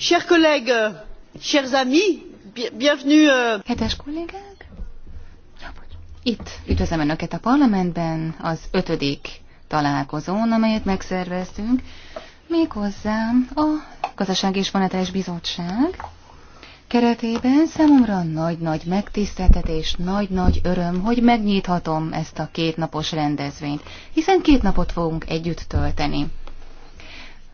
Chers collègues, euh, chers amis, bienvenue. Euh. Kedves kollégák! Itt üdvözlöm Önöket a parlamentben az ötödik találkozón, amelyet megszerveztünk, méghozzá a Gazdaság és Monetáris Bizottság keretében számomra nagy-nagy megtiszteltetés, nagy-nagy öröm, hogy megnyithatom ezt a kétnapos rendezvényt, hiszen két napot fogunk együtt tölteni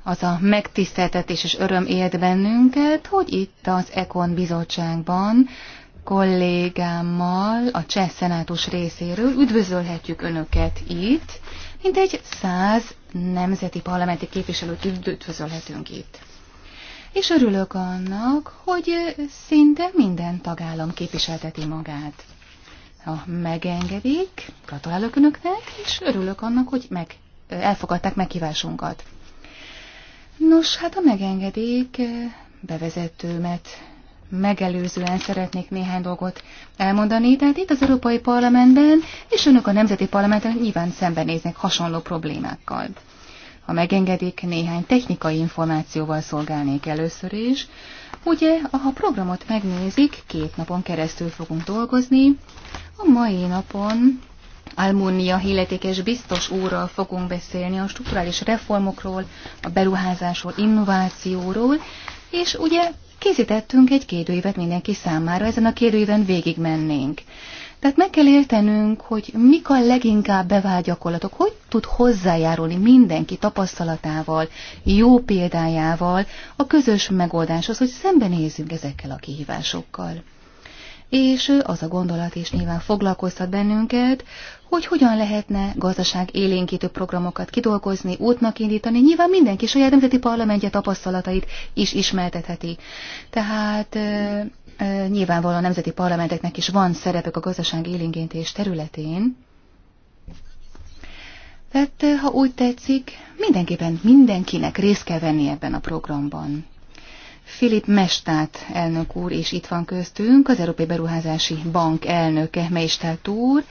az a megtiszteltetés és öröm élt bennünket, hogy itt az Ekon bizottságban kollégámmal a cseh szenátus részéről üdvözölhetjük Önöket itt, mint egy száz nemzeti parlamenti képviselőt üdvözölhetünk itt. És örülök annak, hogy szinte minden tagállam képviselteti magát. Ha megengedik, gratulálok Önöknek, és örülök annak, hogy meg elfogadták meghívásunkat. Nos, hát a megengedék bevezetőmet megelőzően szeretnék néhány dolgot elmondani. Tehát itt az Európai Parlamentben, és önök a Nemzeti Parlamenten nyilván szembenéznek hasonló problémákkal. Ha megengedik, néhány technikai információval szolgálnék először is. Ugye, ha a programot megnézik, két napon keresztül fogunk dolgozni. A mai napon Almunia hilletékes biztos úrral fogunk beszélni a strukturális reformokról, a beruházásról, innovációról, és ugye készítettünk egy kérdőívet mindenki számára, ezen a kérdőíven végigmennénk. Tehát meg kell értenünk, hogy mik a leginkább bevált gyakorlatok, hogy tud hozzájárulni mindenki tapasztalatával, jó példájával a közös megoldáshoz, hogy szembenézzünk ezekkel a kihívásokkal. És az a gondolat is nyilván foglalkoztat bennünket, hogy hogyan lehetne gazdaság élénkítő programokat kidolgozni, útnak indítani. Nyilván mindenki saját nemzeti parlamentje tapasztalatait is ismertetheti. Tehát e, e, nyilvánvalóan a nemzeti parlamenteknek is van szerepük a gazdaság élénkítés területén. Tehát, ha úgy tetszik, mindenképpen mindenkinek részt kell venni ebben a programban. Filip Mestát elnök úr is itt van köztünk, az Európai Beruházási Bank elnöke Mestát úr,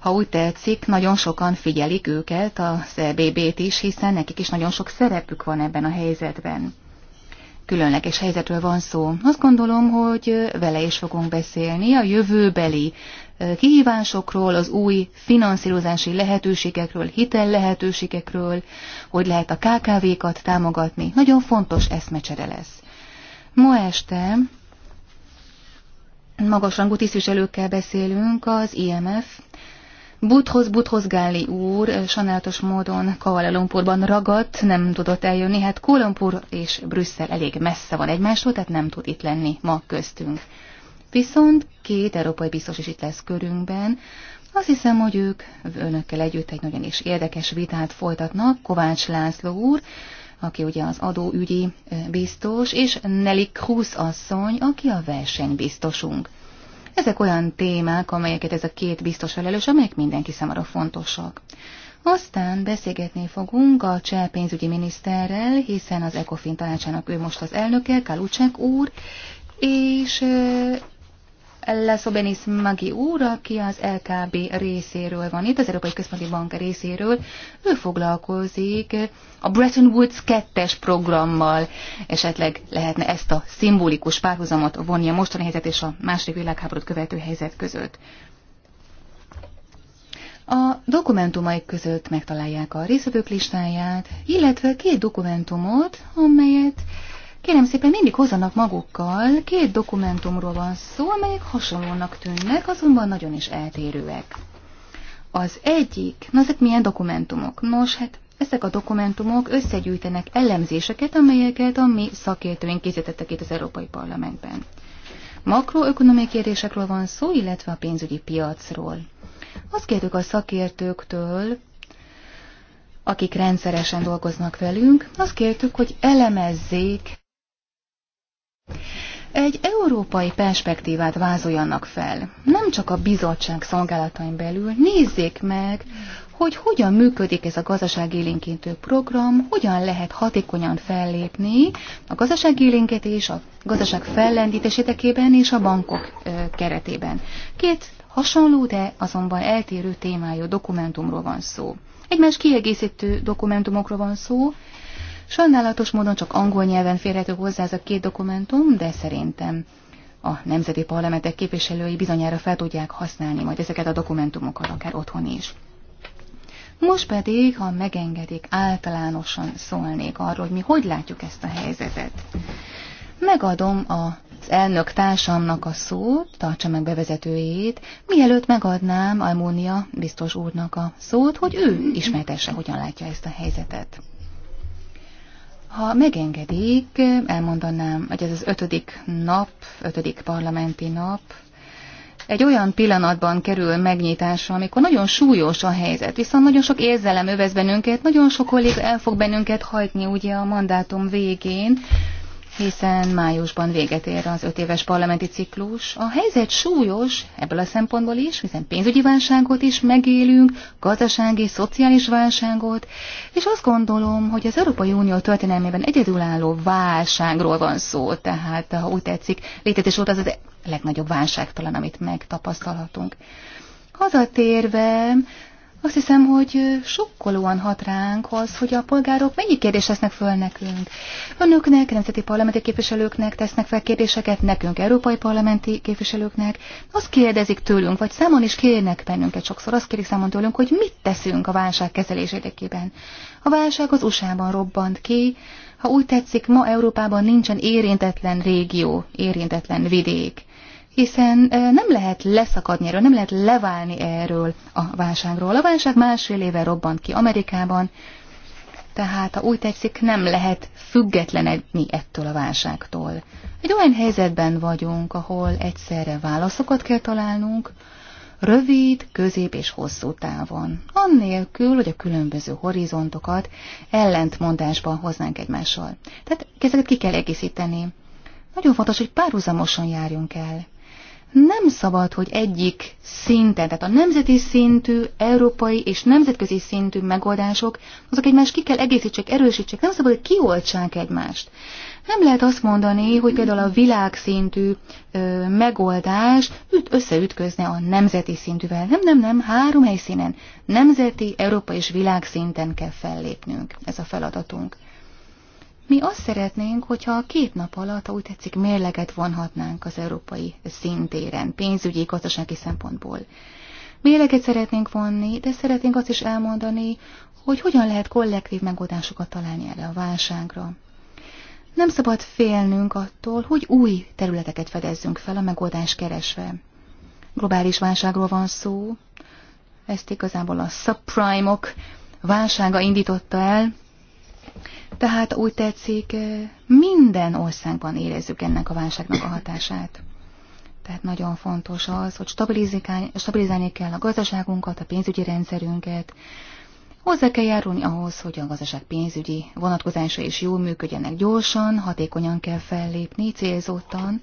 ha úgy tetszik, nagyon sokan figyelik őket, a EBB-t is, hiszen nekik is nagyon sok szerepük van ebben a helyzetben. Különleges helyzetről van szó. Azt gondolom, hogy vele is fogunk beszélni a jövőbeli kihívásokról, az új finanszírozási lehetőségekről, hitel lehetőségekről, hogy lehet a KKV-kat támogatni. Nagyon fontos eszmecsere lesz. Ma este magasrangú tisztviselőkkel beszélünk az IMF Butros Butros Gáli úr eh, sajnálatos módon Kuala Lumpurban ragadt, nem tudott eljönni. Hát Kuala Lumpur és Brüsszel elég messze van egymástól, tehát nem tud itt lenni ma köztünk. Viszont két európai biztos is itt lesz körünkben. Azt hiszem, hogy ők önökkel együtt egy nagyon is érdekes vitát folytatnak. Kovács László úr, aki ugye az adóügyi eh, biztos, és Nelly Krusz asszony, aki a versenybiztosunk. Ezek olyan témák, amelyeket ez a két biztos felelős, amelyek mindenki számára fontosak. Aztán beszélgetni fogunk a cseh pénzügyi miniszterrel, hiszen az ECOFIN tanácsának ő most az elnöke, Kalucsek úr, és Leszobenis Magi úr, aki az LKB részéről van itt, az Európai Központi Bank részéről. Ő foglalkozik a Bretton Woods 2-es programmal. Esetleg lehetne ezt a szimbolikus párhuzamot vonni a mostani helyzet és a második világháborút követő helyzet között. A dokumentumai között megtalálják a részvevők listáját, illetve két dokumentumot, amelyet Kérem szépen mindig hozzanak magukkal, két dokumentumról van szó, amelyek hasonlónak tűnnek, azonban nagyon is eltérőek. Az egyik, na ezek milyen dokumentumok? Nos, hát ezek a dokumentumok összegyűjtenek elemzéseket, amelyeket a mi szakértőink készítettek itt az Európai Parlamentben. Makroökonomiai kérdésekről van szó, illetve a pénzügyi piacról. Azt kérdük a szakértőktől, akik rendszeresen dolgoznak velünk, azt kértük, hogy elemezzék egy európai perspektívát vázoljanak fel. Nem csak a bizottság szolgálatain belül, nézzék meg, hogy hogyan működik ez a gazdaságélénkítő program, hogyan lehet hatékonyan fellépni a gazdaságélénkítés, a gazdaság fellendítésétekében és a bankok keretében. Két hasonló, de azonban eltérő témájú dokumentumról van szó. Egymás kiegészítő dokumentumokról van szó, Sajnálatos módon csak angol nyelven férhető hozzá ez a két dokumentum, de szerintem a nemzeti parlamentek képviselői bizonyára fel tudják használni majd ezeket a dokumentumokat, akár otthon is. Most pedig, ha megengedik, általánosan szólnék arról, hogy mi hogy látjuk ezt a helyzetet. Megadom az elnök társamnak a szót, tartsa meg bevezetőjét, mielőtt megadnám Almónia biztos úrnak a szót, hogy ő ismertesse, hogyan látja ezt a helyzetet. Ha megengedik, elmondanám, hogy ez az ötödik nap, ötödik parlamenti nap, egy olyan pillanatban kerül megnyitásra, amikor nagyon súlyos a helyzet, viszont nagyon sok érzelem övez bennünket, nagyon sok kolléga el fog bennünket hajtni ugye a mandátum végén, hiszen májusban véget ér az öt éves parlamenti ciklus. A helyzet súlyos ebből a szempontból is, hiszen pénzügyi válságot is megélünk, gazdasági, szociális válságot, és azt gondolom, hogy az Európai Unió történelmében egyedülálló válságról van szó, tehát ha úgy tetszik, létezés volt az, az legnagyobb válság talán, amit megtapasztalhatunk. Hazatérve azt hiszem, hogy sokkolóan hat ránk az, hogy a polgárok mennyi kérdést tesznek föl nekünk. Önöknek, nemzeti parlamenti képviselőknek tesznek fel kérdéseket, nekünk, európai parlamenti képviselőknek. Azt kérdezik tőlünk, vagy számon is kérnek bennünket sokszor, azt kérik számon tőlünk, hogy mit teszünk a válság kezelés érdekében. A válság az USA-ban robbant ki, ha úgy tetszik, ma Európában nincsen érintetlen régió, érintetlen vidék hiszen nem lehet leszakadni erről, nem lehet leválni erről a válságról. A válság másfél éve robbant ki Amerikában, tehát, ha úgy tetszik, nem lehet függetlenedni ettől a válságtól. Egy olyan helyzetben vagyunk, ahol egyszerre válaszokat kell találnunk, rövid, közép és hosszú távon, annélkül, hogy a különböző horizontokat ellentmondásban hoznánk egymással. Tehát ezeket ki kell egészíteni. Nagyon fontos, hogy párhuzamosan járjunk el nem szabad, hogy egyik szinten, tehát a nemzeti szintű, európai és nemzetközi szintű megoldások, azok egymást ki kell egészítsék, erősítsék, nem szabad, hogy kioltsák egymást. Nem lehet azt mondani, hogy például a világszintű ö, megoldás üt, összeütközne a nemzeti szintűvel. Nem, nem, nem, három helyszínen. Nemzeti, európai és világszinten kell fellépnünk. Ez a feladatunk. Mi azt szeretnénk, hogyha két nap alatt, ha úgy tetszik, mérleget vonhatnánk az európai szintéren, pénzügyi, gazdasági szempontból. Mérleget szeretnénk vonni, de szeretnénk azt is elmondani, hogy hogyan lehet kollektív megoldásokat találni erre a válságra. Nem szabad félnünk attól, hogy új területeket fedezzünk fel a megoldás keresve. Globális válságról van szó, ezt igazából a subprime-ok -ok válsága indította el, tehát úgy tetszik, minden országban érezzük ennek a válságnak a hatását. Tehát nagyon fontos az, hogy stabilizálni kell a gazdaságunkat, a pénzügyi rendszerünket, Hozzá kell járulni ahhoz, hogy a gazdaság pénzügyi vonatkozása is jól működjenek gyorsan, hatékonyan kell fellépni, célzottan,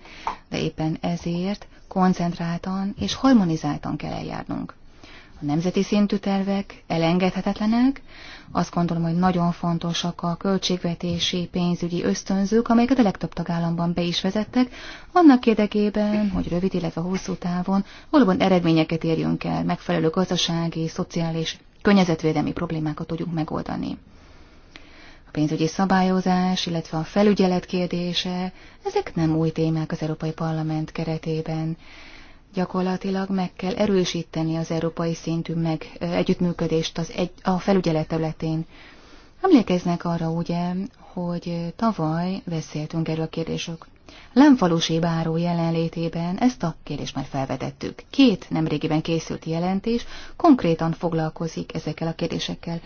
de éppen ezért koncentráltan és harmonizáltan kell eljárnunk. A nemzeti szintű tervek elengedhetetlenek, azt gondolom, hogy nagyon fontosak a költségvetési, pénzügyi ösztönzők, amelyeket a legtöbb tagállamban be is vezettek, annak érdekében, hogy rövid, illetve hosszú távon valóban eredményeket érjünk el, megfelelő gazdasági, szociális, környezetvédelmi problémákat tudjuk megoldani A pénzügyi szabályozás, illetve a felügyelet kérdése, ezek nem új témák az Európai Parlament keretében gyakorlatilag meg kell erősíteni az európai szintű meg együttműködést az egy, a felügyelet területén. Emlékeznek arra ugye, hogy tavaly beszéltünk erről a kérdésről. Lámfalusi báró jelenlétében ezt a kérdést már felvetettük. Két nemrégiben készült jelentés konkrétan foglalkozik ezekkel a kérdésekkel.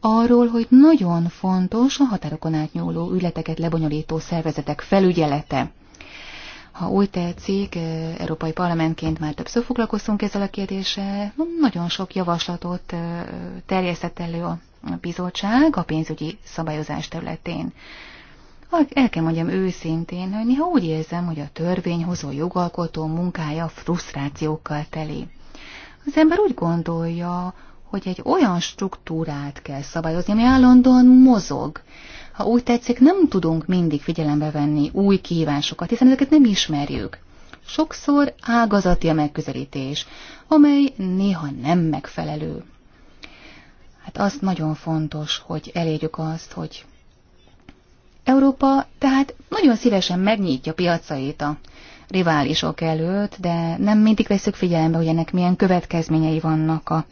Arról, hogy nagyon fontos a határokon átnyúló ügyleteket lebonyolító szervezetek felügyelete. Ha úgy tetszik, Európai Parlamentként már többször foglalkoztunk ezzel a kérdéssel, nagyon sok javaslatot terjesztett elő a bizottság a pénzügyi szabályozás területén. El kell mondjam őszintén, hogy néha úgy érzem, hogy a törvényhozó jogalkotó munkája frusztrációkkal teli. Az ember úgy gondolja, hogy egy olyan struktúrát kell szabályozni, ami állandóan mozog ha úgy tetszik, nem tudunk mindig figyelembe venni új kívásokat, hiszen ezeket nem ismerjük. Sokszor ágazati a megközelítés, amely néha nem megfelelő. Hát az nagyon fontos, hogy elérjük azt, hogy Európa tehát nagyon szívesen megnyitja piacait a riválisok előtt, de nem mindig veszük figyelembe, hogy ennek milyen következményei vannak a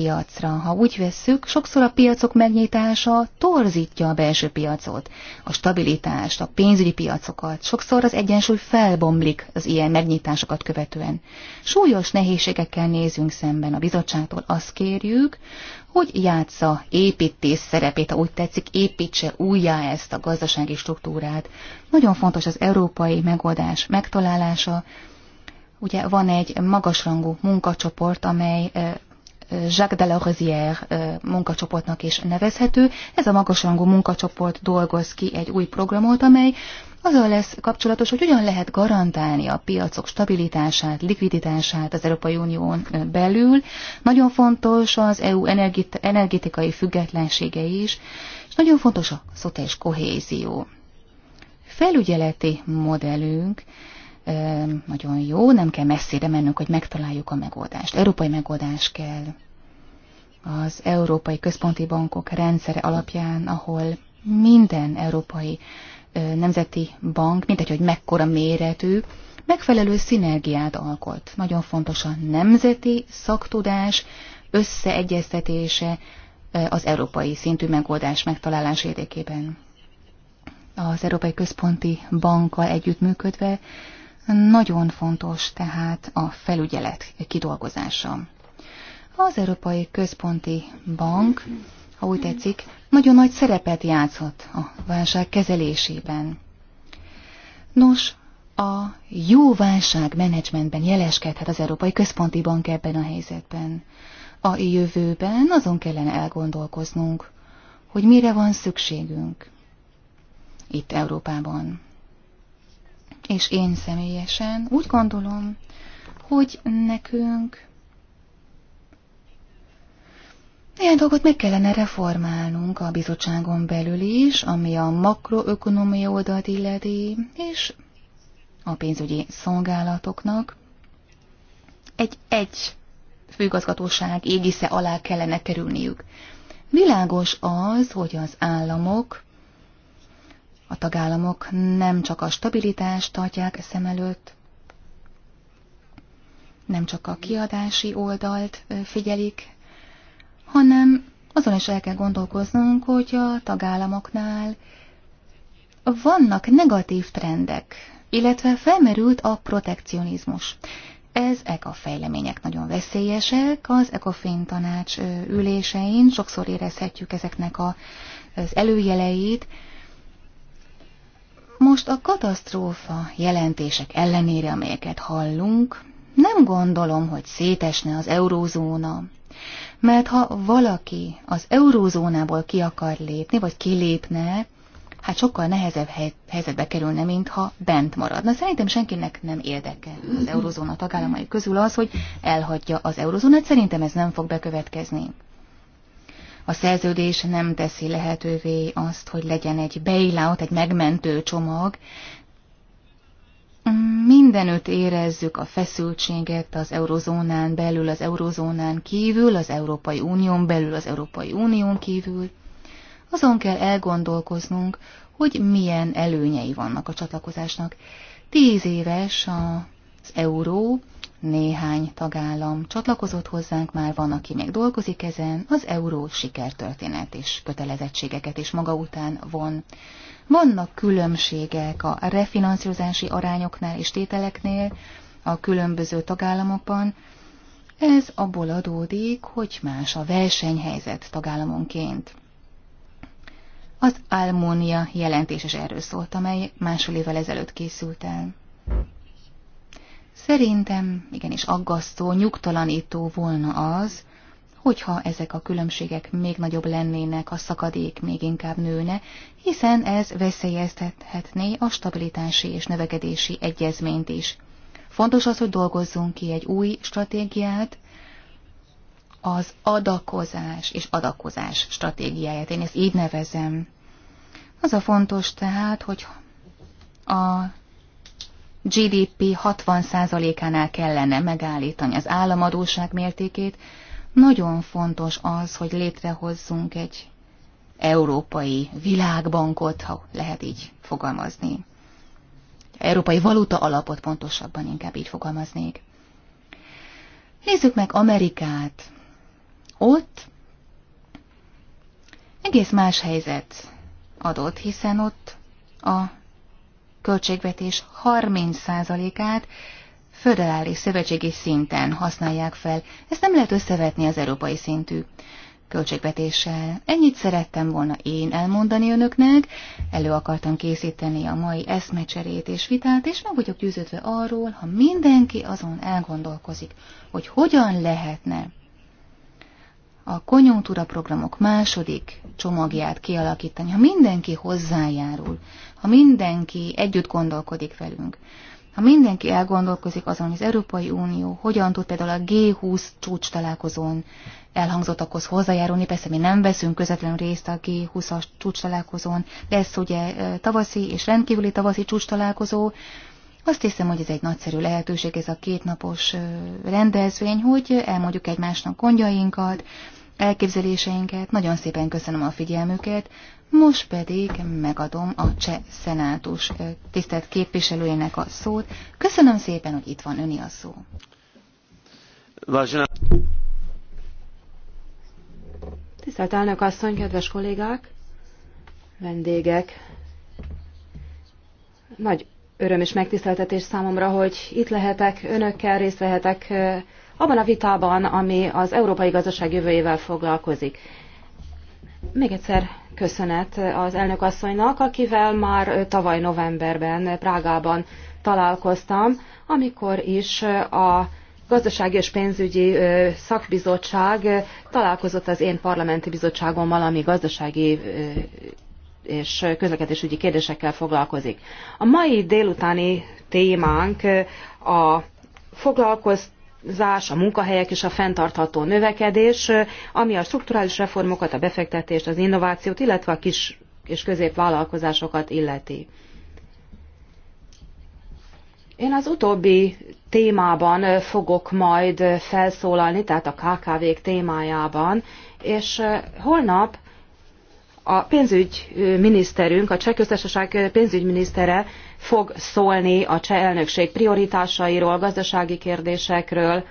piacra. Ha úgy vesszük, sokszor a piacok megnyitása torzítja a belső piacot, a stabilitást, a pénzügyi piacokat. Sokszor az egyensúly felbomlik az ilyen megnyitásokat követően. Súlyos nehézségekkel nézünk szemben. A bizottságtól azt kérjük, hogy játsza építés szerepét, ha úgy tetszik, építse újjá ezt a gazdasági struktúrát. Nagyon fontos az európai megoldás megtalálása, ugye van egy magasrangú munkacsoport, amely eh, Jacques de la Rosière munkacsoportnak is nevezhető. Ez a magasrangú munkacsoport dolgoz ki egy új programot, amely azzal lesz kapcsolatos, hogy hogyan lehet garantálni a piacok stabilitását, likviditását az Európai Unión belül. Nagyon fontos az EU energetikai függetlensége is, és nagyon fontos a szociális kohézió. Felügyeleti modellünk nagyon jó, nem kell messzire mennünk, hogy megtaláljuk a megoldást. Európai megoldás kell az Európai Központi Bankok rendszere alapján, ahol minden európai nemzeti bank, mindegy, hogy mekkora méretű, megfelelő szinergiát alkot. Nagyon fontos a nemzeti szaktudás összeegyeztetése az európai szintű megoldás megtalálás érdekében. Az Európai Központi Bankkal együttműködve nagyon fontos tehát a felügyelet kidolgozása. Az Európai Központi Bank, ha úgy tetszik, nagyon nagy szerepet játszott a válság kezelésében. Nos, a jó válság menedzsmentben jeleskedhet az Európai Központi Bank ebben a helyzetben. A jövőben azon kellene elgondolkoznunk, hogy mire van szükségünk itt Európában. És én személyesen úgy gondolom, hogy nekünk néhány dolgot meg kellene reformálnunk a bizottságon belül is, ami a makroökonomia oldalt illeti, és a pénzügyi szolgálatoknak egy, egy főigazgatóság égisze alá kellene kerülniük. Világos az, hogy az államok, a tagállamok nem csak a stabilitást tartják szem előtt, nem csak a kiadási oldalt figyelik hanem azon is el kell gondolkoznunk, hogy a tagállamoknál vannak negatív trendek, illetve felmerült a protekcionizmus. Ez a fejlemények nagyon veszélyesek, az ECOFIN tanács ülésein sokszor érezhetjük ezeknek a, az előjeleit. Most a katasztrófa jelentések ellenére, amelyeket hallunk, nem gondolom, hogy szétesne az eurózóna, mert ha valaki az eurózónából ki akar lépni, vagy kilépne, hát sokkal nehezebb helyzetbe kerülne, mint ha bent maradna. Szerintem senkinek nem érdeke az eurozóna tagállamai közül az, hogy elhagyja az eurozónát. Szerintem ez nem fog bekövetkezni. A szerződés nem teszi lehetővé azt, hogy legyen egy bailout, egy megmentő csomag, mindenütt érezzük a feszültséget az eurozónán belül, az eurozónán kívül, az Európai Unión belül, az Európai Unión kívül. Azon kell elgondolkoznunk, hogy milyen előnyei vannak a csatlakozásnak. Tíz éves az euró, néhány tagállam csatlakozott hozzánk, már van, aki még dolgozik ezen, az euró sikertörténet és kötelezettségeket is maga után von. Vannak különbségek a refinanszírozási arányoknál és tételeknél a különböző tagállamokban, ez abból adódik, hogy más a versenyhelyzet tagállamonként. Az Almónia jelentés is erről szólt, amely másfél évvel ezelőtt készült el. Szerintem igenis aggasztó, nyugtalanító volna az, hogyha ezek a különbségek még nagyobb lennének, a szakadék még inkább nőne, hiszen ez veszélyeztethetné a stabilitási és növekedési egyezményt is. Fontos az, hogy dolgozzunk ki egy új stratégiát, az adakozás és adakozás stratégiáját. Én ezt így nevezem. Az a fontos tehát, hogy a GDP 60%-ánál kellene megállítani az államadóság mértékét, nagyon fontos az, hogy létrehozzunk egy európai világbankot, ha lehet így fogalmazni. Európai valuta alapot pontosabban inkább így fogalmaznék. Nézzük meg Amerikát. Ott egész más helyzet adott, hiszen ott a költségvetés 30%-át föderális szövetségi szinten használják fel. Ezt nem lehet összevetni az európai szintű költségvetéssel. Ennyit szerettem volna én elmondani önöknek, elő akartam készíteni a mai eszmecserét és vitát, és meg vagyok győződve arról, ha mindenki azon elgondolkozik, hogy hogyan lehetne a konjunktúra programok második csomagját kialakítani, ha mindenki hozzájárul ha mindenki együtt gondolkodik velünk, ha mindenki elgondolkozik azon, hogy az Európai Unió hogyan tud például a G20 csúcs találkozón elhangzottakhoz hozzájárulni, persze mi nem veszünk közvetlenül részt a G20-as csúcs találkozón, lesz ugye tavaszi és rendkívüli tavaszi csúcs találkozó, azt hiszem, hogy ez egy nagyszerű lehetőség, ez a kétnapos rendezvény, hogy elmondjuk egymásnak gondjainkat, elképzeléseinket. Nagyon szépen köszönöm a figyelmüket. Most pedig megadom a cseh szenátus tisztelt képviselőjének a szót. Köszönöm szépen, hogy itt van öni a szó. Vážená... Tisztelt elnök asszony, kedves kollégák, vendégek! Nagy öröm és megtiszteltetés számomra, hogy itt lehetek, önökkel részt vehetek abban a vitában, ami az európai gazdaság jövőjével foglalkozik. Még egyszer köszönet az elnök asszonynak, akivel már tavaly novemberben Prágában találkoztam, amikor is a gazdasági és pénzügyi szakbizottság találkozott az én parlamenti bizottságommal, ami gazdasági és közlekedésügyi kérdésekkel foglalkozik. A mai délutáni témánk a foglalkozt zás, a munkahelyek és a fenntartható növekedés, ami a strukturális reformokat, a befektetést, az innovációt, illetve a kis és középvállalkozásokat illeti. Én az utóbbi témában fogok majd felszólalni, tehát a KKV-k témájában, és holnap a pénzügyminiszterünk, a Csehköztársaság pénzügyminisztere fog szólni a cseh elnökség prioritásairól, gazdasági kérdésekről,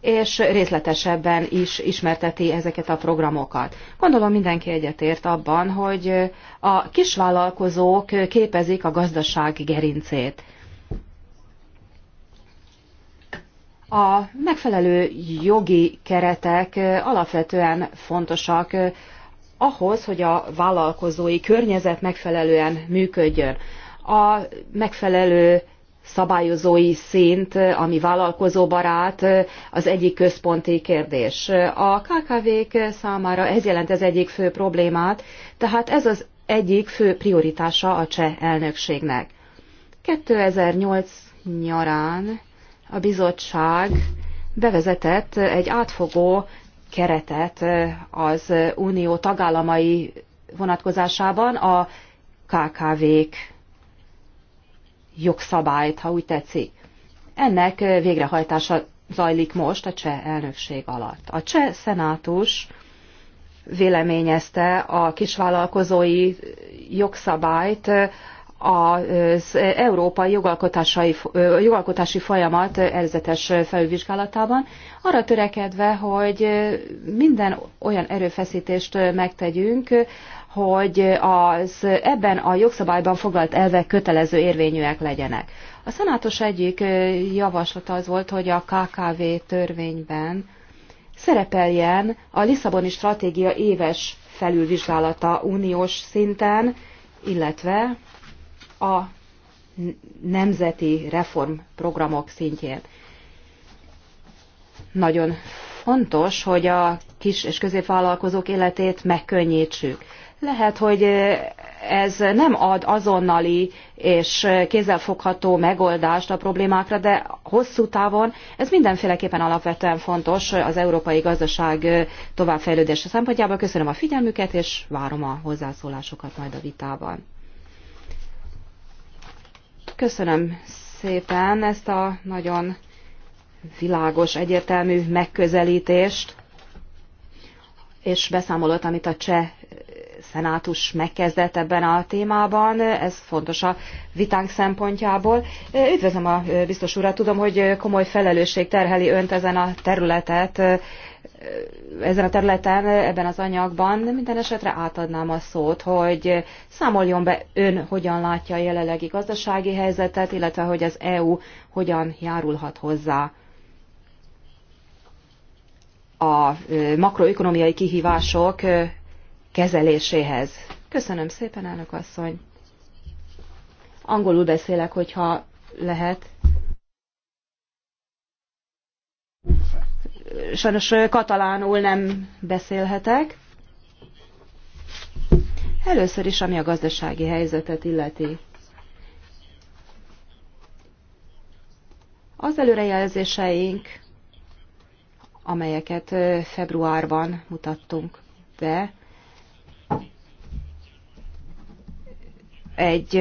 és részletesebben is ismerteti ezeket a programokat. Gondolom mindenki egyetért abban, hogy a kisvállalkozók képezik a gazdaság gerincét. A megfelelő jogi keretek alapvetően fontosak ahhoz, hogy a vállalkozói környezet megfelelően működjön a megfelelő szabályozói szint, ami vállalkozóbarát, az egyik központi kérdés. A KKV-k számára ez jelent az egyik fő problémát, tehát ez az egyik fő prioritása a cseh elnökségnek. 2008 nyarán a bizottság bevezetett egy átfogó keretet az unió tagállamai vonatkozásában a KKV-k jogszabályt, ha úgy tetszik. Ennek végrehajtása zajlik most a cseh elnökség alatt. A cseh szenátus véleményezte a kisvállalkozói jogszabályt az európai jogalkotási, jogalkotási folyamat előzetes felülvizsgálatában, arra törekedve, hogy minden olyan erőfeszítést megtegyünk, hogy az ebben a jogszabályban foglalt elvek kötelező érvényűek legyenek. A szenátus egyik javaslata az volt, hogy a KKV törvényben szerepeljen a Lisszaboni stratégia éves felülvizsgálata uniós szinten, illetve a nemzeti reformprogramok szintjén. Nagyon fontos, hogy a kis és középvállalkozók életét megkönnyítsük. Lehet, hogy ez nem ad azonnali és kézzelfogható megoldást a problémákra, de hosszú távon ez mindenféleképpen alapvetően fontos az európai gazdaság továbbfejlődése szempontjából. Köszönöm a figyelmüket, és várom a hozzászólásokat majd a vitában. Köszönöm szépen ezt a nagyon világos, egyértelmű megközelítést és beszámolót, amit a cseh szenátus megkezdett ebben a témában, ez fontos a vitánk szempontjából. Üdvözlöm a biztos urat, tudom, hogy komoly felelősség terheli önt ezen a területet, ezen a területen, ebben az anyagban, minden esetre átadnám a szót, hogy számoljon be ön, hogyan látja a jelenlegi gazdasági helyzetet, illetve hogy az EU hogyan járulhat hozzá a makroökonomiai kihívások kezeléséhez. Köszönöm szépen, elnök asszony. Angolul beszélek, hogyha lehet. Sajnos katalánul nem beszélhetek. Először is, ami a gazdasági helyzetet illeti. Az előrejelzéseink, amelyeket februárban mutattunk be, egy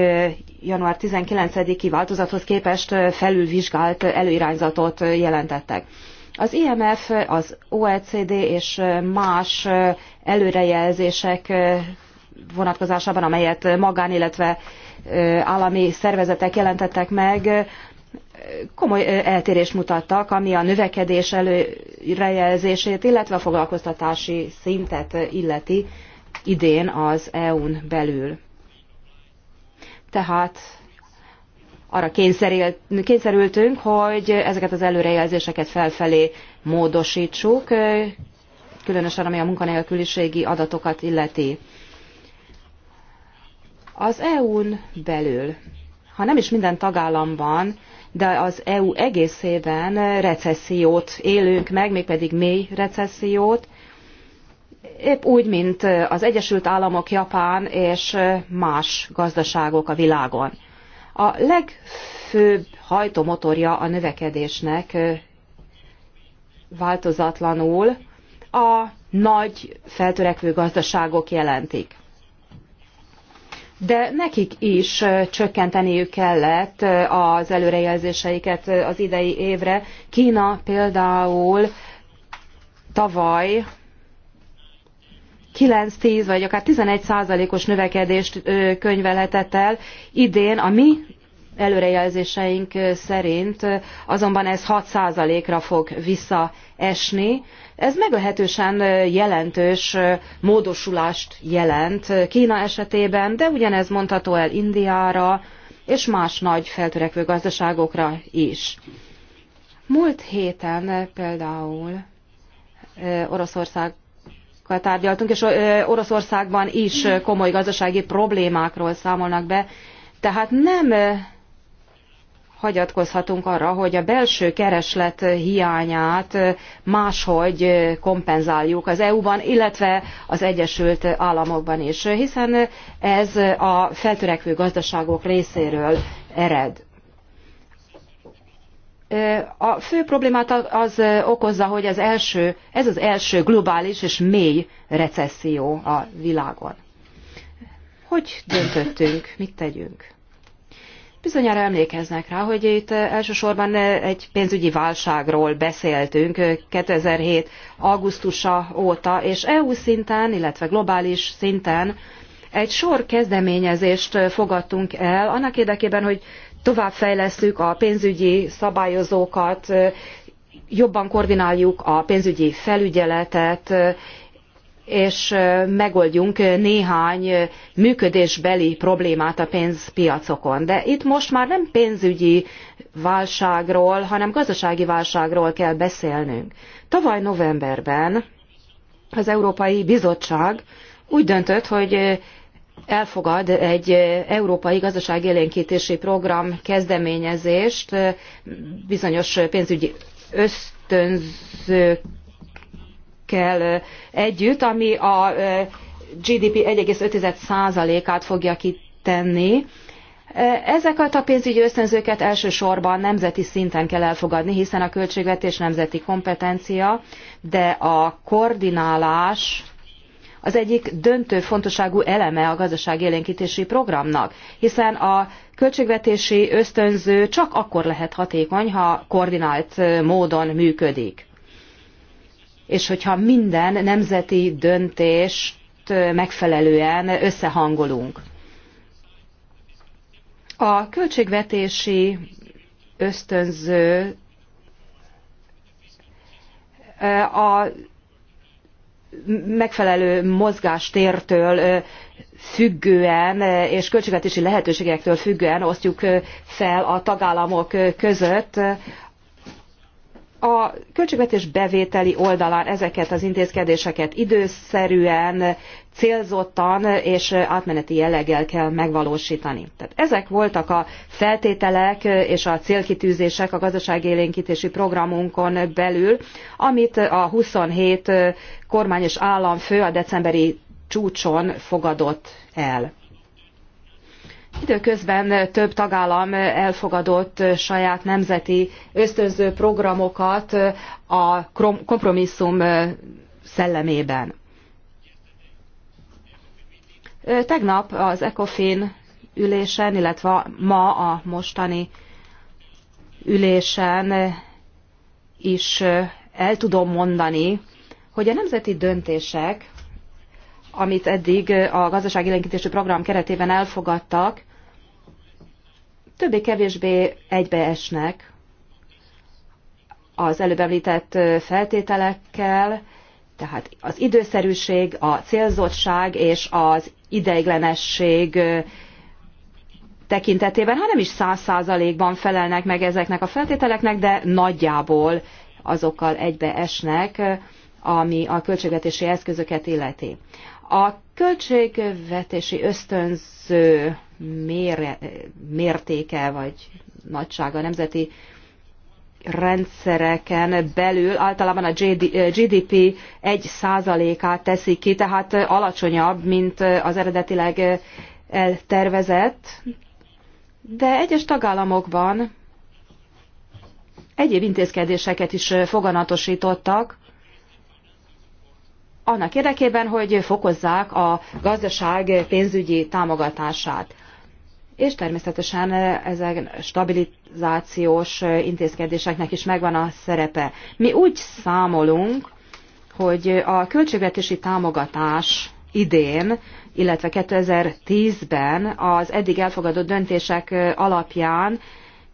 január 19-i változathoz képest felülvizsgált előirányzatot jelentettek. Az IMF, az OECD és más előrejelzések vonatkozásában, amelyet magán, illetve állami szervezetek jelentettek meg, komoly eltérést mutattak, ami a növekedés előrejelzését, illetve a foglalkoztatási szintet illeti idén az EU-n belül. Tehát arra kényszerültünk, hogy ezeket az előrejelzéseket felfelé módosítsuk, különösen ami a munkanélküliségi adatokat illeti. Az EU-n belül, ha nem is minden tagállamban, de az EU egészében recessziót élünk meg, mégpedig mély recessziót, Épp úgy, mint az Egyesült Államok, Japán és más gazdaságok a világon. A legfőbb hajtómotorja a növekedésnek változatlanul a nagy feltörekvő gazdaságok jelentik. De nekik is csökkenteniük kellett az előrejelzéseiket az idei évre. Kína például tavaly 9-10 vagy akár 11 százalékos növekedést könyvelhetett el. Idén ami előrejelzéseink szerint azonban ez 6 százalékra fog visszaesni. Ez meglehetősen jelentős módosulást jelent Kína esetében, de ugyanez mondható el Indiára és más nagy feltörekvő gazdaságokra is. Múlt héten például Oroszország tárgyaltunk, és Oroszországban is komoly gazdasági problémákról számolnak be. Tehát nem hagyatkozhatunk arra, hogy a belső kereslet hiányát máshogy kompenzáljuk az EU-ban, illetve az Egyesült Államokban is, hiszen ez a feltörekvő gazdaságok részéről ered. A fő problémát az okozza, hogy ez, első, ez az első globális és mély recesszió a világon. Hogy döntöttünk, mit tegyünk? Bizonyára emlékeznek rá, hogy itt elsősorban egy pénzügyi válságról beszéltünk 2007. augusztusa óta, és EU szinten, illetve globális szinten egy sor kezdeményezést fogadtunk el annak érdekében, hogy továbbfejlesztjük a pénzügyi szabályozókat, jobban koordináljuk a pénzügyi felügyeletet, és megoldjunk néhány működésbeli problémát a pénzpiacokon. De itt most már nem pénzügyi válságról, hanem gazdasági válságról kell beszélnünk. Tavaly novemberben az Európai Bizottság úgy döntött, hogy elfogad egy európai gazdaságélénkítési program kezdeményezést bizonyos pénzügyi ösztönzőkkel együtt, ami a GDP 1,5%-át fogja kitenni. Ezeket a pénzügyi ösztönzőket elsősorban nemzeti szinten kell elfogadni, hiszen a költségvetés nemzeti kompetencia, de a koordinálás az egyik döntő fontosságú eleme a gazdaságélénkítési programnak, hiszen a költségvetési ösztönző csak akkor lehet hatékony, ha koordinált módon működik. És hogyha minden nemzeti döntést megfelelően összehangolunk. A költségvetési ösztönző a megfelelő mozgástértől függően és költségvetési lehetőségektől függően osztjuk fel a tagállamok között a költségvetés bevételi oldalán ezeket az intézkedéseket időszerűen, célzottan és átmeneti jelleggel kell megvalósítani. Tehát ezek voltak a feltételek és a célkitűzések a gazdaságélénkítési programunkon belül, amit a 27 kormány és államfő a decemberi csúcson fogadott el. Időközben több tagállam elfogadott saját nemzeti ösztönző programokat a kompromisszum szellemében. Tegnap az ECOFIN ülésen, illetve ma a mostani ülésen is el tudom mondani, hogy a nemzeti döntések amit eddig eh, a gazdasági gazdaságélénkítési program keretében elfogadtak, többé-kevésbé egybeesnek az előbb említett eh, feltételekkel, tehát az időszerűség, a célzottság és az ideiglenesség eh, tekintetében, hát nem is száz százalékban felelnek meg ezeknek a feltételeknek, de nagyjából azokkal egybeesnek, ami a költségvetési eszközöket illeti. A költségvetési ösztönző mére, mértéke vagy nagysága nemzeti rendszereken belül általában a GDP 1%-át teszi ki, tehát alacsonyabb, mint az eredetileg eltervezett, de egyes tagállamokban egyéb intézkedéseket is foganatosítottak, annak érdekében, hogy fokozzák a gazdaság pénzügyi támogatását. És természetesen ezek stabilizációs intézkedéseknek is megvan a szerepe. Mi úgy számolunk, hogy a költségvetési támogatás idén, illetve 2010-ben az eddig elfogadott döntések alapján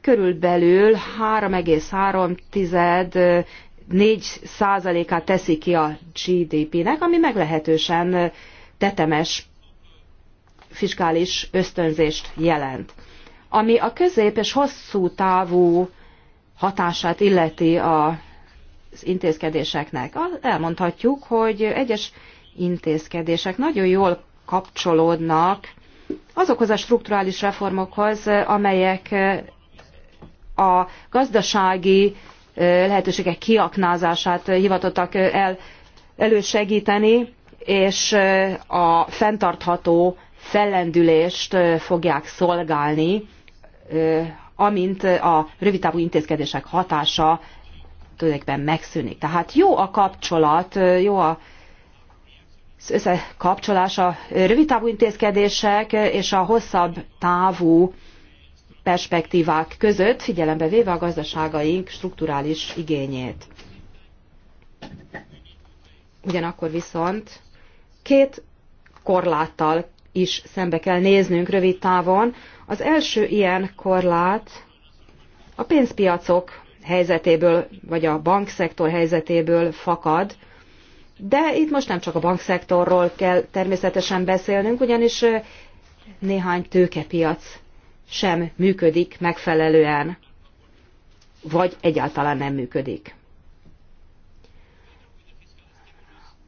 körülbelül 3,3 4%-át teszi ki a GDP-nek, ami meglehetősen tetemes fiskális ösztönzést jelent. Ami a közép és hosszú távú hatását illeti az intézkedéseknek, elmondhatjuk, hogy egyes intézkedések nagyon jól kapcsolódnak azokhoz a strukturális reformokhoz, amelyek a gazdasági lehetőségek kiaknázását hivatottak el elősegíteni, és a fenntartható fellendülést fogják szolgálni, amint a rövidtávú intézkedések hatása tulajdonképpen megszűnik. Tehát jó a kapcsolat, jó a az összekapcsolás a rövidtávú intézkedések és a hosszabb távú perspektívák között, figyelembe véve a gazdaságaink strukturális igényét. Ugyanakkor viszont két korláttal is szembe kell néznünk rövid távon. Az első ilyen korlát a pénzpiacok helyzetéből, vagy a bankszektor helyzetéből fakad, de itt most nem csak a bankszektorról kell természetesen beszélnünk, ugyanis néhány tőkepiac sem működik megfelelően, vagy egyáltalán nem működik.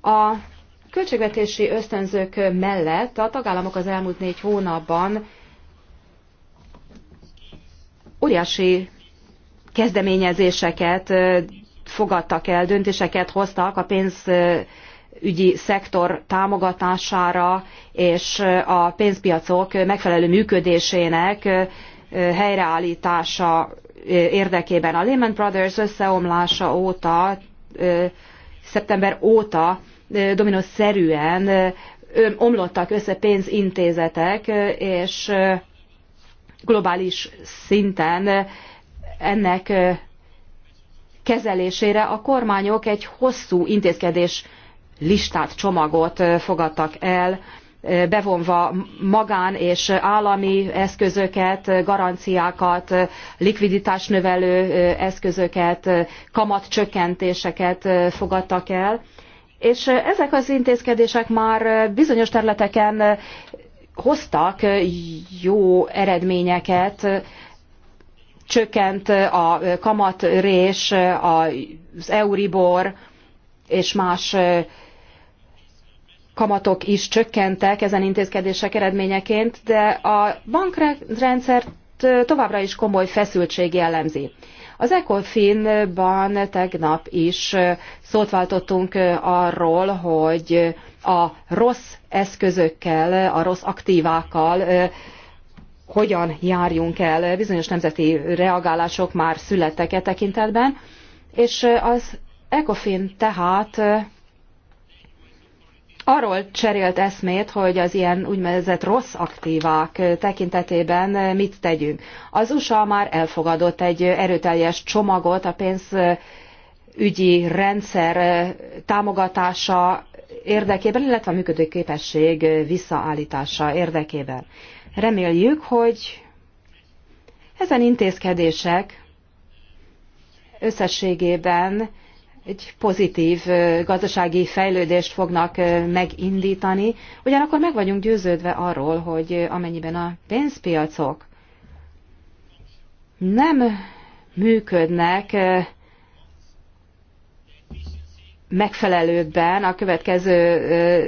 A költségvetési ösztönzők mellett a tagállamok az elmúlt négy hónapban óriási kezdeményezéseket fogadtak el, döntéseket hoztak a pénz ügyi szektor támogatására és a pénzpiacok megfelelő működésének helyreállítása érdekében. A Lehman Brothers összeomlása óta, szeptember óta dominószerűen omlottak össze pénzintézetek, és globális szinten ennek kezelésére a kormányok egy hosszú intézkedés listát, csomagot fogadtak el, bevonva magán és állami eszközöket, garanciákat, likviditásnövelő eszközöket, kamatcsökkentéseket fogadtak el. És ezek az intézkedések már bizonyos területeken hoztak jó eredményeket, csökkent a kamatrés, az Euribor és más kamatok is csökkentek ezen intézkedések eredményeként, de a bankrendszert továbbra is komoly feszültség jellemzi. Az ECOFIN-ban tegnap is szót váltottunk arról, hogy a rossz eszközökkel, a rossz aktívákkal hogyan járjunk el. Bizonyos nemzeti reagálások már születtek e tekintetben, és az ECOFIN tehát arról cserélt eszmét, hogy az ilyen úgynevezett rossz aktívák tekintetében mit tegyünk. Az USA már elfogadott egy erőteljes csomagot a pénzügyi rendszer támogatása érdekében, illetve a működőképesség visszaállítása érdekében. Reméljük, hogy ezen intézkedések összességében egy pozitív gazdasági fejlődést fognak megindítani, ugyanakkor meg vagyunk győződve arról, hogy amennyiben a pénzpiacok nem működnek megfelelőbben a következő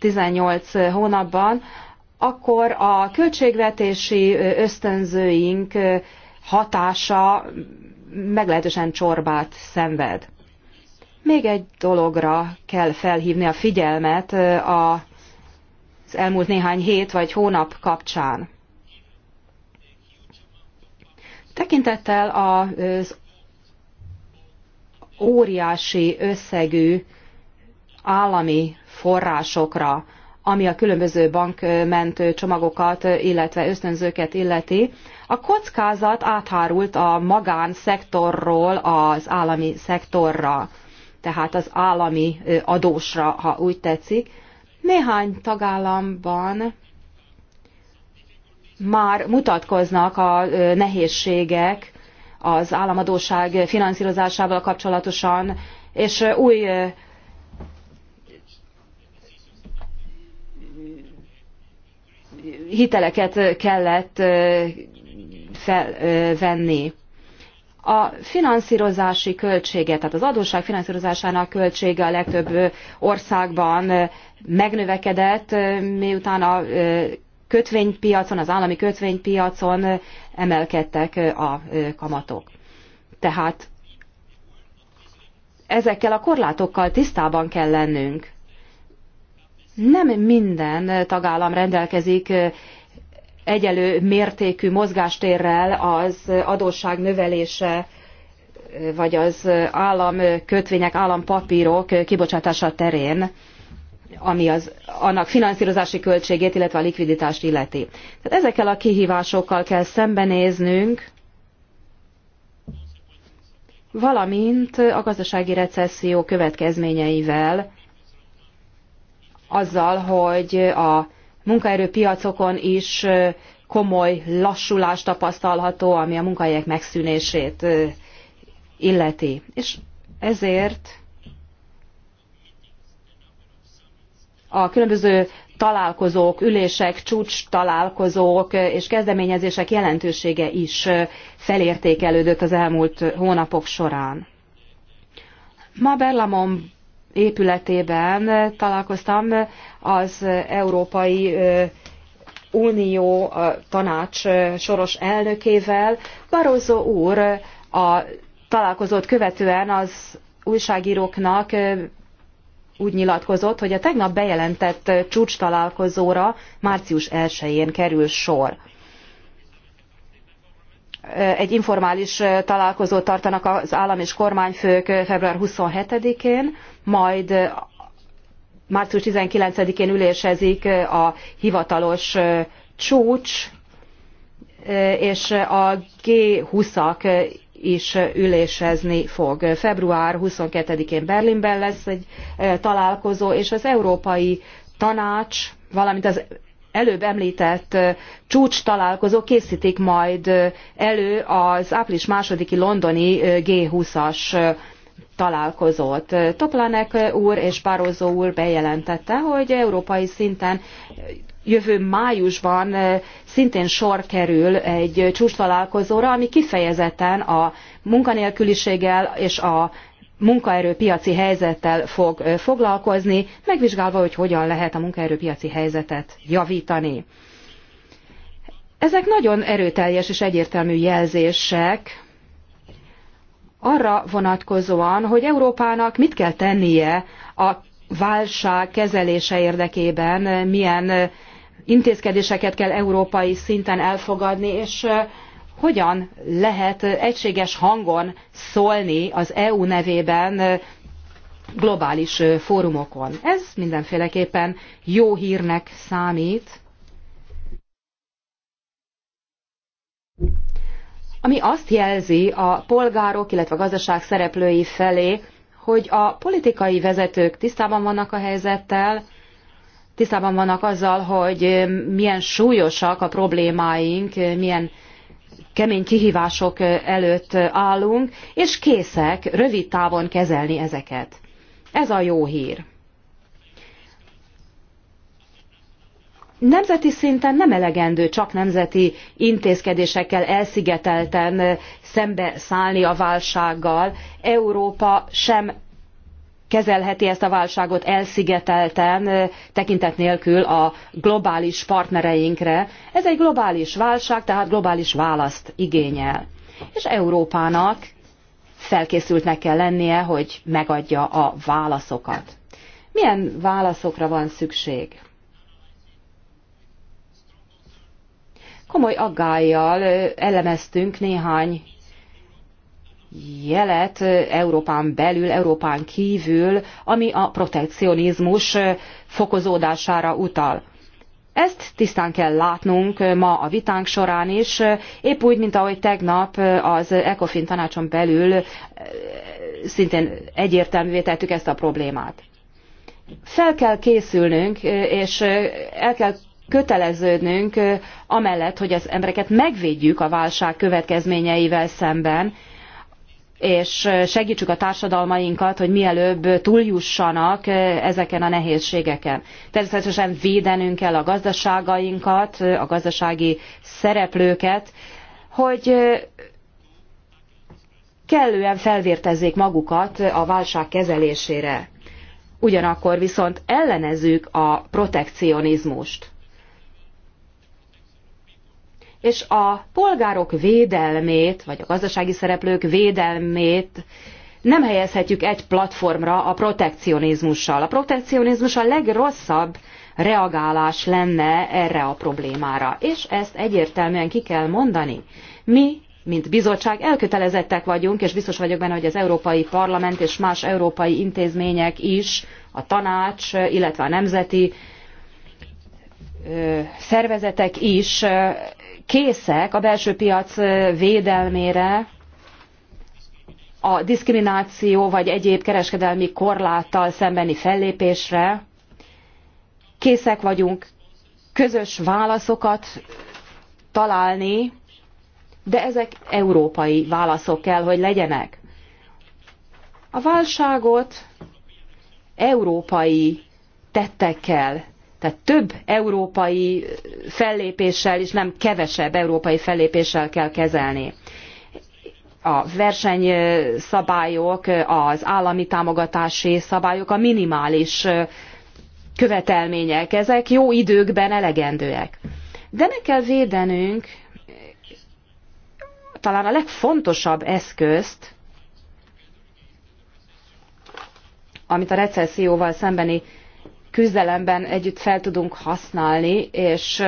18 hónapban, akkor a költségvetési ösztönzőink hatása meglehetősen csorbát szenved. Még egy dologra kell felhívni a figyelmet az elmúlt néhány hét vagy hónap kapcsán. Tekintettel az óriási összegű állami forrásokra, ami a különböző bankmentő csomagokat, illetve ösztönzőket illeti, a kockázat áthárult a magánszektorról az állami szektorra tehát az állami adósra, ha úgy tetszik. Néhány tagállamban már mutatkoznak a nehézségek az államadóság finanszírozásával kapcsolatosan, és új hiteleket kellett felvenni a finanszírozási költsége, tehát az adósság finanszírozásának költsége a legtöbb országban megnövekedett, miután a kötvénypiacon, az állami kötvénypiacon emelkedtek a kamatok. Tehát ezekkel a korlátokkal tisztában kell lennünk. Nem minden tagállam rendelkezik egyelő mértékű mozgástérrel az adósság növelése vagy az államkötvények, állampapírok kibocsátása terén, ami az, annak finanszírozási költségét, illetve a likviditást illeti. Tehát ezekkel a kihívásokkal kell szembenéznünk, valamint a gazdasági recesszió következményeivel, azzal, hogy a munkaerőpiacokon is komoly lassulás tapasztalható, ami a munkahelyek megszűnését illeti. És ezért a különböző találkozók, ülések, csúcs találkozók és kezdeményezések jelentősége is felértékelődött az elmúlt hónapok során. Ma Berlamon épületében találkoztam az Európai Unió tanács soros elnökével. Barozó úr a találkozót követően az újságíróknak úgy nyilatkozott, hogy a tegnap bejelentett csúcs találkozóra március 1-én kerül sor egy informális találkozót tartanak az állam és kormányfők február 27-én, majd március 19-én ülésezik a hivatalos csúcs, és a G20-ak is ülésezni fog. Február 22-én Berlinben lesz egy találkozó, és az Európai Tanács, valamint az előbb említett csúcs találkozó készítik majd elő az április másodiki londoni G20-as találkozót. Toplanek úr és Barroso úr bejelentette, hogy európai szinten jövő májusban szintén sor kerül egy csúcstalálkozóra, ami kifejezetten a munkanélküliséggel és a munkaerőpiaci helyzettel fog foglalkozni, megvizsgálva, hogy hogyan lehet a munkaerőpiaci helyzetet javítani. Ezek nagyon erőteljes és egyértelmű jelzések arra vonatkozóan, hogy Európának mit kell tennie a válság kezelése érdekében, milyen intézkedéseket kell európai szinten elfogadni, és hogyan lehet egységes hangon szólni az EU nevében globális fórumokon. Ez mindenféleképpen jó hírnek számít. Ami azt jelzi a polgárok, illetve a gazdaság szereplői felé, hogy a politikai vezetők tisztában vannak a helyzettel, tisztában vannak azzal, hogy milyen súlyosak a problémáink, milyen kemény kihívások előtt állunk, és készek rövid távon kezelni ezeket. Ez a jó hír. Nemzeti szinten nem elegendő csak nemzeti intézkedésekkel elszigetelten szembe szállni a válsággal. Európa sem kezelheti ezt a válságot elszigetelten, tekintet nélkül a globális partnereinkre. Ez egy globális válság, tehát globális választ igényel. És Európának felkészültnek kell lennie, hogy megadja a válaszokat. Milyen válaszokra van szükség? Komoly aggájjal elemeztünk néhány jelet Európán belül, Európán kívül, ami a protekcionizmus fokozódására utal. Ezt tisztán kell látnunk ma a vitánk során is, épp úgy, mint ahogy tegnap az ECOFIN tanácson belül eh, szintén egyértelművé tettük ezt a problémát. Fel kell készülnünk, eh, és eh, el kell köteleződnünk amellett, hogy az embereket megvédjük a válság következményeivel szemben, és segítsük a társadalmainkat, hogy mielőbb túljussanak ezeken a nehézségeken. Természetesen védenünk kell a gazdaságainkat, a gazdasági szereplőket, hogy kellően felvértezzék magukat a válság kezelésére. Ugyanakkor viszont ellenezzük a protekcionizmust és a polgárok védelmét, vagy a gazdasági szereplők védelmét nem helyezhetjük egy platformra a protekcionizmussal. A protekcionizmus a legrosszabb reagálás lenne erre a problémára, és ezt egyértelműen ki kell mondani. Mi mint bizottság elkötelezettek vagyunk, és biztos vagyok benne, hogy az Európai Parlament és más európai intézmények is, a tanács, illetve a nemzeti szervezetek is készek a belső piac védelmére, a diszkrimináció vagy egyéb kereskedelmi korláttal szembeni fellépésre. Készek vagyunk közös válaszokat találni, de ezek európai válaszok kell, hogy legyenek. A válságot európai tettekkel tehát több európai fellépéssel, és nem kevesebb európai fellépéssel kell kezelni. A versenyszabályok, az állami támogatási szabályok, a minimális követelmények, ezek jó időkben elegendőek. De meg kell védenünk talán a legfontosabb eszközt, amit a recesszióval szembeni küzdelemben együtt fel tudunk használni, és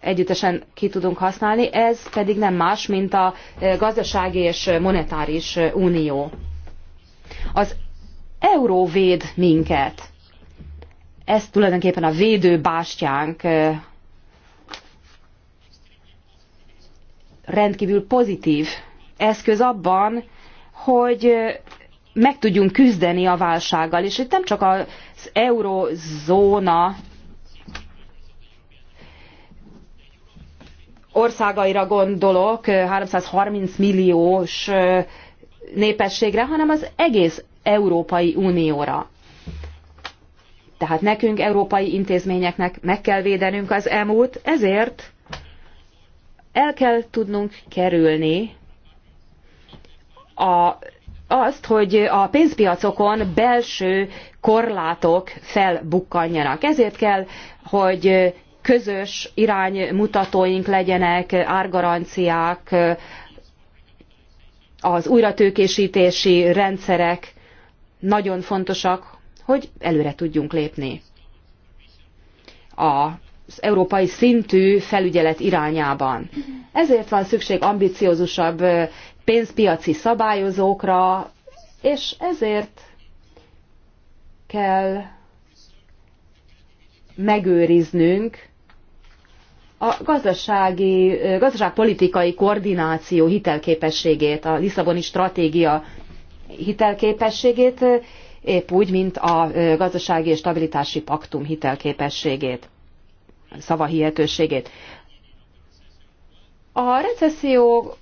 együttesen ki tudunk használni, ez pedig nem más, mint a gazdasági és monetáris unió. Az euró véd minket. Ez tulajdonképpen a védő bástyánk rendkívül pozitív eszköz abban, hogy meg tudjunk küzdeni a válsággal. És itt nem csak az eurozóna országaira gondolok, 330 milliós népességre, hanem az egész Európai Unióra. Tehát nekünk, európai intézményeknek meg kell védenünk az EMU-t, ezért el kell tudnunk kerülni a azt, hogy a pénzpiacokon belső korlátok felbukkanjanak. Ezért kell, hogy közös iránymutatóink legyenek, árgaranciák, az újratőkésítési rendszerek nagyon fontosak, hogy előre tudjunk lépni az európai szintű felügyelet irányában. Ezért van szükség ambiciózusabb pénzpiaci szabályozókra, és ezért kell megőriznünk a gazdasági, gazdaságpolitikai koordináció hitelképességét, a Lisszaboni stratégia hitelképességét, épp úgy, mint a gazdasági és stabilitási paktum hitelképességét, szavahihetőségét. A recesszió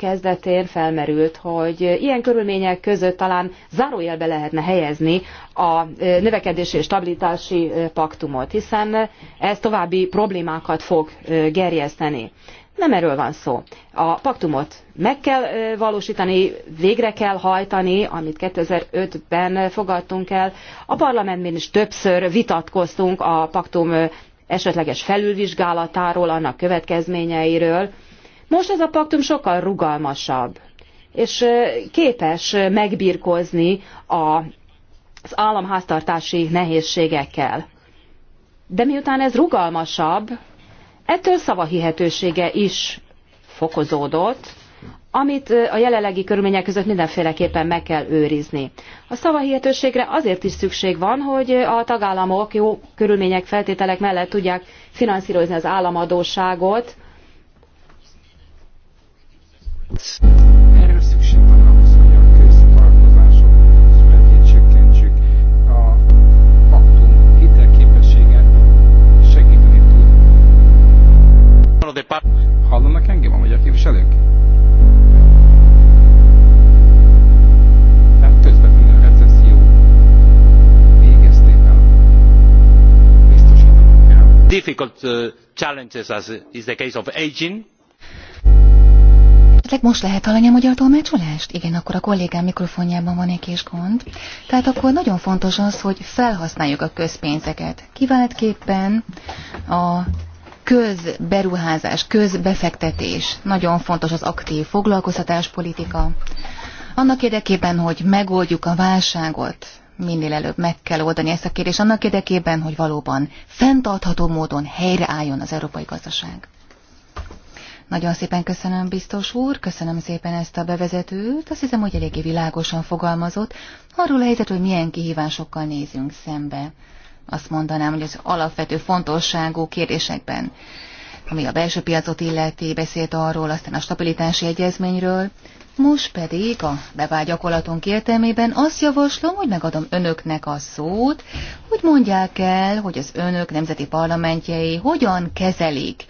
kezdetén felmerült, hogy ilyen körülmények között talán zárójelbe lehetne helyezni a e, növekedési és stabilitási e, paktumot, hiszen ez további problémákat fog e, gerjeszteni. Nem erről van szó. A paktumot meg kell valósítani, végre kell hajtani, amit 2005-ben fogadtunk el. A parlamentben is többször vitatkoztunk a paktum esetleges felülvizsgálatáról, annak következményeiről most ez a paktum sokkal rugalmasabb, és képes a az államháztartási nehézségekkel. De miután ez rugalmasabb, ettől szavahihetősége is fokozódott, amit a jelenlegi körülmények között mindenféleképpen meg kell őrizni. A szavahihetőségre azért is szükség van, hogy a tagállamok jó körülmények, feltételek mellett tudják finanszírozni az államadóságot, erre szükség van ahhoz, hogy a közparkozások szövegét csökkentsük. A paktum hitelképessége segíteni tud. Hallanak engem a magyar képviselők? difficult uh, challenges as is the case of aging. Leg most lehet hallani a magyar tolmácsolást? Igen, akkor a kollégám mikrofonjában van egy kis gond. Tehát akkor nagyon fontos az, hogy felhasználjuk a közpénzeket. Kiváltképpen a közberuházás, közbefektetés, nagyon fontos az aktív foglalkoztatás politika. Annak érdekében, hogy megoldjuk a válságot, minél előbb meg kell oldani ezt a kérdést, annak érdekében, hogy valóban fenntartható módon helyreálljon az európai gazdaság. Nagyon szépen köszönöm, biztos úr, köszönöm szépen ezt a bevezetőt. Azt hiszem, hogy eléggé világosan fogalmazott arról a helyzet, hogy milyen kihívásokkal nézünk szembe. Azt mondanám, hogy az alapvető fontosságú kérdésekben, ami a belső piacot illeti, beszélt arról, aztán a stabilitási egyezményről, most pedig a bevált gyakorlatunk értelmében azt javaslom, hogy megadom önöknek a szót, hogy mondják el, hogy az önök nemzeti parlamentjei hogyan kezelik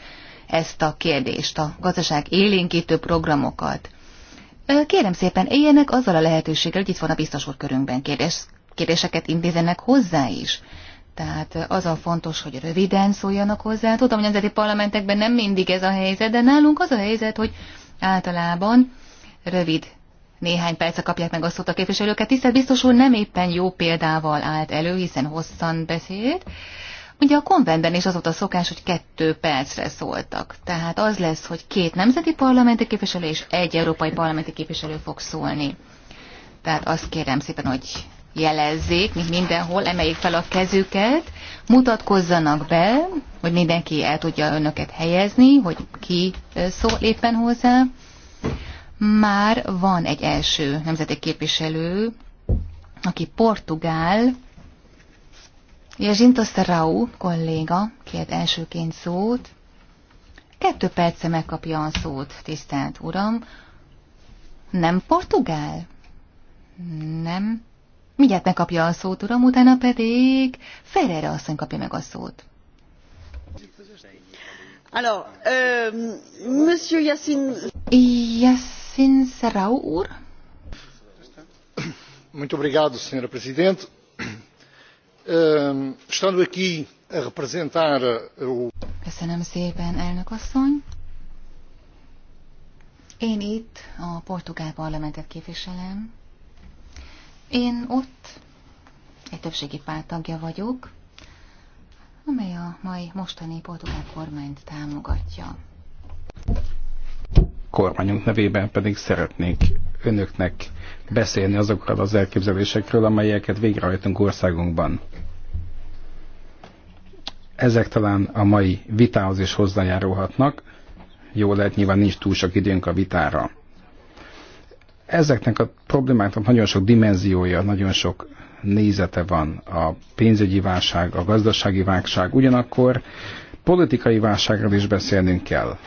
ezt a kérdést, a gazdaság élénkítő programokat. Kérem szépen, éljenek azzal a lehetőséggel, hogy itt van a biztos úr körünkben kérdés, kérdéseket intézenek hozzá is. Tehát az a fontos, hogy röviden szóljanak hozzá. Tudom, hogy nemzeti parlamentekben nem mindig ez a helyzet, de nálunk az a helyzet, hogy általában rövid néhány percet kapják meg a szót a képviselőket. hiszen biztos úr nem éppen jó példával állt elő, hiszen hosszan beszélt. Ugye a konventben is az volt a szokás, hogy kettő percre szóltak. Tehát az lesz, hogy két nemzeti parlamenti képviselő és egy európai parlamenti képviselő fog szólni. Tehát azt kérem szépen, hogy jelezzék, mint mindenhol, emeljék fel a kezüket, mutatkozzanak be, hogy mindenki el tudja önöket helyezni, hogy ki szól éppen hozzá. Már van egy első nemzeti képviselő, aki portugál, Jezsintos Rau kolléga kért elsőként szót. Kettő perce megkapja a szót, tisztelt uram. Nem portugál? Nem. Mindjárt megkapja a szót, uram, utána pedig Ferreira asszony kapja meg a szót. Alors, euh, Monsieur Yassin... Yassin Sarau, úr? Muito obrigado, Sra. Presidente. Estando aqui a representar o... Köszönöm szépen, elnök asszony. Én itt a portugál parlamentet képviselem. Én ott egy többségi párt tagja vagyok, amely a mai mostani portugál kormányt támogatja. Kormányunk nevében pedig szeretnék önöknek beszélni azokról az elképzelésekről, amelyeket végrehajtunk országunkban. Ezek talán a mai vitához is hozzájárulhatnak. Jó lehet, nyilván nincs túl sok időnk a vitára. Ezeknek a problémáknak nagyon sok dimenziója, nagyon sok nézete van. A pénzügyi válság, a gazdasági válság, ugyanakkor politikai válságról is beszélnünk kell.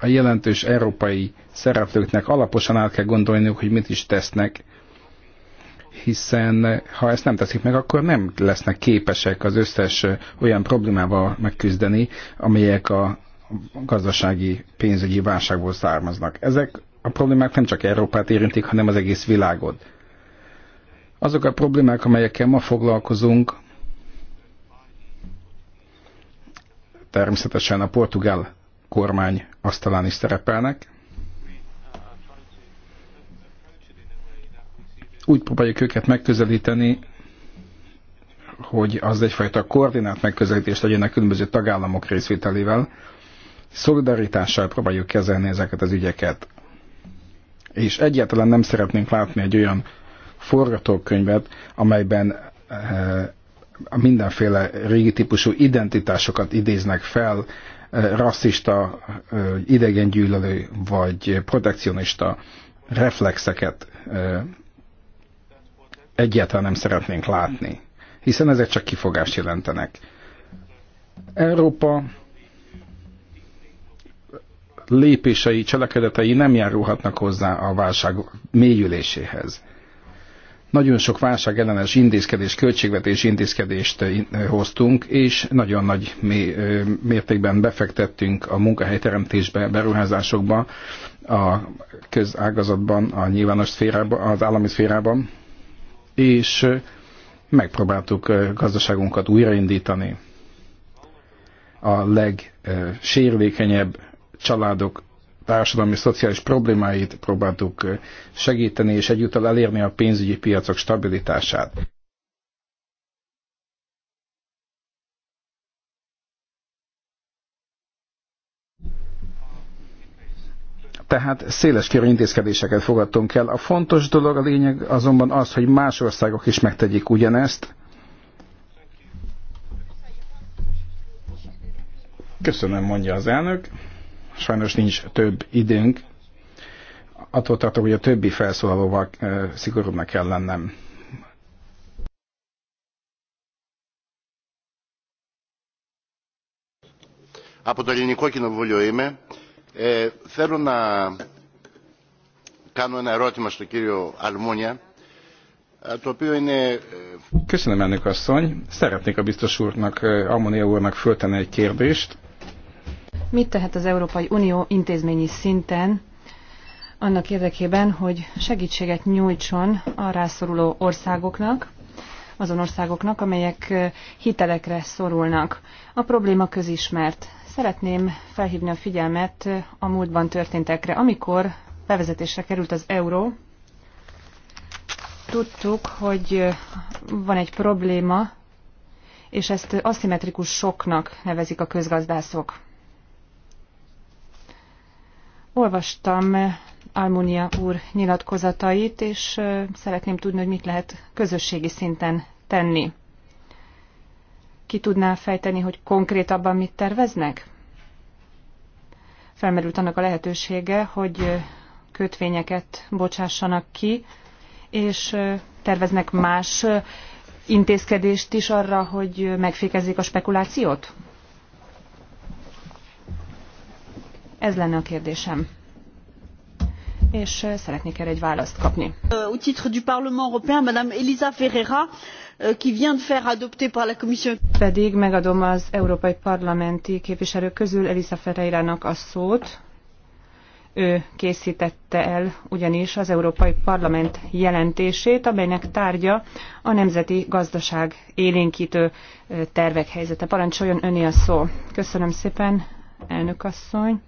A jelentős európai szereplőknek alaposan át kell gondolniuk, hogy mit is tesznek hiszen ha ezt nem teszik meg, akkor nem lesznek képesek az összes olyan problémával megküzdeni, amelyek a gazdasági pénzügyi válságból származnak. Ezek a problémák nem csak Európát érintik, hanem az egész világot. Azok a problémák, amelyekkel ma foglalkozunk, természetesen a portugál kormány asztalán is szerepelnek, úgy próbáljuk őket megközelíteni, hogy az egyfajta koordinát megközelítést legyen a különböző tagállamok részvételével. Szolidaritással próbáljuk kezelni ezeket az ügyeket. És egyáltalán nem szeretnénk látni egy olyan forgatókönyvet, amelyben eh, mindenféle régi típusú identitásokat idéznek fel, eh, rasszista, eh, idegengyűlölő vagy protekcionista reflexeket egyáltalán nem szeretnénk látni, hiszen ezek csak kifogást jelentenek. Európa lépései, cselekedetei nem járulhatnak hozzá a válság mélyüléséhez. Nagyon sok válság ellenes intézkedés, költségvetés intézkedést hoztunk, és nagyon nagy mértékben befektettünk a munkahelyteremtésbe, beruházásokba, a közágazatban, a nyilvános szférában, az állami szférában, és megpróbáltuk gazdaságunkat újraindítani. A legsérülékenyebb családok társadalmi szociális problémáit próbáltuk segíteni, és egyúttal elérni a pénzügyi piacok stabilitását. Tehát széles körű intézkedéseket fogadtunk el. A fontos dolog, a lényeg azonban az, hogy más országok is megtegyék ugyanezt. Köszönöm, mondja az elnök. Sajnos nincs több időnk. Attól tartok, hogy a többi felszólalóval szigorúbbnak kell lennem. Από το Ελληνικό Κοινοβούλιο είμαι θέλω να κάνω ένα ερώτημα στον κύριο Αλμούνια, το οποίο είναι... Köszönöm ennek asszony. Szeretnék a biztos úrnak, Almonia úrnak föltenni egy kérdést. Mit tehet az Európai Unió intézményi szinten annak érdekében, hogy segítséget nyújtson a rászoruló országoknak, azon országoknak, amelyek hitelekre szorulnak. A probléma közismert. Szeretném felhívni a figyelmet a múltban történtekre. Amikor bevezetésre került az euró, tudtuk, hogy van egy probléma, és ezt aszimmetrikus soknak nevezik a közgazdászok. Olvastam Almunia úr nyilatkozatait, és szeretném tudni, hogy mit lehet közösségi szinten tenni. Ki tudná fejteni, hogy konkrétabban mit terveznek? Felmerült annak a lehetősége, hogy kötvényeket bocsássanak ki, és terveznek más intézkedést is arra, hogy megfékezzék a spekulációt? Ez lenne a kérdésem. És szeretnék erre egy választ kapni. Au titre du Parlement européen, Madame Elisa Ferreira Euh, qui vient de faire adopter par la Commission. Pedig megadom az európai parlamenti képviselők közül Elisa Ferreirának a szót. Ő készítette el ugyanis az Európai Parlament jelentését, amelynek tárgya a nemzeti gazdaság élénkítő tervek helyzete. Parancsoljon öné a szó. Köszönöm szépen, elnök asszony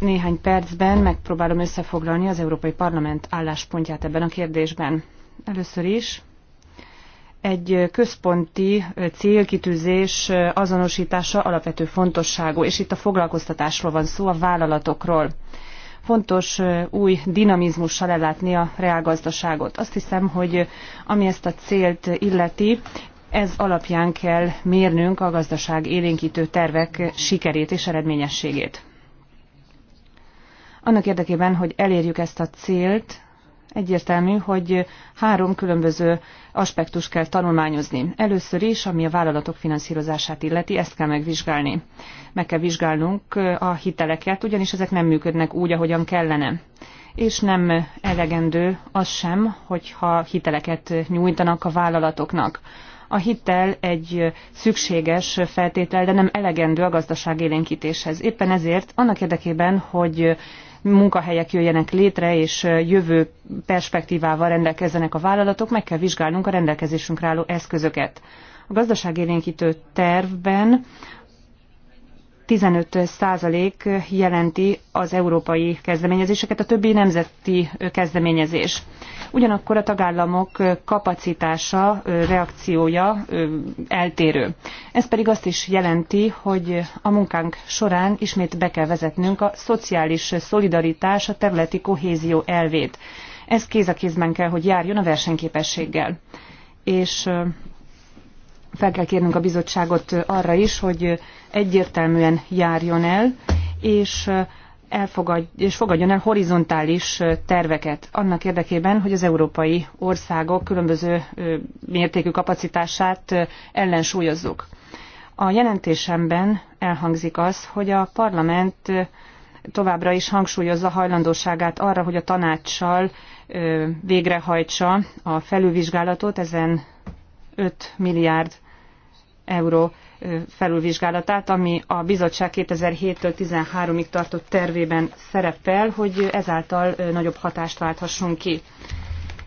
néhány percben megpróbálom összefoglalni az Európai Parlament álláspontját ebben a kérdésben. Először is egy központi célkitűzés azonosítása alapvető fontosságú, és itt a foglalkoztatásról van szó, a vállalatokról. Fontos új dinamizmussal ellátni a reálgazdaságot. Azt hiszem, hogy ami ezt a célt illeti, ez alapján kell mérnünk a gazdaság élénkítő tervek sikerét és eredményességét. Annak érdekében, hogy elérjük ezt a célt, egyértelmű, hogy három különböző aspektus kell tanulmányozni. Először is, ami a vállalatok finanszírozását illeti, ezt kell megvizsgálni. Meg kell vizsgálnunk a hiteleket, ugyanis ezek nem működnek úgy, ahogyan kellene. És nem elegendő az sem, hogyha hiteleket nyújtanak a vállalatoknak. A hitel egy szükséges feltétel, de nem elegendő a gazdaság élénkítéshez. Éppen ezért annak érdekében, hogy munkahelyek jöjjenek létre, és jövő perspektívával rendelkezzenek a vállalatok, meg kell vizsgálnunk a rendelkezésünkre álló eszközöket. A gazdaságélénkítő tervben 15% jelenti az európai kezdeményezéseket, a többi nemzeti kezdeményezés. Ugyanakkor a tagállamok kapacitása, reakciója eltérő. Ez pedig azt is jelenti, hogy a munkánk során ismét be kell vezetnünk a szociális szolidaritás, a területi kohézió elvét. Ez kéz a kézben kell, hogy járjon a versenyképességgel. És fel kell kérnünk a bizottságot arra is, hogy egyértelműen járjon el, és eh, elfogad, és fogadjon el horizontális eh, terveket annak érdekében, hogy az európai országok különböző eh, mértékű kapacitását ellensúlyozzuk. A jelentésemben elhangzik az, hogy a parlament továbbra is hangsúlyozza hajlandóságát arra, hogy a tanácssal végrehajtsa a felülvizsgálatot ezen 5 milliárd euró felülvizsgálatát, ami a bizottság 2007-től 13-ig tartott tervében szerepel, hogy ezáltal nagyobb hatást válthassunk ki.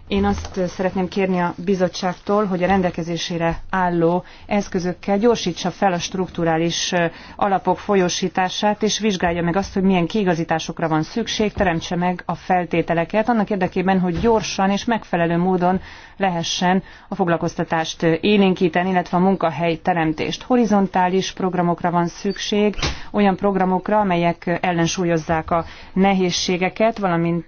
Én azt szeretném kérni a bizottságtól, hogy a rendelkezésére álló eszközökkel gyorsítsa fel a strukturális alapok folyósítását, és vizsgálja meg azt, hogy milyen kiigazításokra van szükség, teremtse meg a feltételeket, annak érdekében, hogy gyorsan és megfelelő módon lehessen a foglalkoztatást élénkíteni, illetve a munkahely teremtést. Horizontális programokra van szükség, olyan programokra, amelyek ellensúlyozzák a nehézségeket, valamint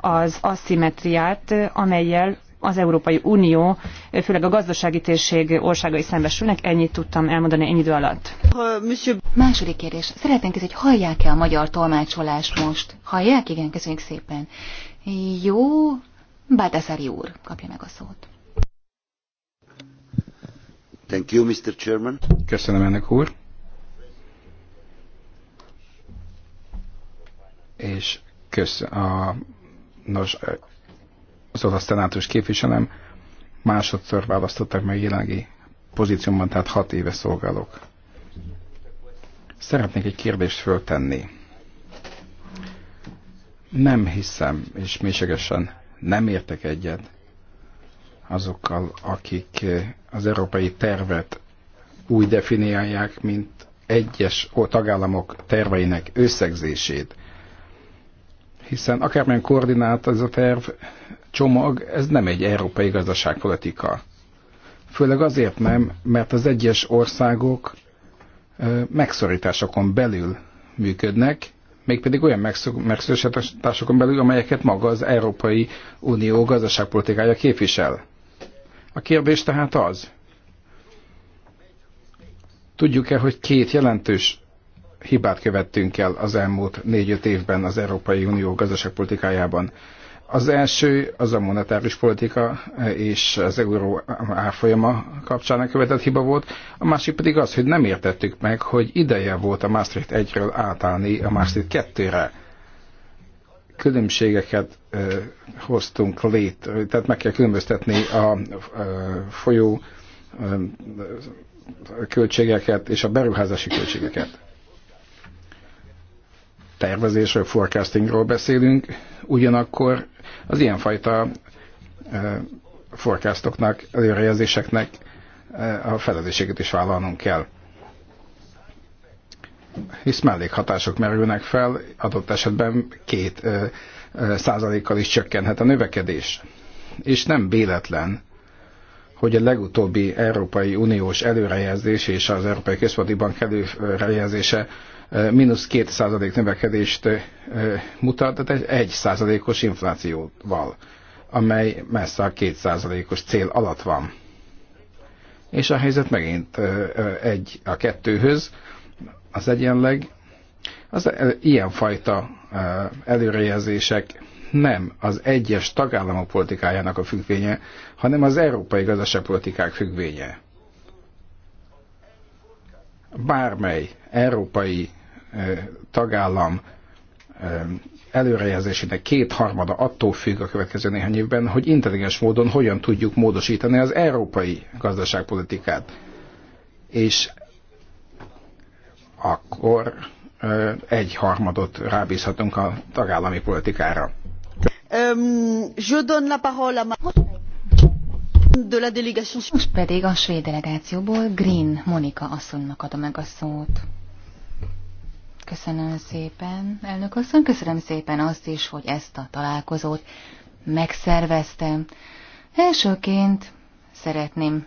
az aszimetriát, amely amelyel az Európai Unió, főleg a gazdasági térség országai szembesülnek. Ennyit tudtam elmondani ennyi idő alatt. Második kérdés. Szeretnénk ez hogy hallják-e a magyar tolmácsolást most? Hallják? Igen, köszönjük szépen. Jó, Bátászári úr kapja meg a szót. Thank you, Mr. Chairman. Köszönöm ennek úr. És kösz a, nos, az olasz szenátus képviselem, másodszor választottak meg jelenlegi pozíciómban, tehát hat éve szolgálok. Szeretnék egy kérdést föltenni. Nem hiszem, és mélységesen nem értek egyet azokkal, akik az európai tervet úgy definiálják, mint egyes tagállamok terveinek összegzését. Hiszen akármilyen koordinált ez a terv, csomag, ez nem egy európai gazdaságpolitika. Főleg azért nem, mert az egyes országok megszorításokon belül működnek, mégpedig olyan megszorításokon belül, amelyeket maga az Európai Unió gazdaságpolitikája képvisel. A kérdés tehát az, tudjuk-e, hogy két jelentős hibát követtünk el az elmúlt négy-öt évben az Európai Unió gazdaságpolitikájában. Az első az a monetáris politika e, és az euró árfolyama kapcsán követett hiba volt, a másik pedig az, hogy nem értettük meg, hogy ideje volt a Maastricht 1-ről átállni a Maastricht 2-re. Különbségeket ö, e, hoztunk lét, tehát meg kell különböztetni a ö, e, folyó ö, költségeket és a beruházási költségeket tervezésről, forecastingról beszélünk, ugyanakkor az ilyenfajta forecastoknak, előrejelzéseknek a felelősséget is vállalnunk kell hisz mellékhatások merülnek fel, adott esetben két ö, ö, százalékkal is csökkenhet a növekedés. És nem véletlen, hogy a legutóbbi Európai Uniós előrejelzés és az Európai Központi Bank előrejelzése mínusz százalék növekedést mutat, tehát egy egy százalékos inflációval, amely messze a két százalékos cél alatt van. És a helyzet megint egy a kettőhöz, az egyenleg, az e, ilyenfajta előrejelzések nem az egyes tagállamok politikájának a függvénye, hanem az európai gazdaságpolitikák függvénye. Bármely európai tagállam előrejelzésének kétharmada attól függ a következő néhány évben, hogy intelligens módon hogyan tudjuk módosítani az európai gazdaságpolitikát. És akkor egy harmadot rábízhatunk a tagállami politikára. Um, je donne la parole à ma... de la délégation... Most pedig a svéd delegációból Green Monika asszonynak adom meg a szót. Köszönöm szépen, elnök asszony, köszönöm szépen azt is, hogy ezt a találkozót megszerveztem. Elsőként szeretném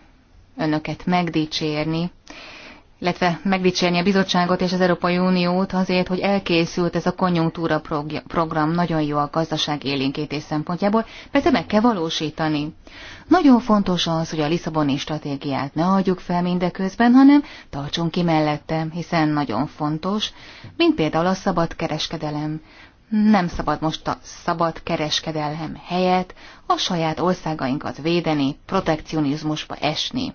önöket megdicsérni illetve megdicsérni a bizottságot és az Európai Uniót azért, hogy elkészült ez a konjunktúra program, nagyon jó a gazdaság élénkítés szempontjából, persze meg kell valósítani. Nagyon fontos az, hogy a Lisszaboni stratégiát ne adjuk fel mindeközben, hanem tartsunk ki mellette, hiszen nagyon fontos, mint például a szabad kereskedelem. Nem szabad most a szabad kereskedelem helyett a saját országainkat védeni, protekcionizmusba esni.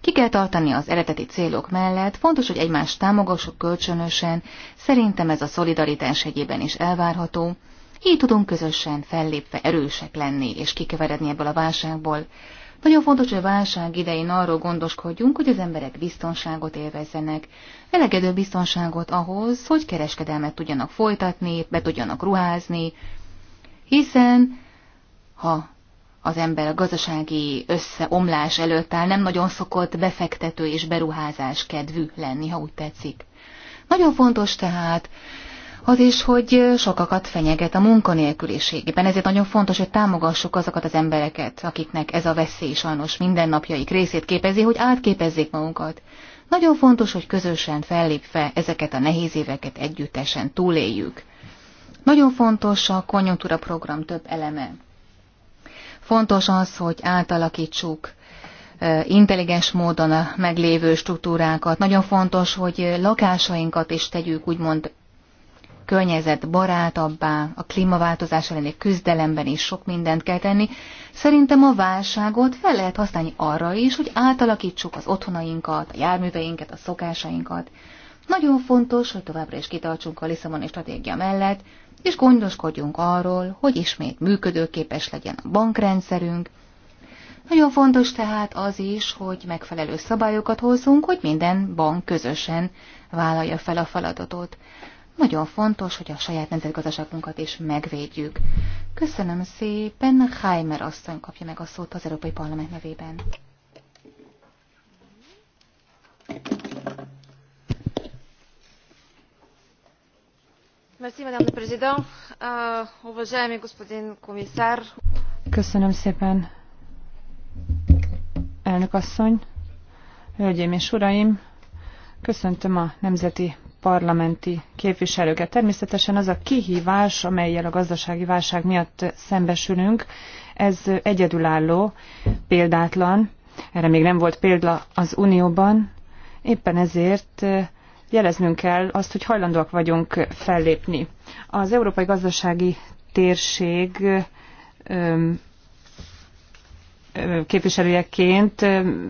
Ki kell tartani az eredeti célok mellett, fontos, hogy egymást támogassuk kölcsönösen, szerintem ez a szolidaritás egyében is elvárható, így tudunk közösen fellépve erősek lenni és kikeveredni ebből a válságból. Nagyon fontos, hogy a válság idején arról gondoskodjunk, hogy az emberek biztonságot élvezzenek, elegedő biztonságot ahhoz, hogy kereskedelmet tudjanak folytatni, be tudjanak ruházni, hiszen ha az ember a gazdasági összeomlás előtt áll, nem nagyon szokott befektető és beruházás kedvű lenni, ha úgy tetszik. Nagyon fontos tehát az is, hogy sokakat fenyeget a munkanélküliségében, ezért nagyon fontos, hogy támogassuk azokat az embereket, akiknek ez a veszély sajnos mindennapjaik részét képezi, hogy átképezzék magunkat. Nagyon fontos, hogy közösen fellépve ezeket a nehéz éveket együttesen túléljük. Nagyon fontos a konjunktúra program több eleme. Fontos az, hogy átalakítsuk intelligens módon a meglévő struktúrákat. Nagyon fontos, hogy lakásainkat is tegyük úgymond barátabbá, a klímaváltozás elleni küzdelemben is sok mindent kell tenni. Szerintem a válságot fel lehet használni arra is, hogy átalakítsuk az otthonainkat, a járműveinket, a szokásainkat. Nagyon fontos, hogy továbbra is kitartsunk a Lisszaboni stratégia mellett, és gondoskodjunk arról, hogy ismét működőképes legyen a bankrendszerünk. Nagyon fontos tehát az is, hogy megfelelő szabályokat hozzunk, hogy minden bank közösen vállalja fel a feladatot. Nagyon fontos, hogy a saját nemzetgazdaságunkat is megvédjük. Köszönöm szépen, Heimer asszony kapja meg a szót az Európai Parlament nevében. madame la présidente euh, господин köszönöm szépen elnök asszony hölgyeim és uraim köszöntöm a nemzeti parlamenti képviselőket. Természetesen az a kihívás, amelyel a gazdasági válság miatt szembesülünk, ez egyedülálló, példátlan, erre még nem volt példa az Unióban, éppen ezért jeleznünk kell azt, hogy hajlandóak vagyunk fellépni. Az európai gazdasági térség képviselőjeként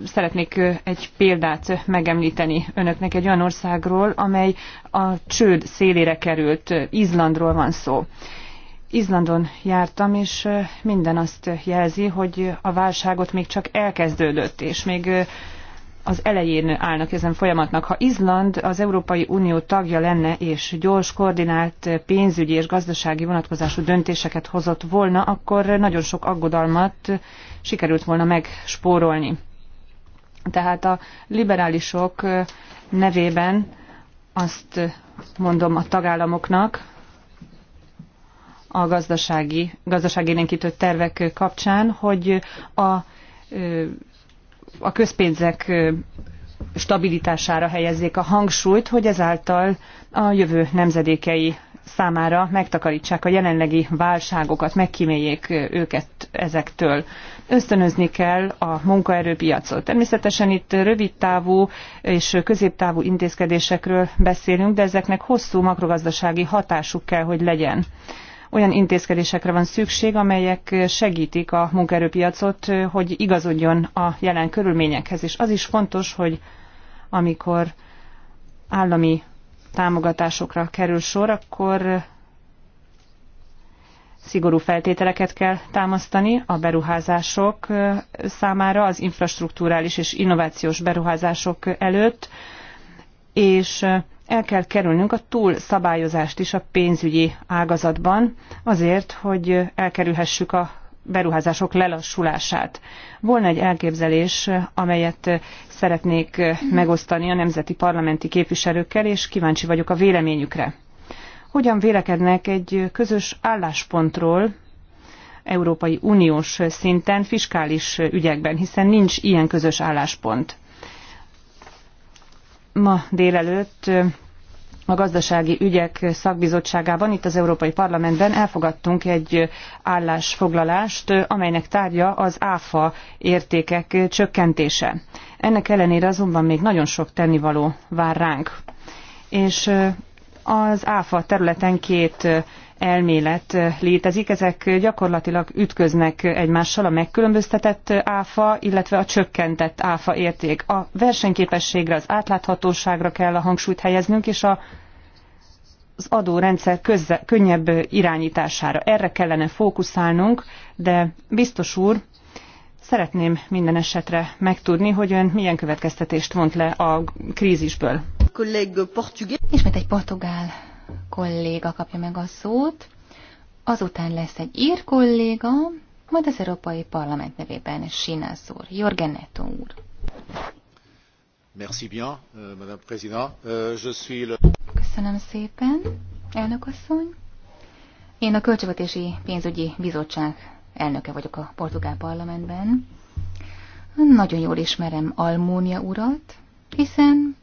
szeretnék egy példát megemlíteni önöknek egy olyan országról, amely a csőd szélére került, Izlandról van szó. Izlandon jártam, és minden azt jelzi, hogy a válságot még csak elkezdődött, és még az elején állnak ezen folyamatnak. Ha Izland az Európai Unió tagja lenne, és gyors, koordinált pénzügyi és gazdasági vonatkozású döntéseket hozott volna, akkor nagyon sok aggodalmat sikerült volna megspórolni. Tehát a liberálisok nevében azt mondom a tagállamoknak, a gazdasági, gazdaságélénkítő tervek kapcsán, hogy a a közpénzek stabilitására helyezzék a hangsúlyt, hogy ezáltal a jövő nemzedékei számára megtakarítsák a jelenlegi válságokat, megkíméljék őket ezektől. Ösztönözni kell a munkaerőpiacot. Természetesen itt rövidtávú és középtávú intézkedésekről beszélünk, de ezeknek hosszú makrogazdasági hatásuk kell, hogy legyen olyan intézkedésekre van szükség, amelyek segítik a munkaerőpiacot, hogy igazodjon a jelen körülményekhez. És az is fontos, hogy amikor állami támogatásokra kerül sor, akkor szigorú feltételeket kell támasztani a beruházások számára, az infrastruktúrális és innovációs beruházások előtt, és el kell kerülnünk a túlszabályozást is a pénzügyi ágazatban, azért, hogy elkerülhessük a beruházások lelassulását. Volna egy elképzelés, amelyet szeretnék megosztani a nemzeti parlamenti képviselőkkel, és kíváncsi vagyok a véleményükre. Hogyan vélekednek egy közös álláspontról Európai Uniós szinten fiskális ügyekben, hiszen nincs ilyen közös álláspont ma délelőtt a gazdasági ügyek szakbizottságában, itt az Európai Parlamentben elfogadtunk egy állásfoglalást, amelynek tárgya az áfa értékek csökkentése. Ennek ellenére azonban még nagyon sok tennivaló vár ránk. És az áfa területen két elmélet eh, létezik, ezek gyakorlatilag ütköznek egymással a megkülönböztetett áfa, illetve a csökkentett áfa érték. A versenyképességre, az átláthatóságra kell a hangsúlyt helyeznünk, és a az adórendszer közze, könnyebb irányítására. Erre kellene fókuszálnunk, de biztos úr, szeretném minden esetre megtudni, hogy ön milyen következtetést vont le a krízisből. Ismét egy portugál kolléga kapja meg a szót, azután lesz egy ír kolléga, majd az Európai Parlament nevében Sinász úr, Jorgen Neto úr. Merci bien, euh, Madame Président. Euh, je suis le... Köszönöm szépen, elnök asszony. Én a Költségvetési Pénzügyi Bizottság elnöke vagyok a Portugál Parlamentben. Nagyon jól ismerem Almónia urat, hiszen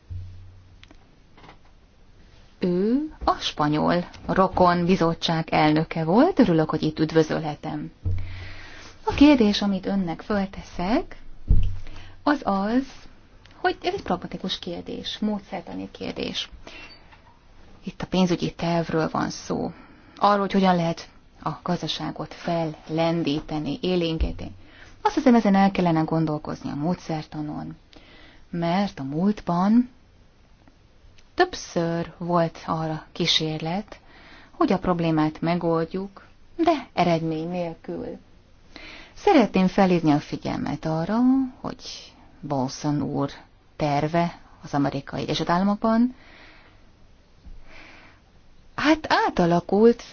ő a spanyol rokon bizottság elnöke volt. Örülök, hogy itt üdvözölhetem. A kérdés, amit önnek fölteszek, az az, hogy ez egy pragmatikus kérdés, módszertani kérdés. Itt a pénzügyi tervről van szó. Arról, hogy hogyan lehet a gazdaságot fellendíteni, élénkíteni. Azt hiszem, ezen el kellene gondolkozni a módszertanon, mert a múltban Többször volt arra kísérlet, hogy a problémát megoldjuk, de eredmény nélkül. Szeretném felírni a figyelmet arra, hogy Bolson úr terve az amerikai Egyesült Államokban, hát átalakult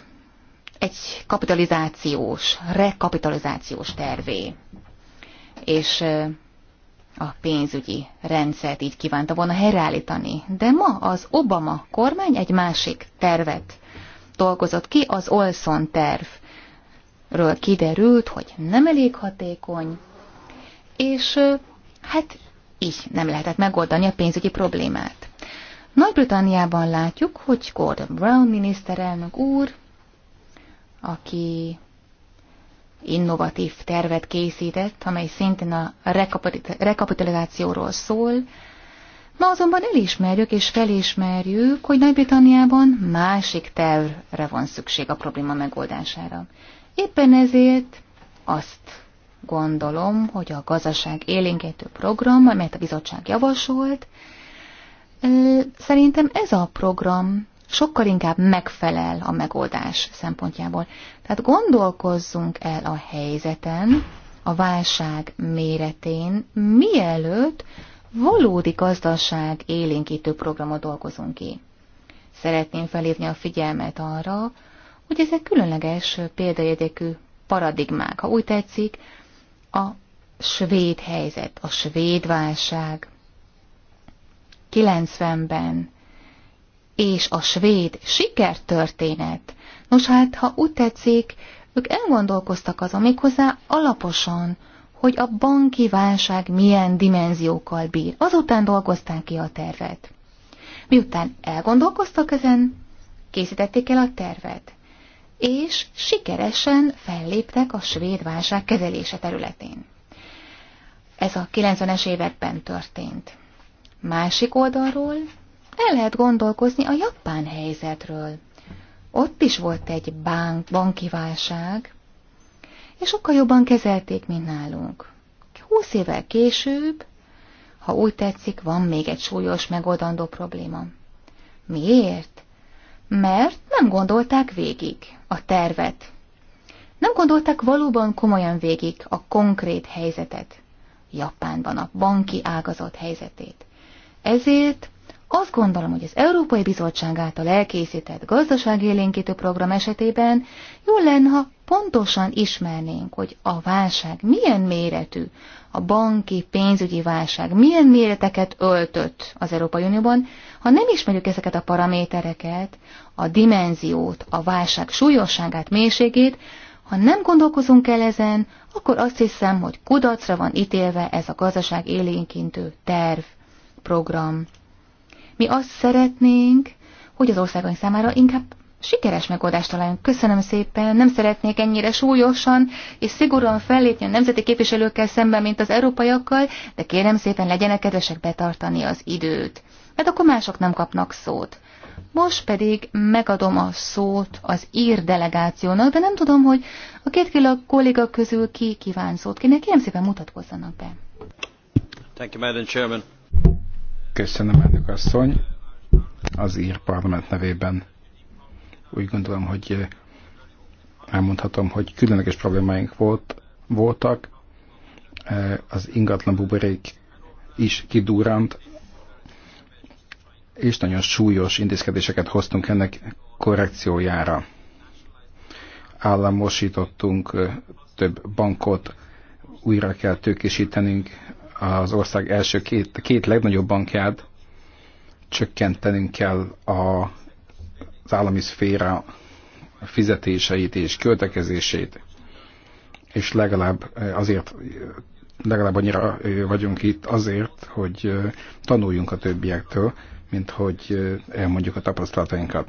egy kapitalizációs, rekapitalizációs tervé. És a pénzügyi rendszert így kívánta volna helyreállítani. De ma az Obama kormány egy másik tervet dolgozott ki, az Olson tervről kiderült, hogy nem elég hatékony, és hát így nem lehetett megoldani a pénzügyi problémát. Nagy-Britanniában látjuk, hogy Gordon Brown miniszterelnök úr, aki innovatív tervet készített, amely szintén a rekapitalizációról szól. Ma azonban elismerjük és felismerjük, hogy Nagy-Britanniában másik tervre van szükség a probléma megoldására. Éppen ezért azt gondolom, hogy a gazdaság élénkető program, amelyet a bizottság javasolt, szerintem ez a program sokkal inkább megfelel a megoldás szempontjából. Tehát gondolkozzunk el a helyzeten, a válság méretén, mielőtt valódi gazdaság élénkítő programot dolgozunk ki. Szeretném felhívni a figyelmet arra, hogy ezek különleges példajegyekű paradigmák, ha úgy tetszik, a svéd helyzet, a svéd válság. 90-ben és a svéd sikertörténet. Nos hát, ha úgy tetszik, ők elgondolkoztak azon méghozzá alaposan, hogy a banki válság milyen dimenziókkal bír. Azután dolgozták ki a tervet. Miután elgondolkoztak ezen, készítették el a tervet, és sikeresen felléptek a svéd válság kezelése területén. Ez a 90-es években történt. Másik oldalról el lehet gondolkozni a japán helyzetről. Ott is volt egy bank, banki válság, és sokkal jobban kezelték, mint nálunk. Húsz évvel később, ha úgy tetszik, van még egy súlyos megoldandó probléma. Miért? Mert nem gondolták végig a tervet. Nem gondolták valóban komolyan végig a konkrét helyzetet. Japánban a banki ágazat helyzetét. Ezért azt gondolom, hogy az Európai Bizottság által elkészített gazdaságélénkítő program esetében jó lenne, ha pontosan ismernénk, hogy a válság milyen méretű, a banki pénzügyi válság milyen méreteket öltött az Európai Unióban, ha nem ismerjük ezeket a paramétereket, a dimenziót, a válság súlyosságát, mélységét, ha nem gondolkozunk el ezen, akkor azt hiszem, hogy kudarcra van ítélve ez a gazdaság élénkintő terv, program. Mi azt szeretnénk, hogy az országaink számára inkább sikeres megoldást találjunk. Köszönöm szépen, nem szeretnék ennyire súlyosan és szigorúan fellépni a nemzeti képviselőkkel szemben, mint az európaiakkal, de kérem szépen legyenek kedvesek betartani az időt, mert akkor mások nem kapnak szót. Most pedig megadom a szót az ír delegációnak, de nem tudom, hogy a két kiló kolléga közül ki kíván szót kinek Kérem szépen mutatkozzanak be. Thank you, Madam Chairman. Köszönöm, elnök asszony. Az ír parlament nevében úgy gondolom, hogy eh, elmondhatom, hogy különleges problémáink volt, voltak. Eh, az ingatlan buborék is kidúrant, és nagyon súlyos intézkedéseket hoztunk ennek korrekciójára. Államosítottunk eh, több bankot, újra kell tőkésítenünk az ország első két, két legnagyobb bankját, csökkentenünk kell a, az állami szféra fizetéseit és költekezését, és legalább eh, azért eh, legalább annyira eh, vagyunk itt azért, hogy tanuljunk a többiektől, mint hogy elmondjuk a tapasztalatainkat.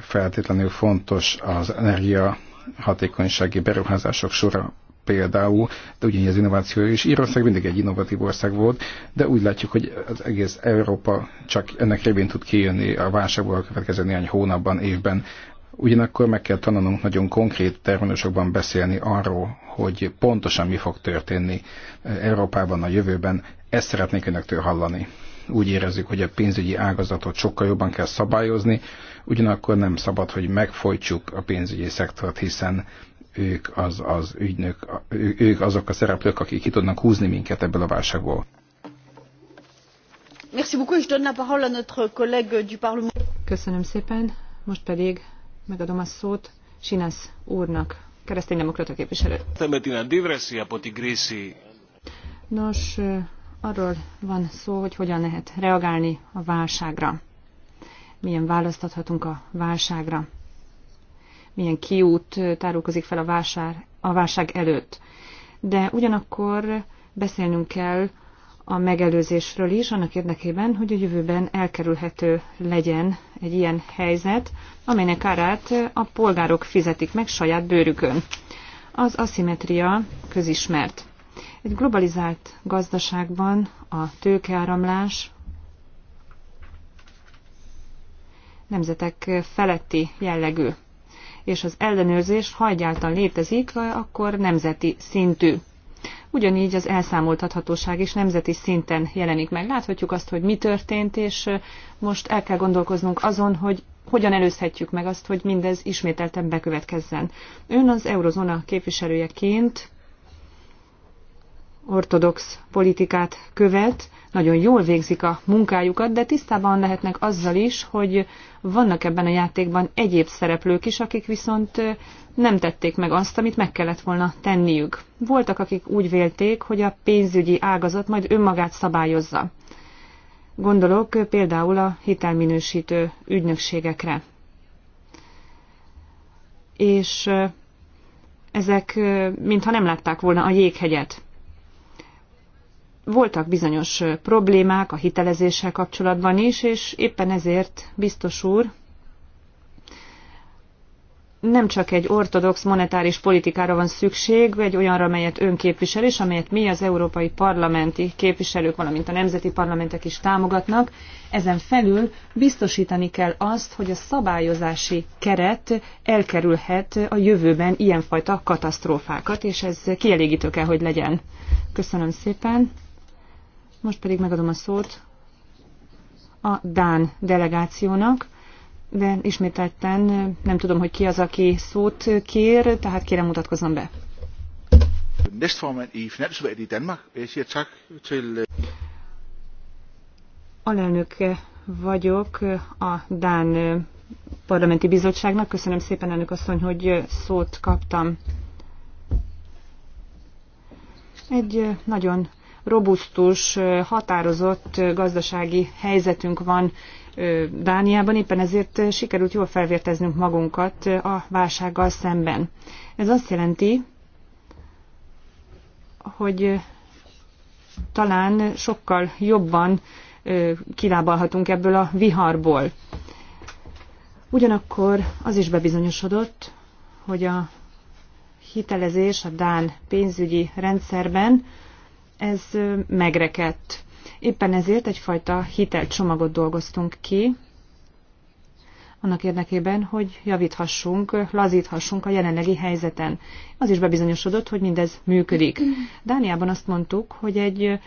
Feltétlenül fontos az energia hatékonysági beruházások sora például, de ugyanígy az innováció is. Írország mindig egy innovatív ország volt, de úgy látjuk, hogy az egész Európa csak ennek révén tud kijönni a válságból a következő néhány hónapban, évben. Ugyanakkor meg kell tanulnunk nagyon konkrét terminusokban beszélni arról, hogy pontosan mi fog történni Európában a jövőben. Ezt szeretnék önöktől hallani. Úgy érezzük, hogy a pénzügyi ágazatot sokkal jobban kell szabályozni, ugyanakkor nem szabad, hogy megfojtsuk a pénzügyi szektort, hiszen ők, az, az ügynök, ők azok a szereplők, akik ki tudnak húzni minket ebből a válságból. Merci beaucoup, je donne la parole à notre collègue du Parlement. Köszönöm szépen, most pedig megadom a szót Sinász úrnak, kereszténydemokrata képviselő. Nos, arról van szó, hogy hogyan lehet reagálni a válságra. Milyen választ adhatunk a válságra milyen kiút tárulkozik fel a, vásár, a válság előtt. De ugyanakkor beszélnünk kell a megelőzésről is, annak érdekében, hogy a jövőben elkerülhető legyen egy ilyen helyzet, amelynek árát a polgárok fizetik meg saját bőrükön. Az aszimetria közismert. Egy globalizált gazdaságban a tőkeáramlás nemzetek feletti jellegű és az ellenőrzés, ha egyáltalán létezik, akkor nemzeti szintű. Ugyanígy az elszámoltathatóság is nemzeti szinten jelenik meg. Láthatjuk azt, hogy mi történt, és most el kell gondolkoznunk azon, hogy hogyan előzhetjük meg azt, hogy mindez ismételten bekövetkezzen. Ön az Eurozona képviselőjeként ortodox politikát követ, nagyon jól végzik a munkájukat, de tisztában lehetnek azzal is, hogy vannak ebben a játékban egyéb szereplők is, akik viszont nem tették meg azt, amit meg kellett volna tenniük. Voltak, akik úgy vélték, hogy a pénzügyi ágazat majd önmagát szabályozza. Gondolok például a hitelminősítő ügynökségekre. És ezek mintha nem látták volna a jéghegyet voltak bizonyos problémák a hitelezéssel kapcsolatban is, és éppen ezért, biztos úr, nem csak egy ortodox monetáris politikára van szükség, vagy olyanra, amelyet ön képvisel, és amelyet mi az európai parlamenti képviselők, valamint a nemzeti parlamentek is támogatnak. Ezen felül biztosítani kell azt, hogy a szabályozási keret elkerülhet a jövőben ilyenfajta katasztrófákat, és ez kielégítő kell, hogy legyen. Köszönöm szépen. Most pedig megadom a szót a Dán delegációnak, de ismételten nem tudom, hogy ki az, aki szót kér, tehát kérem mutatkozom be. Øh, Alelnök vagyok a Dán Parlamenti Bizottságnak. Köszönöm szépen, elnök asszony, hogy szót kaptam. Egy nagyon robusztus, határozott gazdasági helyzetünk van Dániában, éppen ezért sikerült jól felvérteznünk magunkat a válsággal szemben. Ez azt jelenti, hogy talán sokkal jobban kilábalhatunk ebből a viharból. Ugyanakkor az is bebizonyosodott, hogy a hitelezés a Dán pénzügyi rendszerben ez megrekedt. Éppen ezért egyfajta hitelcsomagot dolgoztunk ki, annak érdekében, hogy javíthassunk, lazíthassunk a jelenlegi helyzeten. Az is bebizonyosodott, hogy mindez működik. Dániában azt mondtuk, hogy egy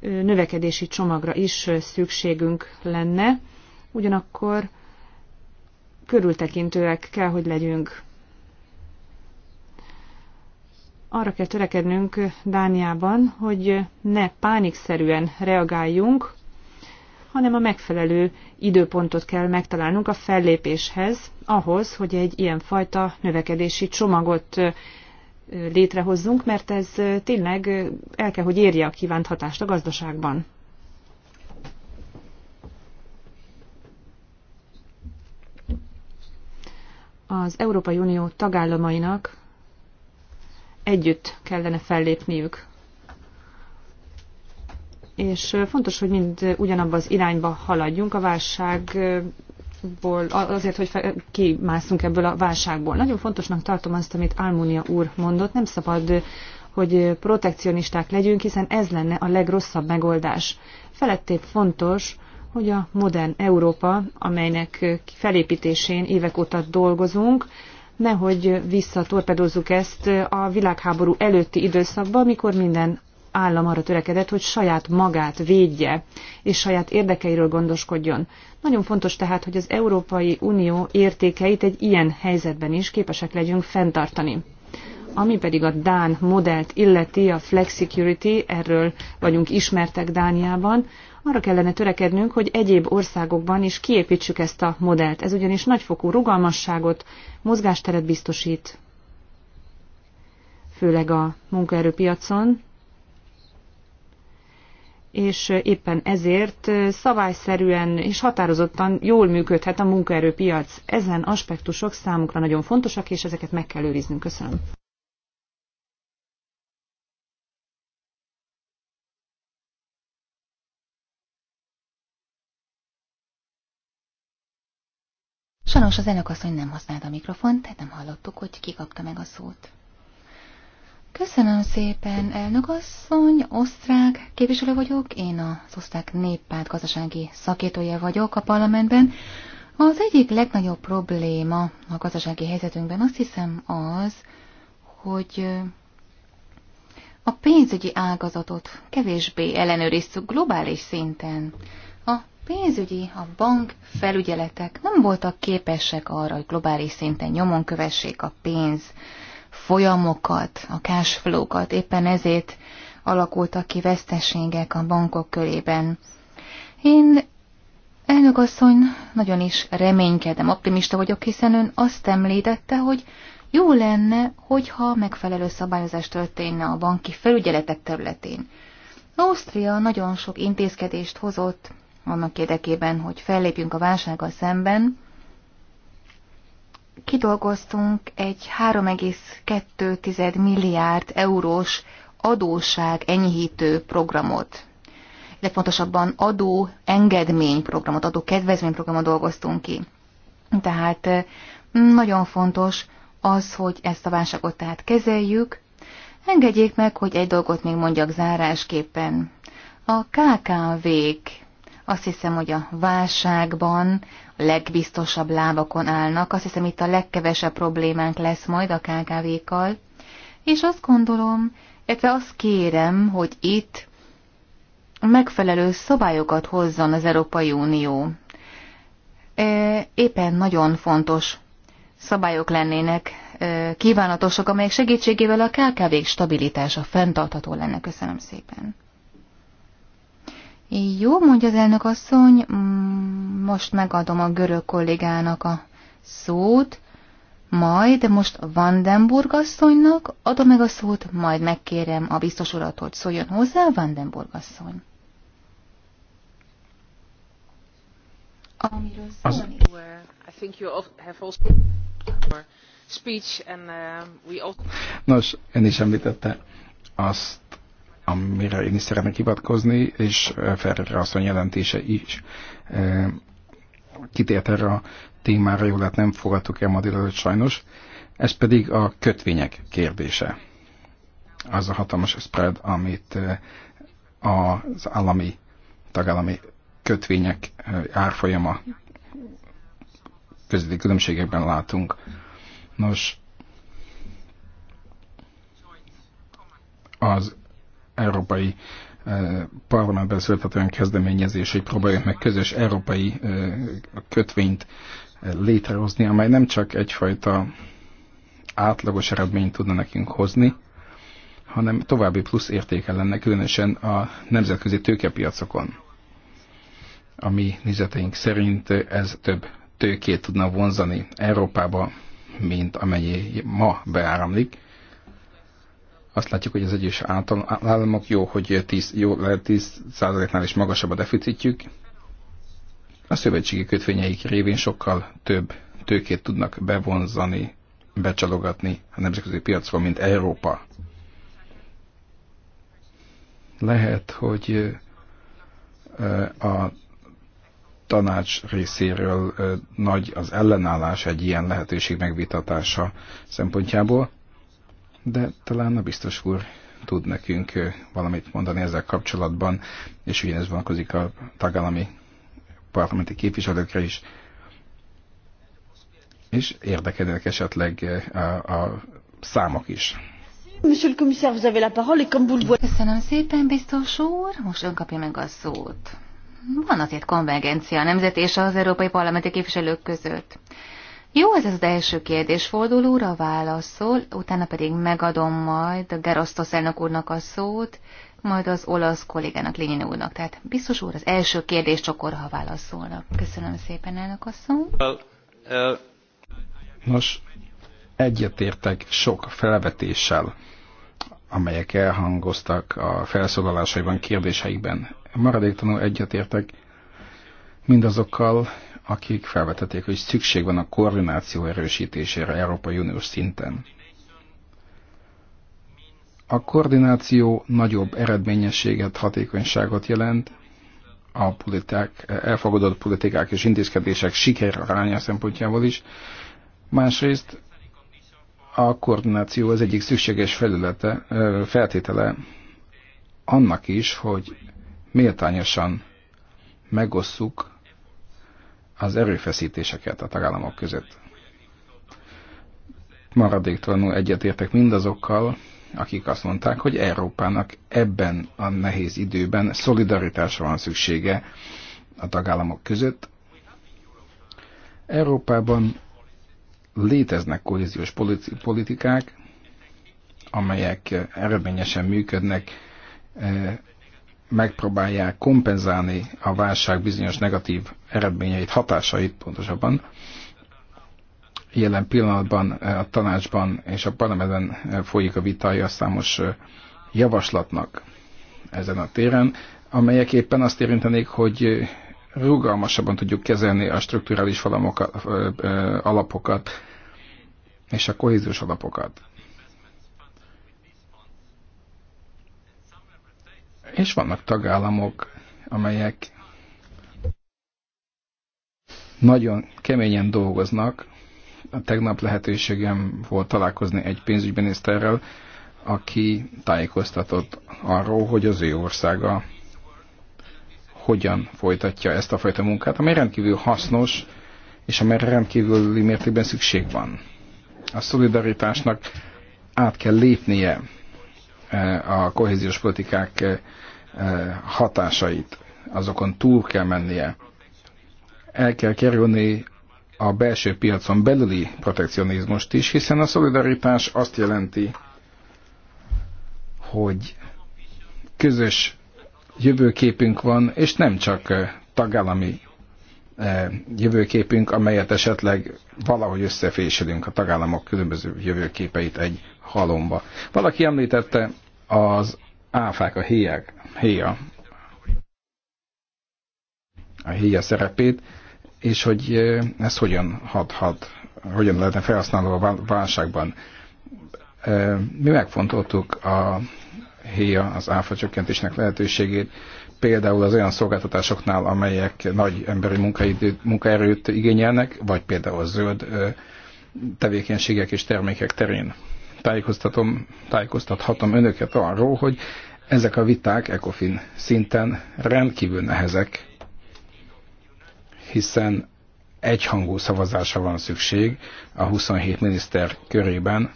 növekedési csomagra is szükségünk lenne, ugyanakkor körültekintőek kell, hogy legyünk arra kell törekednünk Dániában, hogy ne pánikszerűen reagáljunk, hanem a megfelelő időpontot kell megtalálnunk a fellépéshez, ahhoz, hogy egy ilyenfajta növekedési csomagot létrehozzunk, mert ez tényleg el kell, hogy érje a kívánt hatást a gazdaságban. Az Európai Unió tagállamainak együtt kellene fellépniük. És fontos, hogy mind ugyanabba az irányba haladjunk a válságból, azért, hogy kimászunk ebből a válságból. Nagyon fontosnak tartom azt, amit Almunia úr mondott, nem szabad hogy protekcionisták legyünk, hiszen ez lenne a legrosszabb megoldás. Felettébb fontos, hogy a modern Európa, amelynek felépítésén évek óta dolgozunk, nehogy visszatorpedozzuk ezt a világháború előtti időszakba, amikor minden állam arra törekedett, hogy saját magát védje, és saját érdekeiről gondoskodjon. Nagyon fontos tehát, hogy az Európai Unió értékeit egy ilyen helyzetben is képesek legyünk fenntartani. Ami pedig a Dán modellt illeti, a Flex Security, erről vagyunk ismertek Dániában, arra kellene törekednünk, hogy egyéb országokban is kiépítsük ezt a modellt. Ez ugyanis nagyfokú rugalmasságot, mozgásteret biztosít, főleg a munkaerőpiacon, és éppen ezért szabályszerűen és határozottan jól működhet a munkaerőpiac. Ezen aspektusok számukra nagyon fontosak, és ezeket meg kell őriznünk. Köszönöm. Sajnos az elnökasszony nem használta a mikrofont, tehát nem hallottuk, hogy ki kapta meg a szót. Köszönöm szépen, elnökasszony, osztrák képviselő vagyok, én az osztrák néppárt gazdasági szakértője vagyok a parlamentben. Az egyik legnagyobb probléma a gazdasági helyzetünkben azt hiszem az, hogy a pénzügyi ágazatot kevésbé ellenőrizzük globális szinten. A pénzügyi, a bank felügyeletek nem voltak képesek arra, hogy globális szinten nyomon kövessék a pénz folyamokat, a cash flow-kat. Éppen ezért alakultak ki veszteségek a bankok körében. Én, elnök asszony, nagyon is reménykedem, optimista vagyok, hiszen ön azt említette, hogy jó lenne, hogyha megfelelő szabályozás történne a banki felügyeletek területén. Ausztria nagyon sok intézkedést hozott annak érdekében, hogy fellépjünk a válsággal szemben, kidolgoztunk egy 3,2 milliárd eurós adóság enyhítő programot, de pontosabban adó programot adó kedvezmény programot dolgoztunk ki. Tehát eh, nagyon fontos az, hogy ezt a válságot tehát kezeljük. Engedjék meg, hogy egy dolgot még mondjak zárásképpen. A KKV-k azt hiszem, hogy a válságban a legbiztosabb lábakon állnak. Azt hiszem, itt a legkevesebb problémánk lesz majd a KKV-kkal. És azt gondolom, illetve azt kérem, hogy itt megfelelő szabályokat hozzon az Európai Unió. E, éppen nagyon fontos szabályok lennének e, kívánatosak, amelyek segítségével a KKV-k stabilitása fenntartható lenne. Köszönöm szépen. Jó, mondja az elnök asszony, mm, most megadom a görög kollégának a szót, majd most Vandenburg asszonynak adom meg a szót, majd megkérem a biztos urat, hogy szóljon hozzá Vandenburg asszony. Amiről szólni. Uh, Nos, ön is említette azt, amire én is szeretnék hivatkozni, és Ferrer asszony jelentése is e, kitért erre a témára, jól lehet nem fogadtuk el ma délelőtt sajnos, ez pedig a kötvények kérdése. Az a hatalmas spread, amit az állami, tagállami kötvények árfolyama közötti különbségekben látunk. Nos, az európai parlamentben született olyan kezdeményezés, hogy próbáljuk meg közös európai kötvényt létrehozni, amely nem csak egyfajta átlagos eredményt tudna nekünk hozni, hanem további plusz értéke lenne, különösen a nemzetközi tőkepiacokon. A mi nézeteink szerint ez több tőkét tudna vonzani Európába, mint amennyi ma beáramlik azt látjuk, hogy az egyes államok jó, hogy 10, jó, 10%-nál is magasabb a deficitjük. A szövetségi kötvényeik révén sokkal több tőkét tudnak bevonzani, becsalogatni a nemzetközi piacról, mint Európa. Lehet, hogy a tanács részéről nagy az ellenállás egy ilyen lehetőség megvitatása szempontjából, de talán a biztos úr tud nekünk valamit mondani ezzel kapcsolatban, és ugyanez vonatkozik a tagállami parlamenti képviselőkre is. És érdekelnek esetleg a, a számok is. Monsieur le commissaire, vous avez la parole, et comme vous le voyez... Köszönöm szépen, biztos úr. Most ön kapja meg a szót. Van azért konvergencia a nemzet és az európai parlamenti képviselők között. Jó, ez az első kérdés. fordulóra válaszol, utána pedig megadom majd a Gerosztos elnök úrnak a szót, majd az olasz kollégának, Lényin úrnak. Tehát biztos úr, az első kérdés csokor, ha válaszolnak. Köszönöm szépen, elnök asszony. Uh, Nos, egyetértek sok felvetéssel, amelyek elhangoztak a felszólalásaiban, kérdéseikben. Maradéktanul egyetértek mindazokkal, akik felvetették, hogy szükség van a koordináció erősítésére Európai Uniós szinten. A koordináció nagyobb eredményességet, hatékonyságot jelent, a politikák, elfogadott politikák és intézkedések aránya szempontjából is. Másrészt a koordináció az egyik szükséges felülete, feltétele annak is, hogy méltányosan megosszuk az erőfeszítéseket a tagállamok között. Maradéktalanul egyetértek mindazokkal, akik azt mondták, hogy Európának ebben a nehéz időben szolidaritásra van szüksége a tagállamok között. Európában léteznek kohéziós politikák, amelyek eredményesen működnek eh, megpróbálják kompenzálni a válság bizonyos negatív eredményeit, hatásait pontosabban. Jelen pillanatban eh, a tanácsban és a parlamentben eh, folyik a vitája számos eh, javaslatnak ezen a téren, amelyek éppen azt érintenék, hogy rugalmasabban tudjuk kezelni a strukturális alapokat és a kohéziós alapokat. És vannak tagállamok, amelyek nagyon keményen dolgoznak. A tegnap lehetőségem volt találkozni egy pénzügyminiszterrel, aki tájékoztatott arról, hogy az ő országa hogyan folytatja ezt a fajta munkát, ami rendkívül hasznos, és amire rendkívüli mértékben szükség van. A szolidaritásnak át kell lépnie a kohéziós politikák eh, eh, hatásait. Azokon túl kell mennie. El kell kerülni a belső piacon belüli protekcionizmust is, hiszen a szolidaritás azt jelenti, hogy közös jövőképünk van, és nem csak eh, tagállami jövőképünk, amelyet esetleg valahogy összefésülünk a tagállamok különböző jövőképeit egy halomba. Valaki említette az áfák, a héják, héja, a héja szerepét, és hogy ez hogyan hathat, hogyan lehetne felhasználó a válságban. Mi megfontoltuk a héja, az áfa csökkentésnek lehetőségét, például az olyan szolgáltatásoknál, amelyek nagy emberi munkaerőt igényelnek, vagy például a zöld tevékenységek és termékek terén. Tájékoztatom, tájékoztathatom önöket arról, hogy ezek a viták ECOFIN szinten rendkívül nehezek, hiszen egyhangú szavazásra van szükség a 27 miniszter körében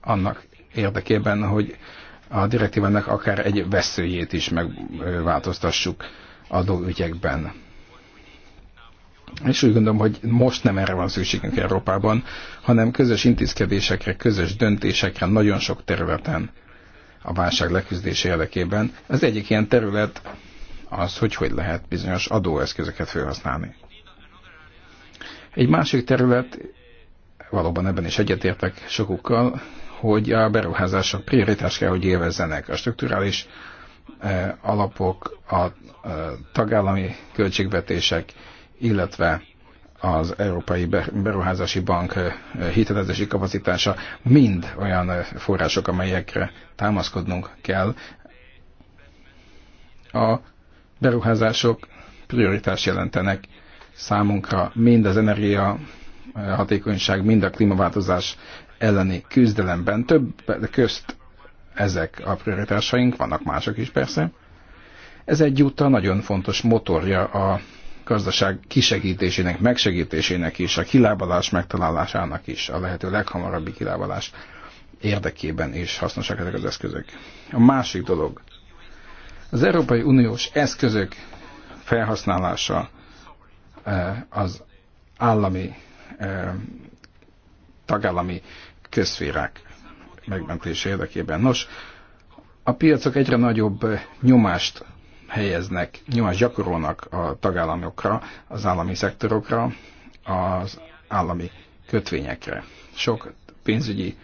annak érdekében, hogy a direktívának akár egy veszőjét is megváltoztassuk adóügyekben. És úgy gondolom, hogy most nem erre van szükségünk Európában, hanem közös intézkedésekre, közös döntésekre nagyon sok területen a válság leküzdése érdekében. Az egyik ilyen terület az, hogy hogy lehet bizonyos adóeszközöket felhasználni. Egy másik terület, valóban ebben is egyetértek sokukkal, hogy a beruházások prioritás kell, hogy élvezzenek. A strukturális eh, alapok, a eh, tagállami költségvetések, illetve az Európai Beruházási Bank eh, hitelezési kapacitása mind olyan források, amelyekre támaszkodnunk kell. A beruházások prioritás jelentenek számunkra mind az energia hatékonyság, mind a klímaváltozás elleni küzdelemben több közt ezek a prioritásaink, vannak mások is persze. Ez egyúttal nagyon fontos motorja a gazdaság kisegítésének, megsegítésének is, a kilábalás megtalálásának is, a lehető leghamarabbi kilábalás érdekében is hasznosak ezek az eszközök. A másik dolog, az Európai Uniós eszközök felhasználása eh, az állami eh, tagállami közférák megmentése érdekében. Nos, a piacok egyre nagyobb nyomást helyeznek, nyomást gyakorolnak a tagállamokra, az állami szektorokra, az állami kötvényekre. Sok pénzügyi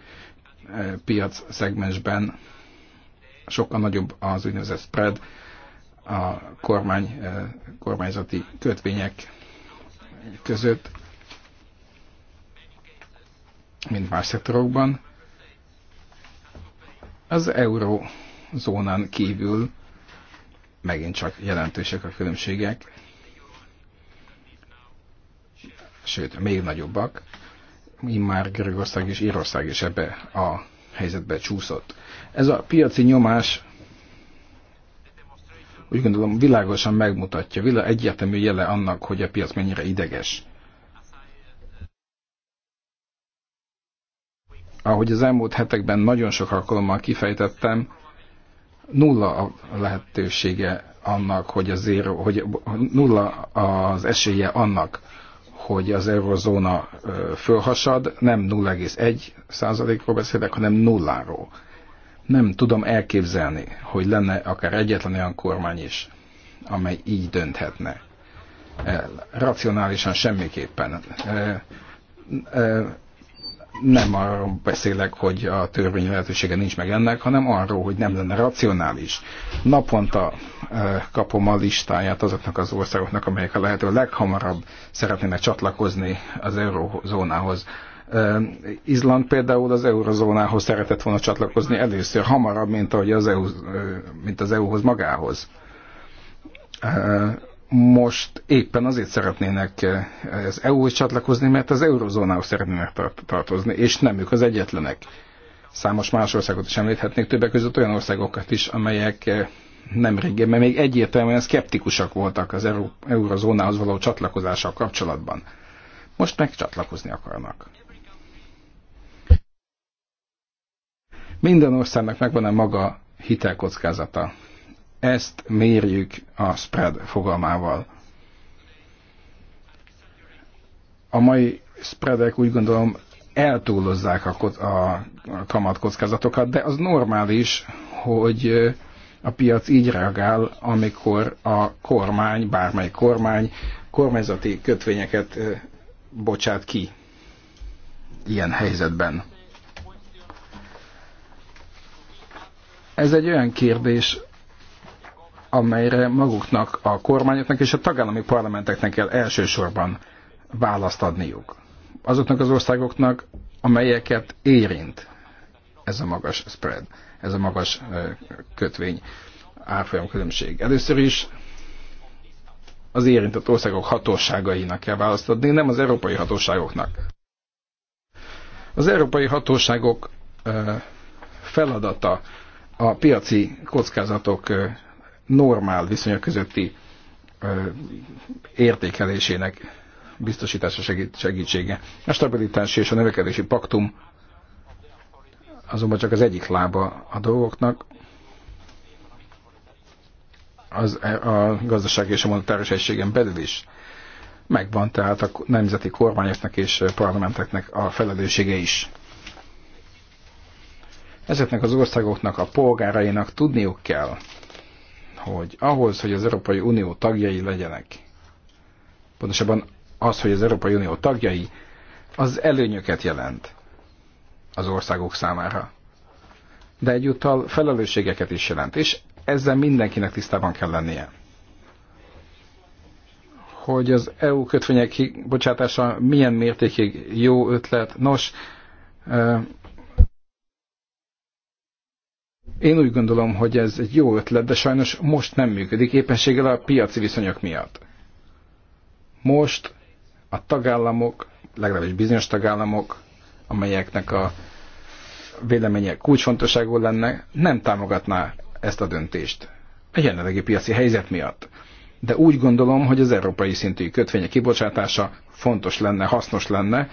eh, piac szegmensben sokkal nagyobb az úgynevezett spread, a kormány, eh, kormányzati kötvények között, mint más szektorokban. Az eurózónán kívül megint csak jelentősek a különbségek, sőt, még nagyobbak. Immár Görögország és Írország is ebbe a helyzetbe csúszott. Ez a piaci nyomás úgy gondolom világosan megmutatja, egyértelmű jele annak, hogy a piac mennyire ideges. ahogy az elmúlt hetekben nagyon sok alkalommal kifejtettem, nulla a lehetősége annak, hogy a zero, hogy nulla az esélye annak, hogy az eurozóna fölhasad, nem 0,1 százalékról beszélek, hanem nulláról. Nem tudom elképzelni, hogy lenne akár egyetlen olyan kormány is, amely így dönthetne. Racionálisan semmiképpen nem arról beszélek, hogy a törvény lehetősége nincs meg ennek, hanem arról, hogy nem lenne racionális. Naponta kapom a listáját azoknak az országoknak, amelyek a lehető leghamarabb szeretnének csatlakozni az eurozónához. Izland például az eurozónához szeretett volna csatlakozni először, hamarabb, mint, ahogy az, EU, mint az EU-hoz magához most éppen azért szeretnének eh, az EU-hoz csatlakozni, mert az eurozónához szeretnének tartozni, és nem ők az egyetlenek. Számos más országot is említhetnék, többek között olyan országokat is, amelyek eh, nem régen, mert még egyértelműen szkeptikusak voltak az eurozónához való csatlakozással kapcsolatban. Most meg csatlakozni akarnak. Minden országnak megvan a maga hitelkockázata ezt mérjük a spread fogalmával. A mai spreadek úgy gondolom eltúlozzák a, a kamatkockázatokat, de az normális, hogy a piac így reagál, amikor a kormány, bármely kormány kormányzati kötvényeket bocsát ki ilyen helyzetben. Ez egy olyan kérdés, amelyre maguknak, a kormányoknak és a tagállami parlamenteknek kell elsősorban választ adniuk. Azoknak az országoknak, amelyeket érint ez a magas spread, ez a magas kötvény árfolyam különbség. Először is az érintett országok hatóságainak kell választ adni, nem az európai hatóságoknak. Az európai hatóságok feladata a piaci kockázatok normál viszonyok közötti értékelésének biztosítása segítsége. A stabilitási és a növekedési paktum azonban csak az egyik lába a dolgoknak, az, e, a gazdaság és a monetáris egységen belül is megvan, tehát a nemzeti kormányoknak és parlamenteknek a felelőssége is. Ezeknek az országoknak, a polgárainak tudniuk kell, hogy ahhoz, hogy az Európai Unió tagjai legyenek, pontosabban az, hogy az Európai Unió tagjai, az előnyöket jelent az országok számára. De egyúttal felelősségeket is jelent, és ezzel mindenkinek tisztában kell lennie. Hogy az EU kötvények bocsátása milyen mértékig jó ötlet, nos, én úgy gondolom, hogy ez egy jó ötlet, de sajnos most nem működik, éppenséggel a piaci viszonyok miatt. Most a tagállamok, legalábbis bizonyos tagállamok, amelyeknek a véleménye kulcsfontosságú lenne, nem támogatná ezt a döntést. A jelenlegi piaci helyzet miatt. De úgy gondolom, hogy az európai szintű kötvények kibocsátása fontos lenne, hasznos lenne,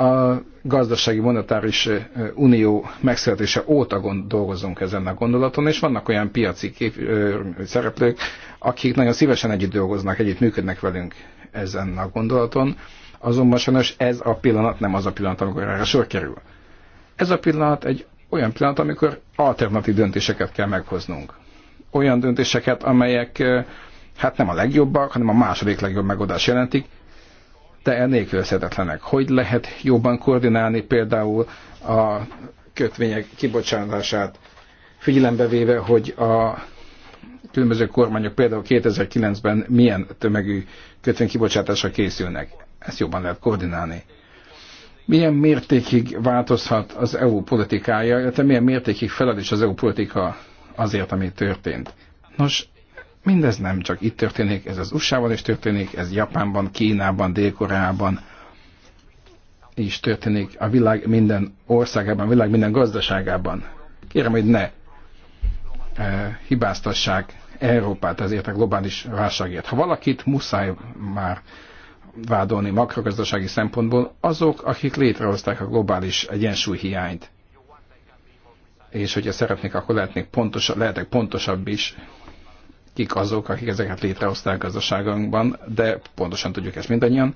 a gazdasági monetáris unió megszületése óta gond, dolgozunk ezen a gondolaton, és vannak olyan piaci kép, ö, szereplők, akik nagyon szívesen együtt dolgoznak, együtt működnek velünk ezen a gondolaton, azonban sajnos ez a pillanat nem az a pillanat, amikor erre sor kerül. Ez a pillanat egy olyan pillanat, amikor alternatív döntéseket kell meghoznunk. Olyan döntéseket, amelyek hát nem a legjobbak, hanem a második legjobb megoldás jelentik, de nélkülözhetetlenek. Hogy lehet jobban koordinálni például a kötvények kibocsátását, figyelembe véve, hogy a különböző kormányok például 2009-ben milyen tömegű kötvénykibocsátásra készülnek. Ezt jobban lehet koordinálni. Milyen mértékig változhat az EU politikája, illetve milyen mértékig is az EU politika azért, ami történt. Nos, Mindez nem csak itt történik, ez az USA-ban is történik, ez Japánban, Kínában, Dél-Koreában is történik, a világ minden országában, a világ minden gazdaságában. Kérem, hogy ne e, hibáztassák Európát ezért a globális válságért. Ha valakit muszáj már vádolni makrogazdasági szempontból, azok, akik létrehozták a globális egyensúlyhiányt. És hogyha szeretnék, akkor lehetnék pontosabb, lehetek pontosabb is, kik azok, akik ezeket létrehozták gazdaságunkban, de pontosan tudjuk ezt mindannyian.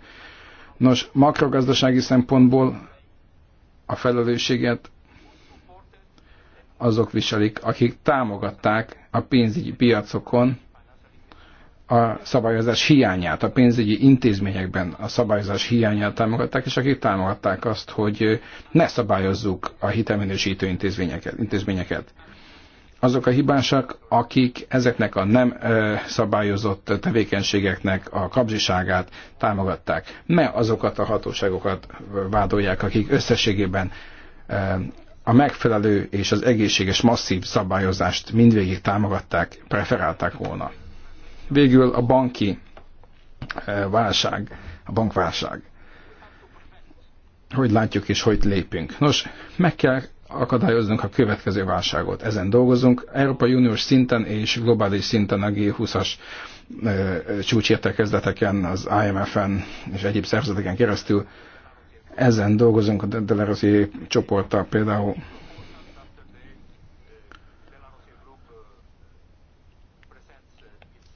Nos, makrogazdasági szempontból a felelősséget azok viselik, akik támogatták a pénzügyi piacokon a szabályozás hiányát, a pénzügyi intézményekben a szabályozás hiányát támogatták, és akik támogatták azt, hogy ne szabályozzuk a hitelminősítő intézményeket. intézményeket azok a hibásak, akik ezeknek a nem ö, szabályozott tevékenységeknek a kapzsiságát támogatták. Ne azokat a hatóságokat vádolják, akik összességében ö, a megfelelő és az egészséges masszív szabályozást mindvégig támogatták, preferálták volna. Végül a banki ö, válság, a bankválság. Hogy látjuk és hogy lépünk? Nos, meg kell akadályoznunk a következő válságot. Ezen dolgozunk Európai Uniós szinten és globális szinten a G20-as csúcsértekezleteken, az IMF-en és egyéb szervezeteken keresztül. Ezen dolgozunk a Delarosi csoporttal például.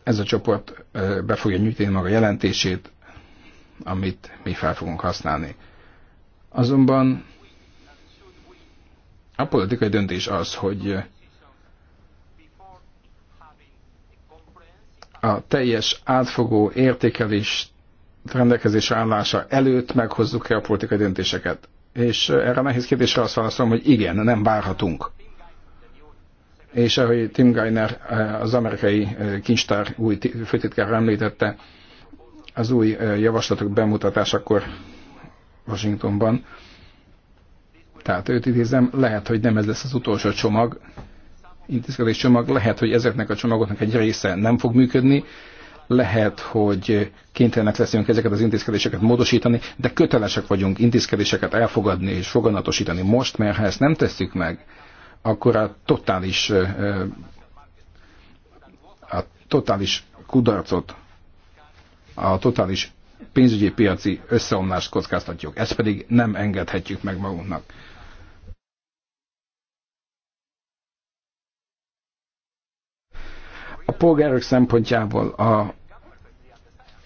Ez a csoport be fogja nyújtani maga jelentését, amit mi fel fogunk használni. Azonban a politikai döntés az, hogy a teljes átfogó értékelés rendelkezésre állása előtt meghozzuk-e a politikai döntéseket. És erre a nehéz kérdésre azt válaszolom, hogy igen, nem várhatunk. És ahogy Tim Geiner, eh, az amerikai eh, kincstár új főtitkára említette, az új eh, javaslatok bemutatásakor Washingtonban tehát őt idézem, lehet, hogy nem ez lesz az utolsó csomag, intézkedés csomag, lehet, hogy ezeknek a csomagoknak egy része nem fog működni, lehet, hogy kénytelenek leszünk ezeket az intézkedéseket módosítani, de kötelesek vagyunk intézkedéseket elfogadni és foganatosítani most, mert ha ezt nem tesszük meg, akkor a totális, a totális kudarcot, a totális pénzügyi piaci összeomlást kockáztatjuk. Ezt pedig nem engedhetjük meg magunknak. a polgárok szempontjából, a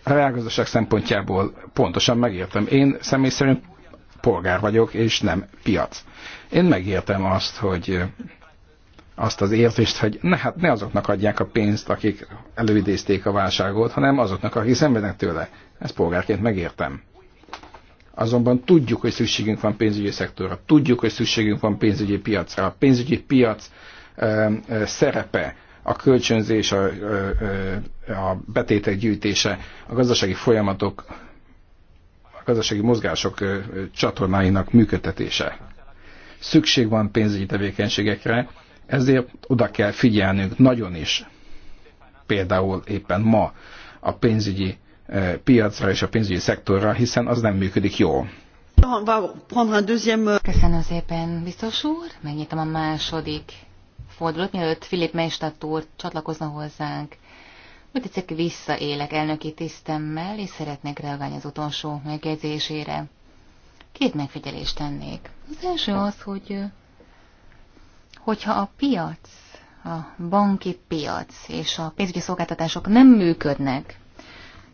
reálgazdaság szempontjából pontosan megértem. Én személy szerint polgár vagyok, és nem piac. Én megértem azt, hogy azt az értést, hogy ne, hát ne azoknak adják a pénzt, akik előidézték a válságot, hanem azoknak, akik szenvednek tőle. Ezt polgárként megértem. Azonban tudjuk, hogy szükségünk van pénzügyi szektorra, tudjuk, hogy szükségünk van pénzügyi piacra. A pénzügyi piac ö, ö, szerepe a kölcsönzés, a, a betétek gyűjtése, a gazdasági folyamatok, a gazdasági mozgások csatornáinak működtetése. Szükség van pénzügyi tevékenységekre, ezért oda kell figyelnünk nagyon is. Például éppen ma a pénzügyi piacra és a pénzügyi szektorra, hiszen az nem működik jól. Köszönöm szépen, biztos úr. Megnyitom a második fordulót, mielőtt Filip Meistat úr csatlakozna hozzánk. Úgy tetszik, visszaélek elnöki tisztemmel, és szeretnék reagálni az utolsó megjegyzésére. Két megfigyelést tennék. Az első az, hogy hogyha a piac, a banki piac és a pénzügyi szolgáltatások nem működnek,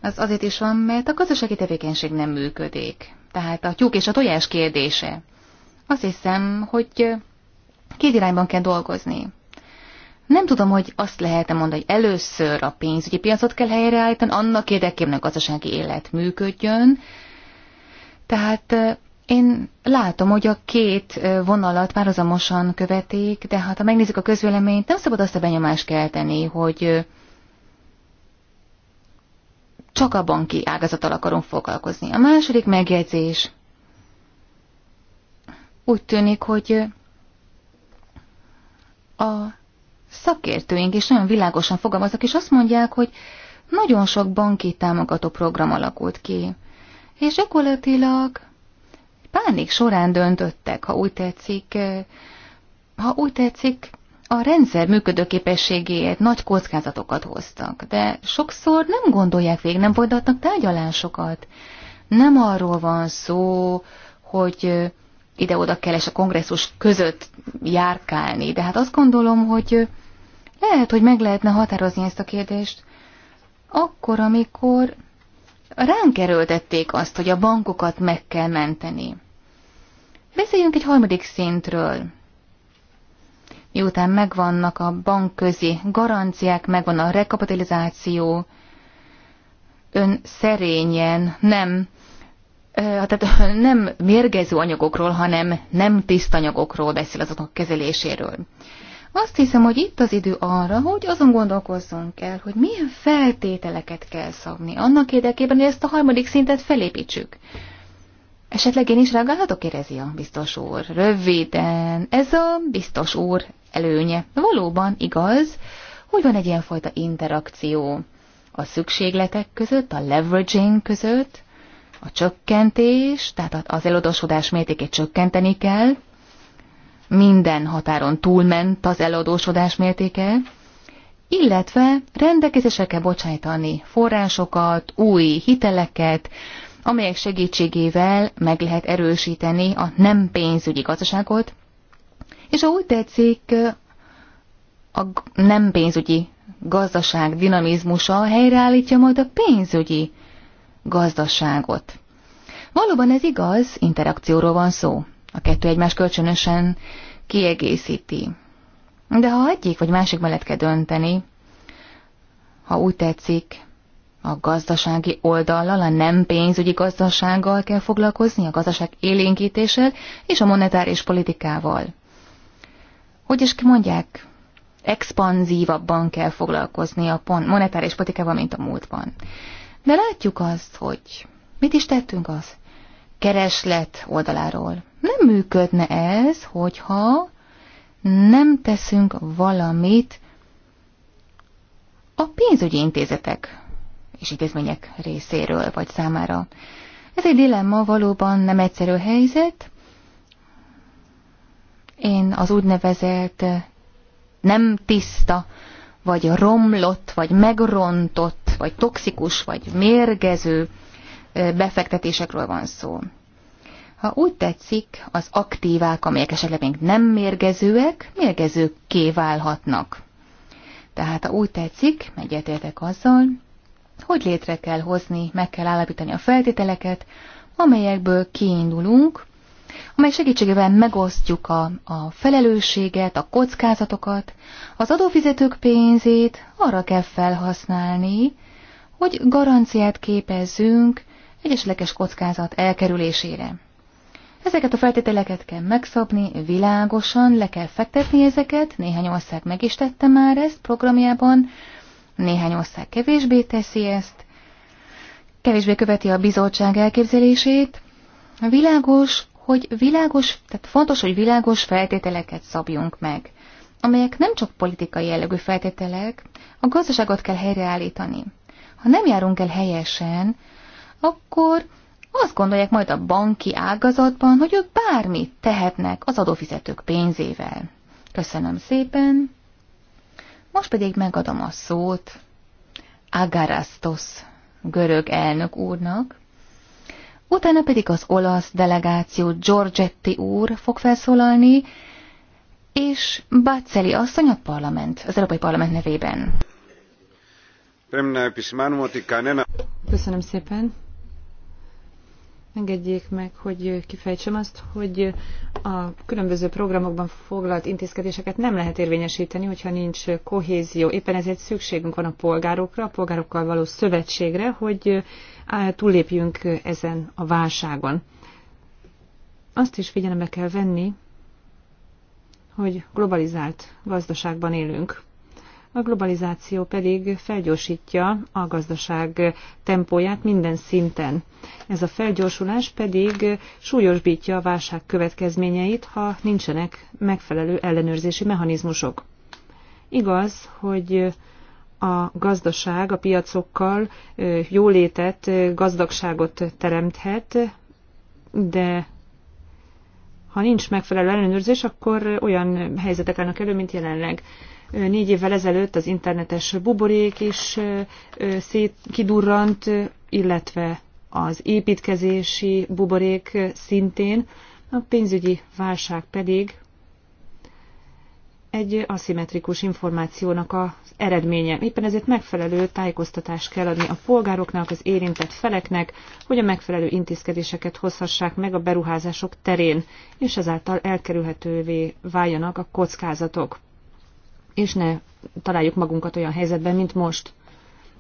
az azért is van, mert a gazdasági tevékenység nem működik. Tehát a tyúk és a tojás kérdése. Azt hiszem, hogy két irányban kell dolgozni. Nem tudom, hogy azt lehetne mondani, hogy először a pénzügyi piacot kell helyreállítani, annak érdekében a gazdasági élet működjön. Tehát én látom, hogy a két vonalat párhuzamosan követik, de hát ha megnézzük a közvéleményt, nem szabad azt a benyomást kelteni, hogy csak a banki ágazattal akarunk foglalkozni. A második megjegyzés. Úgy tűnik, hogy a szakértőink is nagyon világosan fogalmaznak, és azt mondják, hogy nagyon sok banki támogató program alakult ki. És gyakorlatilag pánik során döntöttek, ha úgy tetszik, eh, ha úgy tetszik, a rendszer működőképességéért nagy kockázatokat hoztak, de sokszor nem gondolják végig, nem folytatnak tárgyalásokat. Nem arról van szó, hogy eh, ide-oda kell és a kongresszus között járkálni. De hát azt gondolom, hogy lehet, hogy meg lehetne határozni ezt a kérdést, akkor, amikor ránk erőltették azt, hogy a bankokat meg kell menteni. Beszéljünk egy harmadik szintről. Miután megvannak a bankközi garanciák, megvan a rekapitalizáció, ön szerényen, nem tehát hát, nem mérgező anyagokról, hanem nem tiszta anyagokról beszél azoknak kezeléséről. Azt hiszem, hogy itt az idő arra, hogy azon gondolkozzunk el, hogy milyen feltételeket kell szabni annak érdekében, hogy ezt a harmadik szintet felépítsük. Esetleg én is reagálhatok, érezi a biztos úr. Röviden, ez a biztos úr előnye. Valóban igaz, hogy van egy ilyenfajta interakció a szükségletek között, a leveraging között, a csökkentés, tehát az eladósodás mértékét csökkenteni kell, minden határon túlment az eladósodás mértéke, illetve rendelkezésre kell bocsájtani forrásokat, új hiteleket, amelyek segítségével meg lehet erősíteni a nem pénzügyi gazdaságot, és ha úgy tetszik, a nem pénzügyi gazdaság dinamizmusa helyreállítja majd a pénzügyi gazdaságot. Valóban ez igaz, interakcióról van szó. A kettő egymás kölcsönösen kiegészíti. De ha egyik vagy másik mellett kell dönteni, ha úgy tetszik, a gazdasági oldallal, a nem pénzügyi gazdasággal kell foglalkozni, a gazdaság élénkítéssel és a monetáris politikával. Hogy is mondják, expanzívabban kell foglalkozni a monetáris politikával, mint a múltban. De látjuk azt, hogy mit is tettünk az kereslet oldaláról. Nem működne ez, hogyha nem teszünk valamit a pénzügyi intézetek és intézmények részéről vagy számára. Ez egy dilemma, valóban nem egyszerű helyzet. Én az úgynevezett nem tiszta vagy romlott, vagy megrontott, vagy toxikus, vagy mérgező befektetésekről van szó. Ha úgy tetszik, az aktívák, amelyek esetleg még nem mérgezőek, mérgezőkké válhatnak. Tehát ha úgy tetszik, megyetértek azzal, hogy létre kell hozni, meg kell állapítani a feltételeket, amelyekből kiindulunk, amely segítségével megosztjuk a, a felelősséget, a kockázatokat. Az adófizetők pénzét arra kell felhasználni, hogy garanciát képezzünk egy esetleges kockázat elkerülésére. Ezeket a feltételeket kell megszabni, világosan le kell fektetni ezeket, néhány ország meg is tette már ezt programjában, néhány ország kevésbé teszi ezt, kevésbé követi a bizottság elképzelését. Világos, hogy világos, tehát fontos, hogy világos feltételeket szabjunk meg, amelyek nem csak politikai jellegű feltételek, a gazdaságot kell helyreállítani. Ha nem járunk el helyesen, akkor azt gondolják majd a banki ágazatban, hogy ők bármit tehetnek az adófizetők pénzével. Köszönöm szépen. Most pedig megadom a szót Agarastos görög elnök úrnak, Utána pedig az olasz delegáció Giorgetti úr fog felszólalni, és Bacceli asszony a parlament, az Európai Parlament nevében. Köszönöm szépen. Engedjék meg, hogy kifejtsem azt, hogy a különböző programokban foglalt intézkedéseket nem lehet érvényesíteni, hogyha nincs kohézió. Éppen ezért szükségünk van a polgárokra, a polgárokkal való szövetségre, hogy túllépjünk ezen a válságon. Azt is figyelembe kell venni, hogy globalizált gazdaságban élünk. A globalizáció pedig felgyorsítja a gazdaság tempóját minden szinten. Ez a felgyorsulás pedig súlyosbítja a válság következményeit, ha nincsenek megfelelő ellenőrzési mechanizmusok. Igaz, hogy a gazdaság a piacokkal jólétet, gazdagságot teremthet, de ha nincs megfelelő ellenőrzés, akkor olyan helyzetek állnak elő, mint jelenleg. Négy évvel ezelőtt az internetes buborék is szét kidurrant, illetve az építkezési buborék szintén, a pénzügyi válság pedig egy aszimmetrikus információnak az eredménye. Éppen ezért megfelelő tájékoztatást kell adni a polgároknak, az érintett feleknek, hogy a megfelelő intézkedéseket hozhassák meg a beruházások terén, és ezáltal elkerülhetővé váljanak a kockázatok. És ne találjuk magunkat olyan helyzetben, mint most.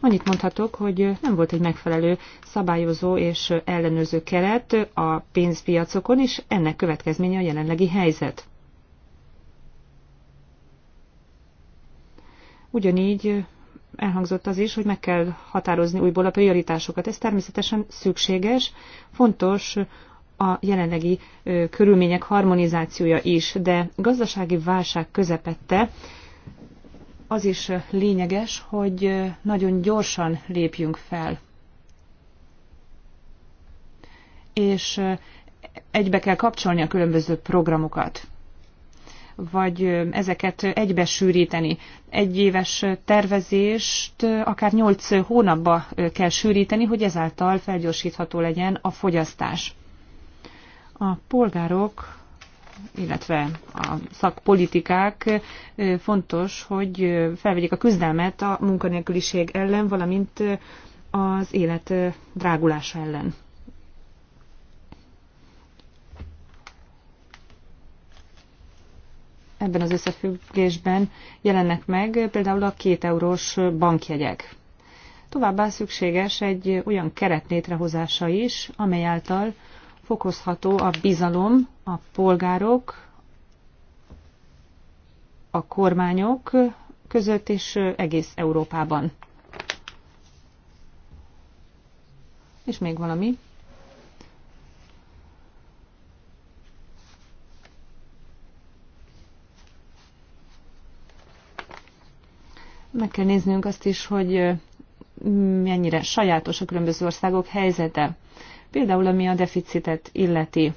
Annyit mondhatok, hogy nem volt egy megfelelő szabályozó és ellenőrző keret a pénzpiacokon, és ennek következménye a jelenlegi helyzet. Ugyanígy elhangzott az is, hogy meg kell határozni újból a prioritásokat. Ez természetesen szükséges, fontos a jelenlegi körülmények harmonizációja is, de gazdasági válság közepette az is lényeges, hogy nagyon gyorsan lépjünk fel. És egybe kell kapcsolni a különböző programokat vagy ezeket egybesűríteni. Egy éves tervezést akár 8 hónapba kell sűríteni, hogy ezáltal felgyorsítható legyen a fogyasztás. A polgárok illetve a szakpolitikák fontos, hogy felvegyék a küzdelmet a munkanélküliség ellen, valamint az élet drágulása ellen. ebben az összefüggésben jelennek meg például a két eurós bankjegyek. Továbbá szükséges egy olyan keret létrehozása is, amely által fokozható a bizalom a polgárok, a kormányok között és egész Európában. És még valami. Meg kell néznünk azt is, hogy mennyire sajátos a különböző országok helyzete. Például, ami a deficitet illeti.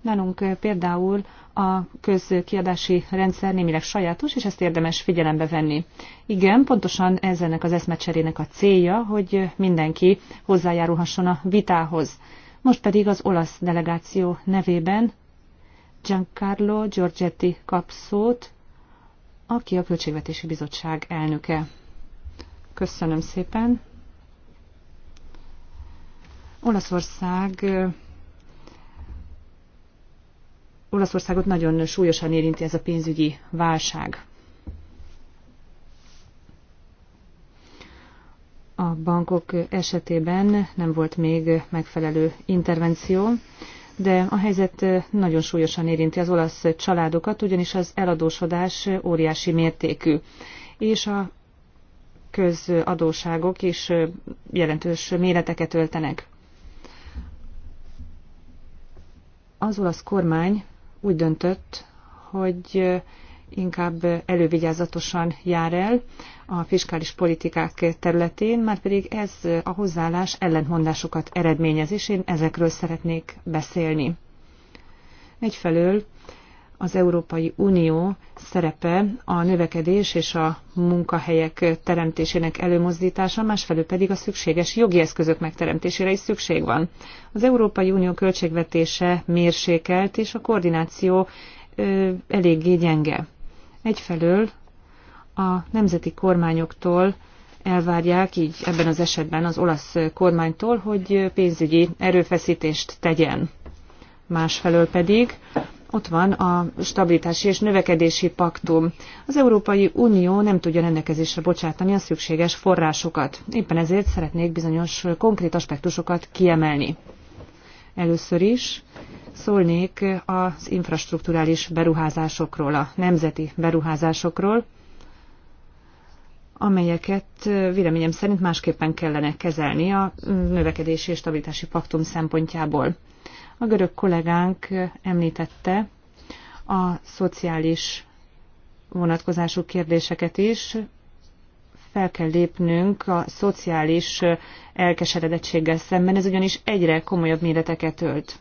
Nálunk például a közkiadási rendszer némileg sajátos, és ezt érdemes figyelembe venni. Igen, pontosan ez ennek az eszmecserének a célja, hogy mindenki hozzájárulhasson a vitához. Most pedig az olasz delegáció nevében Giancarlo Giorgetti kap szót, aki a Költségvetési Bizottság elnöke. Köszönöm szépen. Olaszország Olaszországot nagyon súlyosan érinti ez a pénzügyi válság. A bankok esetében nem volt még megfelelő intervenció, de a helyzet nagyon súlyosan érinti az olasz családokat, ugyanis az eladósodás óriási mértékű, és a közadóságok is jelentős méreteket öltenek. Az olasz kormány úgy döntött, hogy inkább elővigyázatosan jár el a fiskális politikák területén, már pedig ez a hozzáállás ellentmondásokat eredményez, és én ezekről szeretnék beszélni. Egyfelől az Európai Unió szerepe a növekedés és a munkahelyek teremtésének előmozdítása, másfelől pedig a szükséges jogi eszközök megteremtésére is szükség van. Az Európai Unió költségvetése mérsékelt, és a koordináció ö, eléggé gyenge. Egyfelől a nemzeti kormányoktól elvárják, így ebben az esetben az olasz kormánytól, hogy pénzügyi erőfeszítést tegyen. Másfelől pedig ott van a stabilitási és növekedési paktum. Az Európai Unió nem tudja rendelkezésre bocsátani a szükséges forrásokat. Éppen ezért szeretnék bizonyos konkrét aspektusokat kiemelni. Először is szólnék az infrastruktúrális beruházásokról, a nemzeti beruházásokról, amelyeket véleményem szerint másképpen kellene kezelni a növekedési és stabilitási paktum szempontjából. A görög kollégánk említette a szociális vonatkozású kérdéseket is, fel kell lépnünk a szociális elkeseredettséggel szemben, ez ugyanis egyre komolyabb méreteket ölt.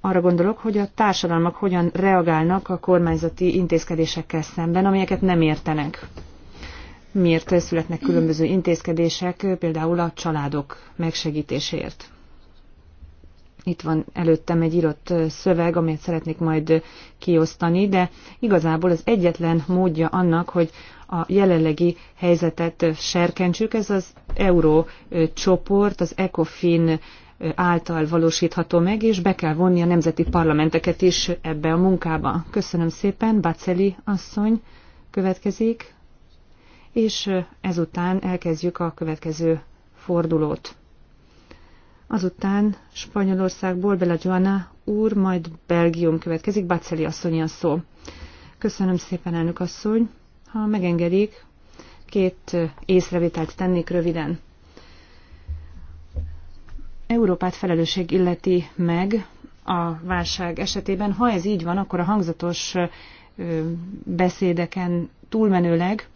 Arra gondolok, hogy a társadalmak hogyan reagálnak a kormányzati intézkedésekkel szemben, amelyeket nem értenek. Miért születnek különböző intézkedések, például a családok megsegítéséért itt van előttem egy írott szöveg, amelyet szeretnék majd kiosztani, de igazából az egyetlen módja annak, hogy a jelenlegi helyzetet serkentsük, ez az euró csoport, az ECOFIN által valósítható meg, és be kell vonni a nemzeti parlamenteket is ebbe a munkába. Köszönöm szépen, Baceli asszony következik, és ezután elkezdjük a következő fordulót. Azután Spanyolországból Bela Joana úr, majd Belgium következik, Baceli asszony a szó. Köszönöm szépen, elnök asszony. Ha megengedik, két észrevételt tennék röviden. Európát felelősség illeti meg a válság esetében. Ha ez így van, akkor a hangzatos beszédeken túlmenőleg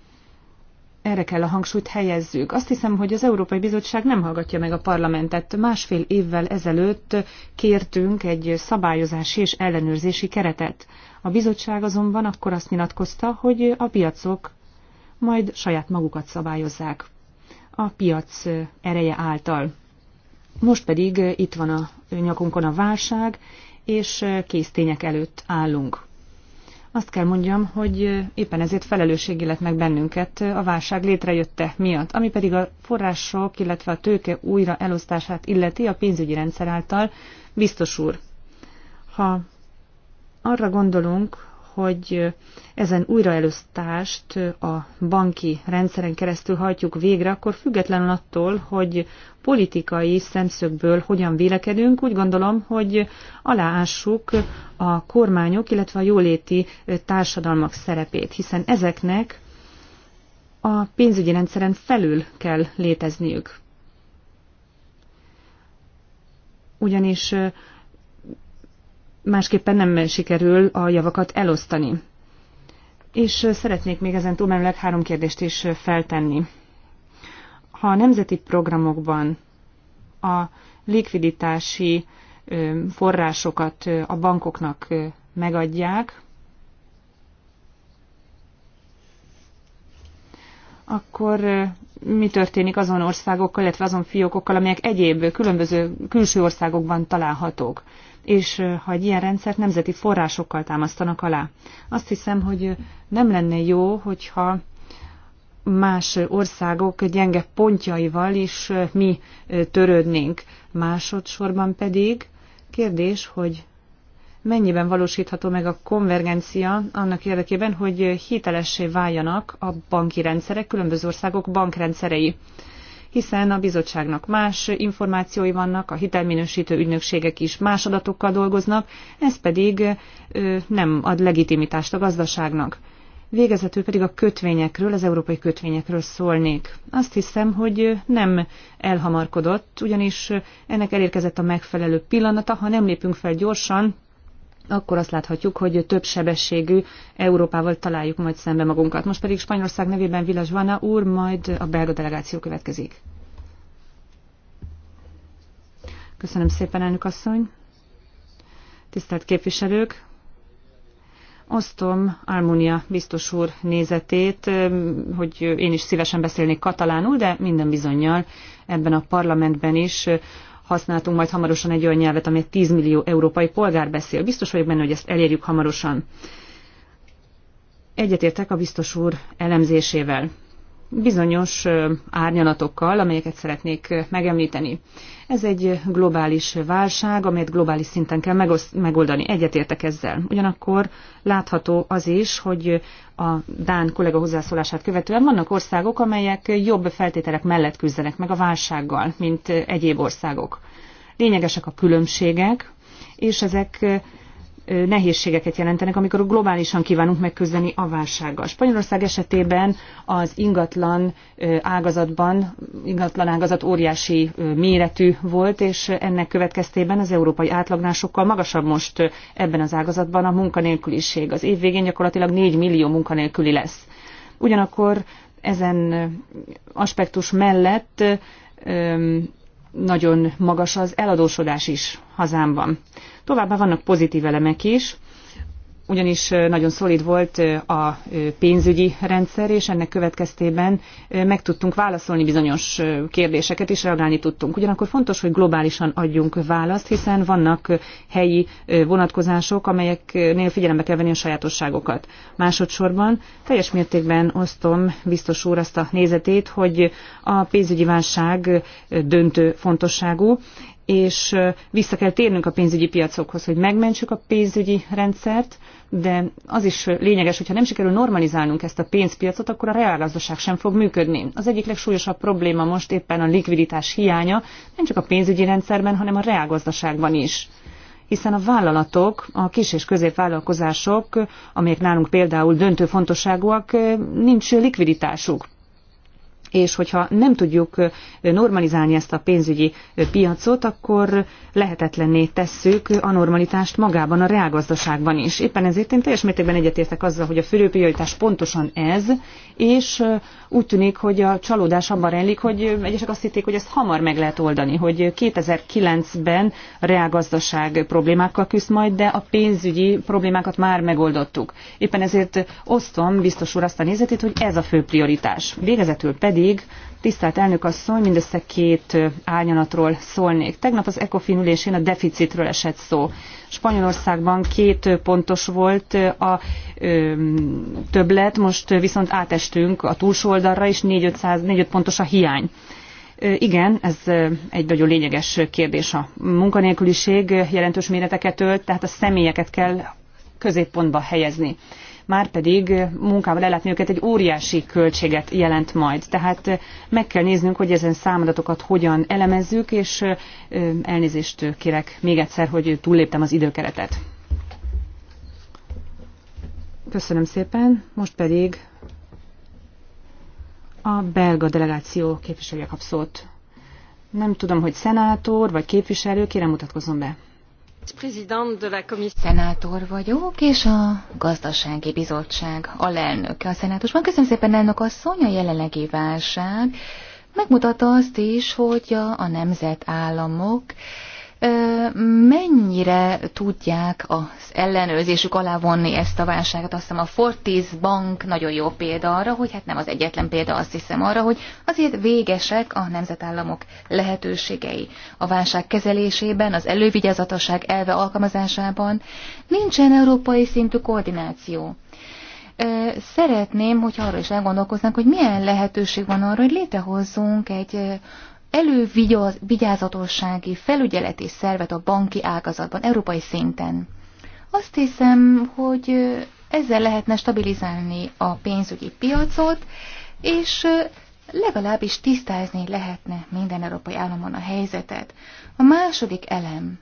erre kell a hangsúlyt helyezzük. Azt hiszem, hogy az Európai Bizottság nem hallgatja meg a parlamentet. Másfél évvel ezelőtt kértünk egy szabályozási és ellenőrzési keretet. A bizottság azonban akkor azt nyilatkozta, hogy a piacok majd saját magukat szabályozzák a piac ereje által. Most pedig itt van a nyakunkon a válság, és kész tények előtt állunk. Azt kell mondjam, hogy éppen ezért felelősség illet meg bennünket a válság létrejötte miatt, ami pedig a források, illetve a tőke újra elosztását illeti a pénzügyi rendszer által. Biztos úr, ha arra gondolunk, hogy ezen újraelosztást a banki rendszeren keresztül hajtjuk végre, akkor függetlenül attól, hogy politikai szemszögből hogyan vélekedünk, úgy gondolom, hogy aláássuk a kormányok, illetve a jóléti társadalmak szerepét, hiszen ezeknek a pénzügyi rendszeren felül kell létezniük. Ugyanis másképpen nem sikerül a javakat elosztani. És szeretnék még ezen túlmenőleg három kérdést is feltenni. Ha a nemzeti programokban a likviditási forrásokat a bankoknak megadják, akkor mi történik azon országokkal, illetve azon fiókokkal, amelyek egyéb különböző külső országokban találhatók? és ha egy ilyen rendszert nemzeti forrásokkal támasztanak alá. Azt hiszem, hogy nem lenne jó, hogyha más országok gyenge pontjaival is mi törődnénk. Másodszorban pedig kérdés, hogy mennyiben valósítható meg a konvergencia annak érdekében, hogy hitelessé váljanak a banki rendszerek, különböző országok bankrendszerei hiszen a bizottságnak más információi vannak, a hitelminősítő ügynökségek is más adatokkal dolgoznak, ez pedig nem ad legitimitást a gazdaságnak. Végezetül pedig a kötvényekről, az európai kötvényekről szólnék. Azt hiszem, hogy nem elhamarkodott, ugyanis ennek elérkezett a megfelelő pillanata, ha nem lépünk fel gyorsan, akkor azt láthatjuk, hogy több sebességű Európával találjuk majd szembe magunkat. Most pedig Spanyolország nevében Vilas Vana úr, majd a belga delegáció következik. Köszönöm szépen, elnök asszony. Tisztelt képviselők, osztom Almunia biztos úr nézetét, hogy én is szívesen beszélnék katalánul, de minden bizonyal ebben a parlamentben is használtunk majd hamarosan egy olyan nyelvet, amit 10 millió európai polgár beszél. Biztos vagyok benne, hogy ezt elérjük hamarosan. Egyetértek a biztos úr elemzésével bizonyos árnyalatokkal, amelyeket szeretnék megemlíteni. Ez egy globális válság, amelyet globális szinten kell megoldani. Egyetértek ezzel. Ugyanakkor látható az is, hogy a Dán kollega hozzászólását követően vannak országok, amelyek jobb feltételek mellett küzdenek meg a válsággal, mint egyéb országok. Lényegesek a különbségek, és ezek nehézségeket jelentenek, amikor globálisan kívánunk megküzdeni a válsággal. Spanyolország esetében az ingatlan ágazatban, ingatlan ágazat óriási méretű volt, és ennek következtében az európai átlagnál sokkal magasabb most ebben az ágazatban a munkanélküliség. Az év végén gyakorlatilag 4 millió munkanélküli lesz. Ugyanakkor ezen aspektus mellett nagyon magas az eladósodás is hazámban. Továbbá vannak pozitív elemek is, ugyanis nagyon szolid volt a pénzügyi rendszer, és ennek következtében meg tudtunk válaszolni bizonyos kérdéseket, és reagálni tudtunk. Ugyanakkor fontos, hogy globálisan adjunk választ, hiszen vannak helyi vonatkozások, amelyeknél figyelembe kell venni a sajátosságokat. Másodszorban teljes mértékben osztom biztos úr azt a nézetét, hogy a pénzügyi válság döntő fontosságú, és vissza kell térnünk a pénzügyi piacokhoz, hogy megmentsük a pénzügyi rendszert, de az is lényeges, hogyha nem sikerül normalizálnunk ezt a pénzpiacot, akkor a reálgazdaság sem fog működni. Az egyik legsúlyosabb probléma most éppen a likviditás hiánya, nem csak a pénzügyi rendszerben, hanem a reálgazdaságban is hiszen a vállalatok, a kis és középvállalkozások, amelyek nálunk például döntő fontosságúak, nincs likviditásuk és hogyha nem tudjuk normalizálni ezt a pénzügyi piacot, akkor lehetetlenné tesszük a normalitást magában, a reálgazdaságban is. Éppen ezért én teljes mértékben egyetértek azzal, hogy a fő prioritás pontosan ez, és úgy tűnik, hogy a csalódás abban rejlik, hogy egyesek azt hitték, hogy ezt hamar meg lehet oldani, hogy 2009-ben a reálgazdaság problémákkal küzd majd, de a pénzügyi problémákat már megoldottuk. Éppen ezért osztom biztos úr azt a nézetét, hogy ez a fő prioritás. Végezetül pedig pedig, tisztelt elnök asszony, mindössze két árnyalatról szólnék. Tegnap az ECOFIN ülésén a deficitről esett szó. Spanyolországban két pontos volt a ö, többlet, most viszont átestünk a túlsó oldalra, és 4-5 pontos a hiány. Igen, ez egy nagyon lényeges kérdés. A munkanélküliség jelentős méreteket ölt, tehát a személyeket kell középpontba helyezni már pedig munkával ellátni őket egy óriási költséget jelent majd. Tehát meg kell néznünk, hogy ezen számadatokat hogyan elemezzük, és elnézést kérek még egyszer, hogy túlléptem az időkeretet. Köszönöm szépen, most pedig a belga delegáció képviselője kap szót. Nem tudom, hogy szenátor vagy képviselő, kérem mutatkozzon be. Szenátor vagyok, és a gazdasági bizottság alelnöke a szenátusban. Köszönöm szépen, elnök asszony, a jelenlegi válság megmutatta azt is, hogy a, a nemzetállamok mennyire tudják az ellenőrzésük alá vonni ezt a válságot? Azt hiszem a Fortis Bank nagyon jó példa arra, hogy hát nem az egyetlen példa, azt hiszem arra, hogy azért végesek a nemzetállamok lehetőségei a válság kezelésében, az elővigyázatosság elve alkalmazásában. Nincsen európai szintű koordináció. Szeretném, hogy arra is elgondolkoznánk, hogy milyen lehetőség van arra, hogy létrehozzunk egy elővigyázatossági felügyeleti szervet a banki ágazatban, európai szinten. Azt hiszem, hogy ezzel lehetne stabilizálni a pénzügyi piacot, és legalábbis tisztázni lehetne minden európai államon a helyzetet. A második elem.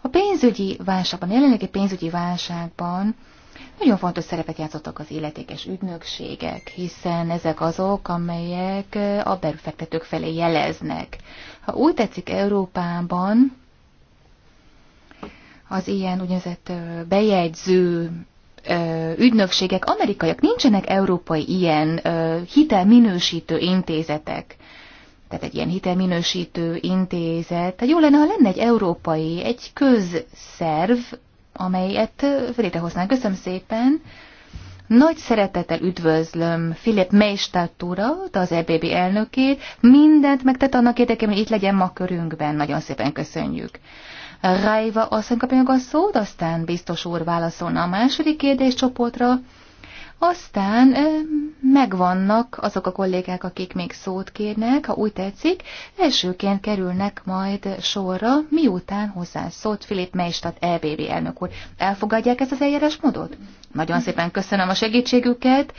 A pénzügyi válságban, a jelenlegi pénzügyi válságban nagyon fontos szerepet játszottak az illetékes ügynökségek, hiszen ezek azok, amelyek a befektetők felé jeleznek. Ha úgy tetszik Európában, az ilyen úgynevezett bejegyző ügynökségek amerikaiak, nincsenek európai ilyen hitelminősítő intézetek. Tehát egy ilyen hitelminősítő intézet. Tehát jó lenne, ha lenne egy európai, egy közszerv, amelyet létrehoznánk. Köszönöm szépen! Nagy szeretettel üdvözlöm Filip Meistat urat, az EBB elnökét. Mindent megtett annak érdekében, hogy itt legyen ma körünkben. Nagyon szépen köszönjük. Rájva azt kapja meg a szót, aztán biztos úr válaszolna a második kérdéscsoportra. Aztán megvannak azok a kollégák, akik még szót kérnek, ha úgy tetszik, elsőként kerülnek majd sorra, miután hozzászólt Filip Meistat EBB elnök úr. Elfogadják ezt az módot? Nagyon szépen köszönöm a segítségüket,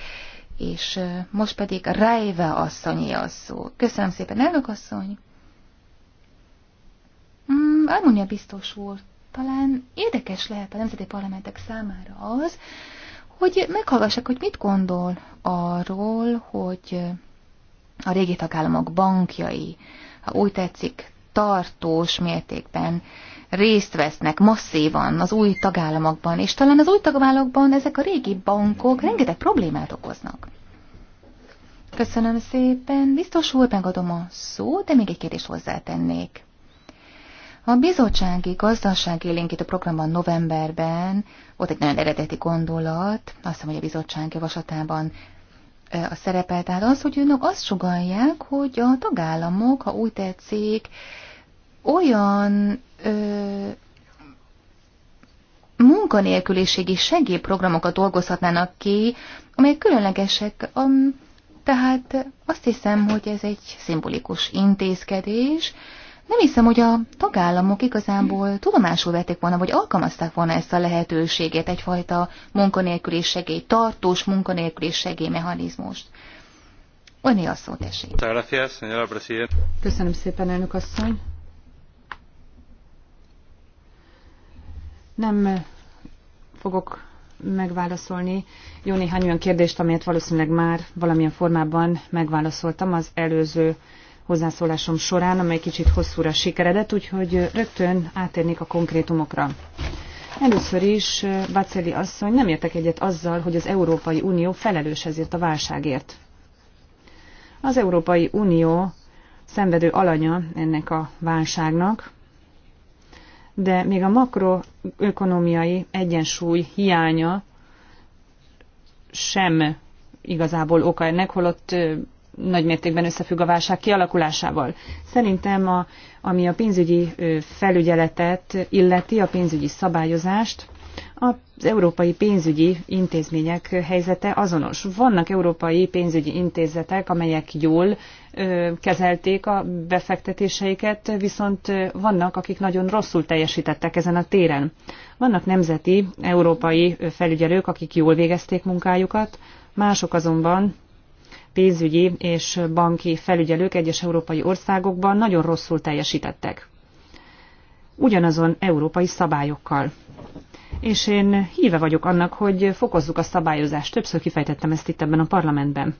és most pedig Rájve asszonyi a szó. Köszönöm szépen, elnök asszony! Mm, biztos úr, talán érdekes lehet a nemzeti parlamentek számára az, hogy meghallgassák, hogy mit gondol arról, hogy a régi tagállamok bankjai, ha úgy tetszik, tartós mértékben részt vesznek masszívan az új tagállamokban, és talán az új tagállamokban ezek a régi bankok rengeteg problémát okoznak. Köszönöm szépen, biztos úr, megadom a szót, de még egy kérdést hozzátennék. A bizottsági a programban novemberben volt egy nagyon eredeti gondolat, azt hiszem, hogy a bizottság javaslatában a szerepel. Tehát az, hogy önök azt sugalják, hogy a tagállamok, ha úgy tetszik, olyan ö, munkanélküliségi segélyprogramokat dolgozhatnának ki, amelyek különlegesek. Um, tehát azt hiszem, hogy ez egy szimbolikus intézkedés, nem hiszem, hogy a tagállamok igazából tudomásul vették volna, vagy alkalmazták volna ezt a lehetőséget, egyfajta munkanélküli segély, tartós munkanélküli mechanizmust. Önni a szót, tessék. Köszönöm szépen, elnök asszony. Nem fogok megválaszolni jó néhány olyan kérdést, amelyet valószínűleg már valamilyen formában megválaszoltam az előző hozzászólásom során, amely kicsit hosszúra sikeredett, úgyhogy rögtön átérnék a konkrétumokra. Először is Baceli asszony nem értek egyet azzal, hogy az Európai Unió felelős ezért a válságért. Az Európai Unió szenvedő alanya ennek a válságnak, de még a makroökonomiai egyensúly hiánya sem igazából oka ennek, holott nagy mértékben összefügg a válság kialakulásával. Szerintem, a, ami a pénzügyi felügyeletet illeti, a pénzügyi szabályozást, az európai pénzügyi intézmények helyzete azonos. Vannak európai pénzügyi intézetek, amelyek jól ö, kezelték a befektetéseiket, viszont vannak, akik nagyon rosszul teljesítettek ezen a téren. Vannak nemzeti, európai felügyelők, akik jól végezték munkájukat, mások azonban pénzügyi és banki felügyelők egyes európai országokban nagyon rosszul teljesítettek. Ugyanazon európai szabályokkal. És én híve vagyok annak, hogy fokozzuk a szabályozást. Többször kifejtettem ezt itt ebben a parlamentben.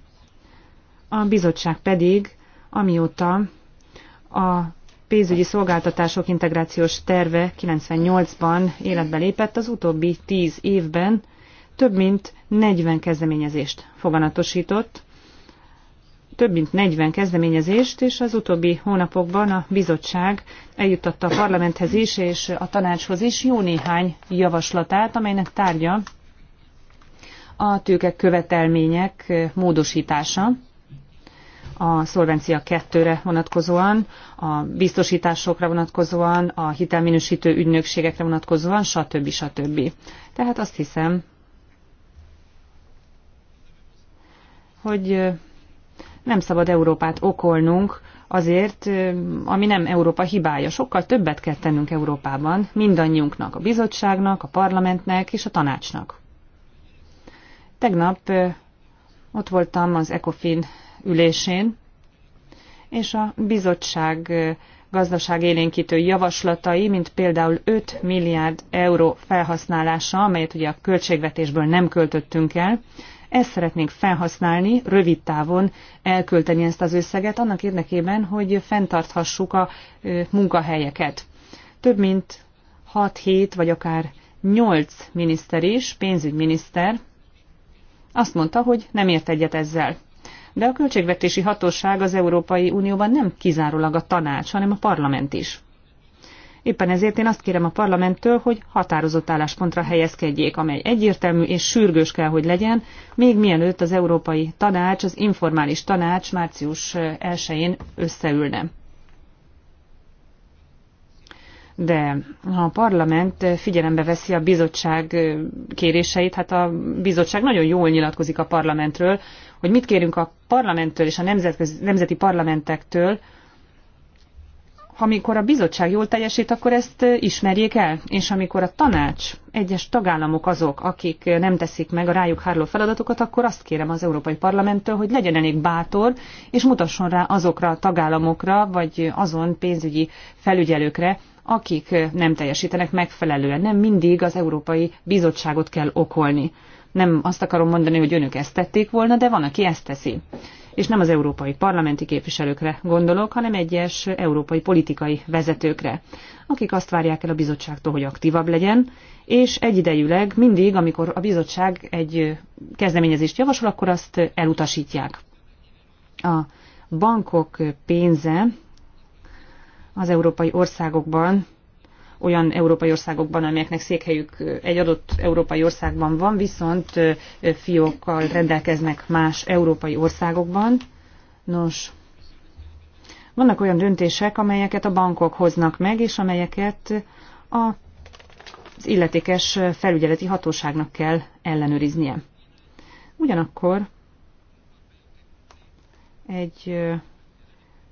A bizottság pedig, amióta a pénzügyi szolgáltatások integrációs terve 98-ban életbe lépett, az utóbbi 10 évben több mint 40 kezdeményezést foganatosított, több mint 40 kezdeményezést, és az utóbbi hónapokban a bizottság eljuttatta a parlamenthez is, és a tanácshoz is jó néhány javaslatát, amelynek tárgya a tőke követelmények módosítása a szolvencia kettőre vonatkozóan, a biztosításokra vonatkozóan, a hitelminősítő ügynökségekre vonatkozóan, stb. stb. Tehát azt hiszem, hogy nem szabad Európát okolnunk azért, ami nem Európa hibája. Sokkal többet kell tennünk Európában, mindannyiunknak, a bizottságnak, a parlamentnek és a tanácsnak. Tegnap ott voltam az ECOFIN ülésén, és a bizottság gazdaság élénkítő javaslatai, mint például 5 milliárd euró felhasználása, amelyet ugye a költségvetésből nem költöttünk el, ezt szeretnénk felhasználni, rövid távon elkölteni ezt az összeget annak érdekében, hogy fenntarthassuk a munkahelyeket. Több mint 6-7 vagy akár 8 miniszter is, pénzügyminiszter, azt mondta, hogy nem ért egyet ezzel. De a költségvetési hatóság az Európai Unióban nem kizárólag a tanács, hanem a parlament is. Éppen ezért én azt kérem a parlamenttől, hogy határozott álláspontra helyezkedjék, amely egyértelmű és sürgős kell, hogy legyen, még mielőtt az Európai Tanács, az informális tanács március 1-én összeülne. De ha a parlament figyelembe veszi a bizottság kéréseit, hát a bizottság nagyon jól nyilatkozik a parlamentről, hogy mit kérünk a parlamenttől és a nemzetközi, nemzeti parlamentektől, amikor a bizottság jól teljesít, akkor ezt ismerjék el, és amikor a tanács, egyes tagállamok azok, akik nem teszik meg a rájuk hárló feladatokat, akkor azt kérem az Európai Parlamenttől, hogy legyen elég bátor, és mutasson rá azokra a tagállamokra, vagy azon pénzügyi felügyelőkre, akik nem teljesítenek megfelelően. Nem mindig az Európai Bizottságot kell okolni. Nem azt akarom mondani, hogy önök ezt tették volna, de van, aki ezt teszi. És nem az európai parlamenti képviselőkre gondolok, hanem egyes európai politikai vezetőkre, akik azt várják el a bizottságtól, hogy aktívabb legyen, és egyidejűleg mindig, amikor a bizottság egy kezdeményezést javasol, akkor azt elutasítják. A bankok pénze az európai országokban olyan európai országokban, amelyeknek székhelyük egy adott európai országban van, viszont fiókkal rendelkeznek más európai országokban. Nos, vannak olyan döntések, amelyeket a bankok hoznak meg, és amelyeket a az illetékes felügyeleti hatóságnak kell ellenőriznie. Ugyanakkor egy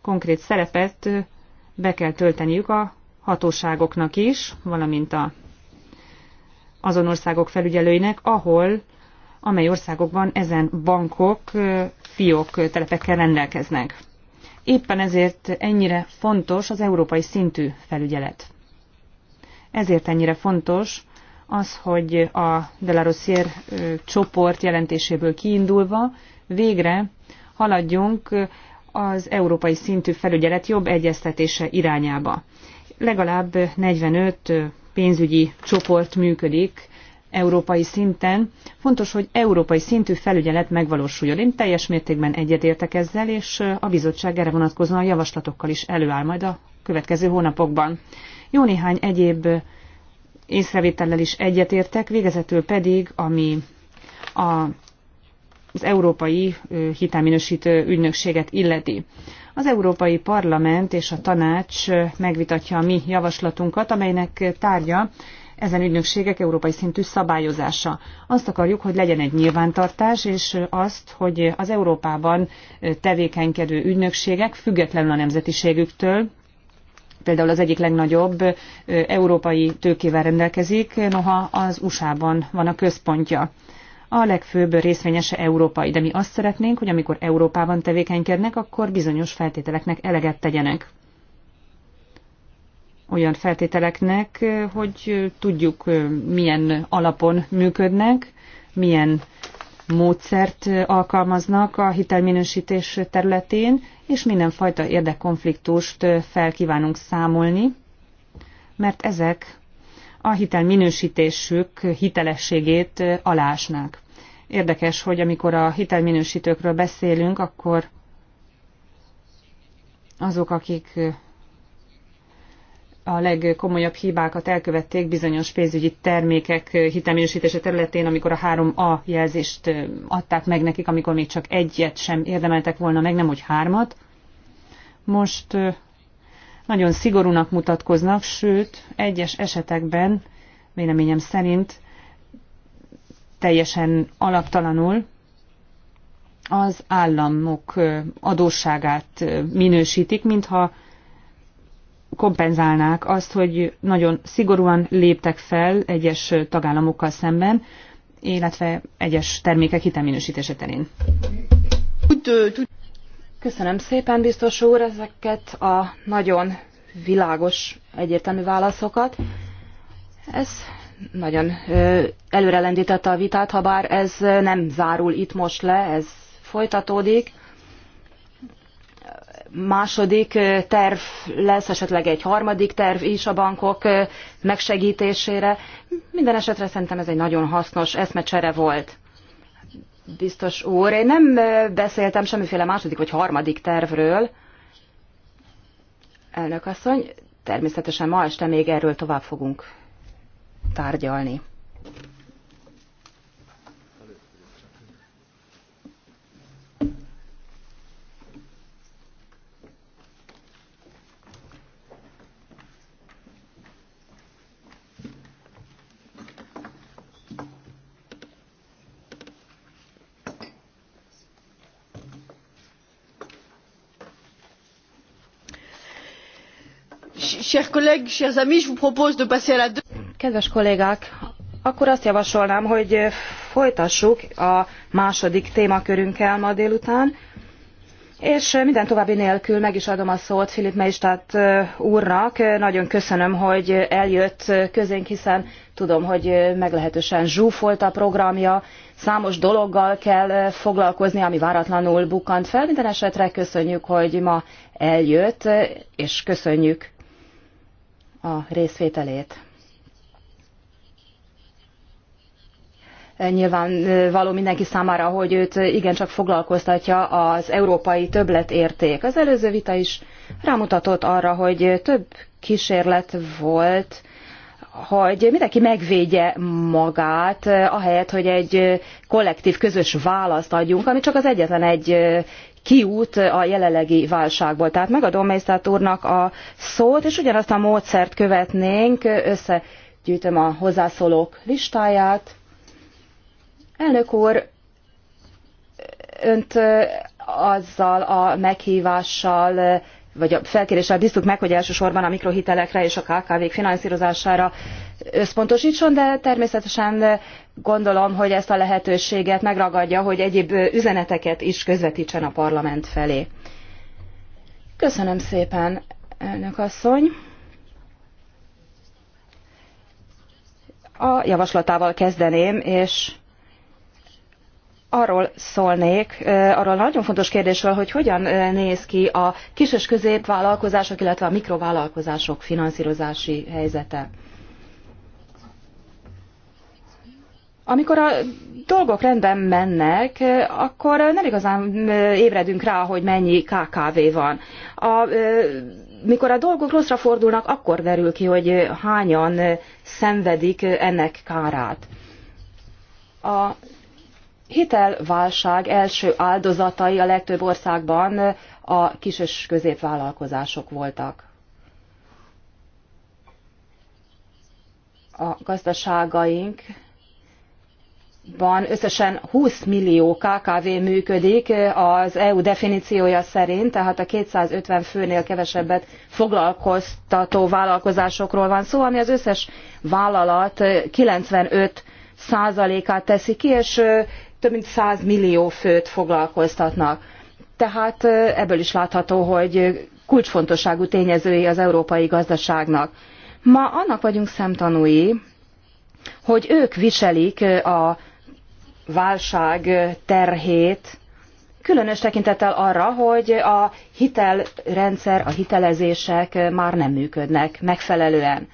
konkrét szerepet be kell tölteniük a hatóságoknak is, valamint a, azon országok felügyelőinek, ahol amely országokban ezen bankok fiók telepekkel rendelkeznek. Éppen ezért ennyire fontos az európai szintű felügyelet. Ezért ennyire fontos az, hogy a Delarossier csoport jelentéséből kiindulva végre haladjunk az európai szintű felügyelet jobb egyeztetése irányába legalább 45 pénzügyi csoport működik európai szinten. Fontos, hogy európai szintű felügyelet megvalósuljon. Én teljes mértékben egyetértek ezzel, és a bizottság erre vonatkozóan a javaslatokkal is előáll majd a következő hónapokban. Jó néhány egyéb észrevétellel is egyetértek, végezetül pedig, ami a, az Európai Hitelminősítő Ügynökséget illeti. Az Európai Parlament és a Tanács megvitatja a mi javaslatunkat, amelynek tárgya ezen ügynökségek európai szintű szabályozása. Azt akarjuk, hogy legyen egy nyilvántartás, és azt, hogy az Európában tevékenykedő ügynökségek függetlenül a nemzetiségüktől, például az egyik legnagyobb európai tőkével rendelkezik, noha az USA-ban van a központja a legfőbb részvényese Európa. De mi azt szeretnénk, hogy amikor Európában tevékenykednek, akkor bizonyos feltételeknek eleget tegyenek. Olyan feltételeknek, hogy tudjuk, milyen alapon működnek, milyen módszert alkalmaznak a hitelminősítés területén, és mindenfajta érdekkonfliktust fel kívánunk számolni, mert ezek a hitelminősítésük hitelességét alásnák. Érdekes, hogy amikor a hitelminősítőkről beszélünk, akkor azok, akik a legkomolyabb hibákat elkövették bizonyos pénzügyi termékek hitelminősítése területén, amikor a 3A jelzést adták meg nekik, amikor még csak egyet sem érdemeltek volna meg, nem úgy hármat. Most nagyon szigorúnak mutatkoznak, sőt, egyes esetekben véleményem szerint teljesen alaptalanul az államok adósságát minősítik, mintha kompenzálnák azt, hogy nagyon szigorúan léptek fel egyes tagállamokkal szemben, illetve egyes termékek hitelminősítése terén. Köszönöm szépen, biztos úr, ezeket a nagyon világos, egyértelmű válaszokat. Ez nagyon előrelendítette a vitát, ha bár ez nem zárul itt most le, ez folytatódik. Második terv lesz, esetleg egy harmadik terv is a bankok megsegítésére. Minden esetre szerintem ez egy nagyon hasznos eszmecsere volt. Biztos úr, én nem beszéltem semmiféle második vagy harmadik tervről. Elnök asszony, természetesen ma este még erről tovább fogunk tárgyalni. chers collègues chers amis je vous propose de passer à la. Kedves kollégák, akkor azt javasolnám, hogy folytassuk a második témakörünkkel ma délután, és minden további nélkül meg is adom a szót Filip Meistát úrnak. Nagyon köszönöm, hogy eljött közénk, hiszen tudom, hogy meglehetősen zsúfolt a programja, számos dologgal kell foglalkozni, ami váratlanul bukkant fel. Minden esetre köszönjük, hogy ma eljött, és köszönjük a részvételét. Eh, nyilvánvaló eh, mindenki számára, hogy őt igencsak foglalkoztatja az európai többletérték. Az előző vita is rámutatott arra, hogy több kísérlet volt, hogy mindenki megvédje magát, eh, ahelyett, hogy egy kollektív, közös választ adjunk, ami csak az egyetlen egy kiút a jelenlegi válságból. Tehát megadom Mészát úrnak a szót, és ugyanazt a módszert követnénk, összegyűjtöm a hozzászólók listáját. Elnök úr, önt azzal a meghívással, vagy a felkéréssel biztuk meg, hogy elsősorban a mikrohitelekre és a KKV-k finanszírozására összpontosítson, de természetesen gondolom, hogy ezt a lehetőséget megragadja, hogy egyéb üzeneteket is közvetítsen a parlament felé. Köszönöm szépen, elnök asszony. A javaslatával kezdeném, és arról szólnék, arról nagyon fontos kérdésről, hogy hogyan néz ki a kis és középvállalkozások, illetve a mikrovállalkozások finanszírozási helyzete. Amikor a dolgok rendben mennek, akkor nem igazán ébredünk rá, hogy mennyi KKV van. A, mikor a dolgok rosszra fordulnak, akkor derül ki, hogy hányan szenvedik ennek kárát. A hitelválság első áldozatai a legtöbb országban a kis és középvállalkozások voltak. A gazdaságaink van összesen 20 millió KKV működik az EU definíciója szerint, tehát a 250 főnél kevesebbet foglalkoztató vállalkozásokról van szó, ami az összes vállalat 95 százalékát teszi ki, és több mint 100 millió főt foglalkoztatnak. Tehát ebből is látható, hogy kulcsfontosságú tényezői az európai gazdaságnak. Ma annak vagyunk szemtanúi, hogy ők viselik a válság terhét, különös tekintettel arra, hogy a hitelrendszer, a hitelezések már nem működnek megfelelően.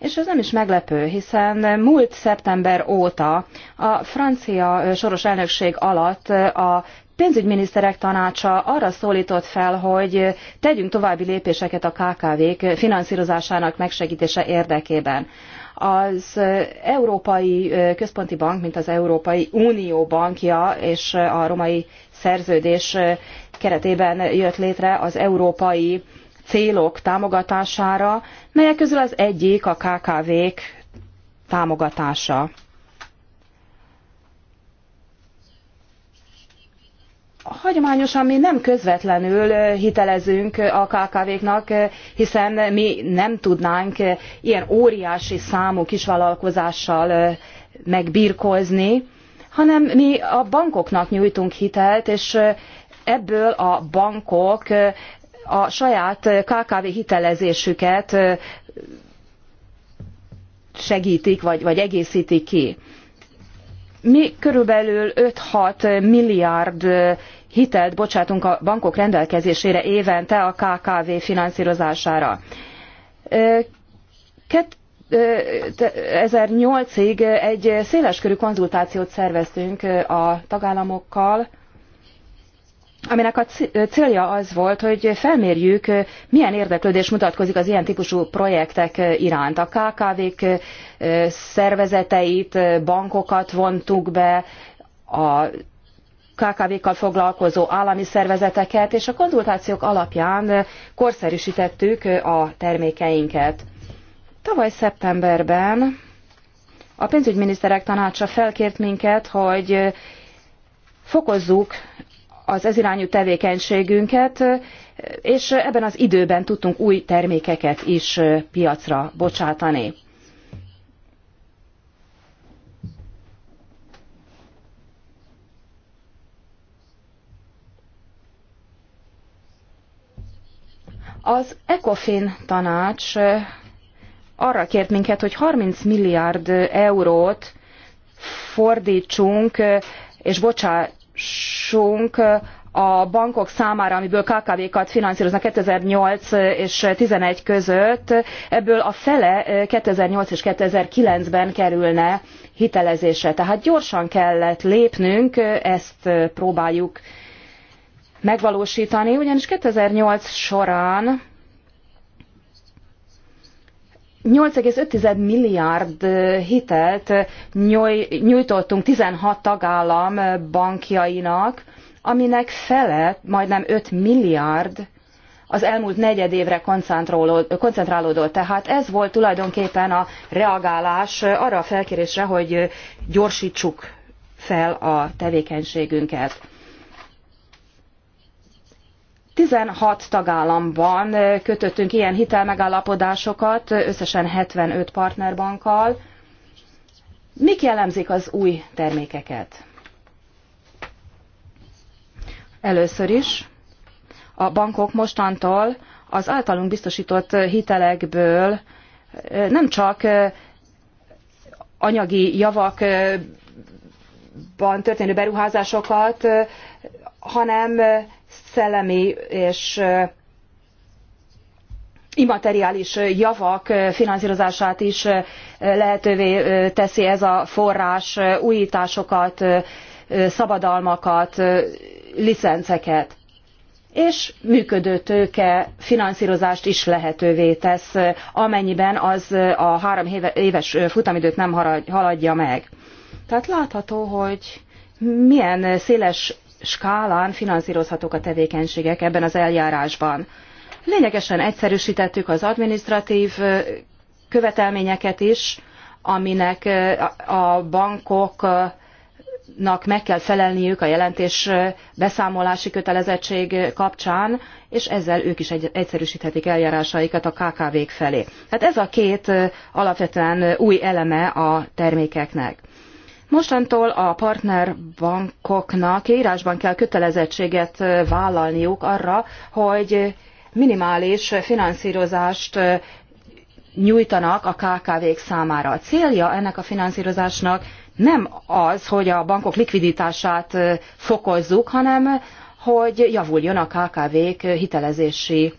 És ez nem is meglepő, hiszen múlt szeptember óta a francia soros elnökség alatt a pénzügyminiszterek tanácsa arra szólított fel, hogy tegyünk további lépéseket a KKV-k finanszírozásának megsegítése érdekében. Az Európai Központi Bank, mint az Európai Unió bankja és a romai szerződés keretében jött létre az Európai célok támogatására, melyek közül az egyik a KKV-k támogatása. Hagyományosan mi nem közvetlenül hitelezünk a KKV-knak, hiszen mi nem tudnánk ilyen óriási számú kisvállalkozással megbirkózni, hanem mi a bankoknak nyújtunk hitelt, és ebből a bankok a saját KKV hitelezésüket segítik, vagy, vagy egészítik ki. Mi körülbelül 5-6 milliárd hitelt bocsátunk a bankok rendelkezésére évente a KKV finanszírozására. 2008-ig egy széleskörű konzultációt szerveztünk a tagállamokkal, aminek a célja az volt, hogy felmérjük, milyen érdeklődés mutatkozik az ilyen típusú projektek iránt. A KKV-k szervezeteit, bankokat vontuk be, a KKV-kkal foglalkozó állami szervezeteket, és a konzultációk alapján korszerűsítettük a termékeinket. Tavaly szeptemberben a pénzügyminiszterek tanácsa felkért minket, hogy fokozzuk az ezirányú tevékenységünket, és ebben az időben tudtunk új termékeket is piacra bocsátani. Az ECOFIN tanács arra kért minket, hogy 30 milliárd eurót fordítsunk és bocsát, támogatásunk a bankok számára, amiből KKV-kat finanszíroznak 2008 és 2011 között, ebből a fele 2008 és 2009-ben kerülne hitelezésre. Tehát gyorsan kellett lépnünk, ezt próbáljuk megvalósítani, ugyanis 2008 során 8,5 milliárd hitelt nyújtottunk 16 tagállam bankjainak, aminek fele, majdnem 5 milliárd az elmúlt negyed évre koncentrálódott. Tehát ez volt tulajdonképpen a reagálás arra a felkérésre, hogy gyorsítsuk fel a tevékenységünket. 16 tagállamban kötöttünk ilyen hitelmegállapodásokat, összesen 75 partnerbankkal. Mik jellemzik az új termékeket? Először is a bankok mostantól az általunk biztosított hitelekből nem csak anyagi javakban történő beruházásokat, hanem szellemi és immateriális javak finanszírozását is lehetővé teszi ez a forrás újításokat, szabadalmakat, licenceket és működő tőke finanszírozást is lehetővé tesz, amennyiben az a három éves futamidőt nem haladja meg. Tehát látható, hogy milyen széles skálán finanszírozhatók a tevékenységek ebben az eljárásban. Lényegesen egyszerűsítettük az administratív követelményeket is, aminek a bankoknak meg kell felelniük a jelentés beszámolási kötelezettség kapcsán, és ezzel ők is egyszerűsíthetik eljárásaikat a KKV-k felé. Hát ez a két alapvetően új eleme a termékeknek. Mostantól a partnerbankoknak írásban kell kötelezettséget vállalniuk arra, hogy minimális finanszírozást nyújtanak a KKV-k számára. A célja ennek a finanszírozásnak nem az, hogy a bankok likviditását fokozzuk, hanem hogy javuljon a KKV-k hitelezési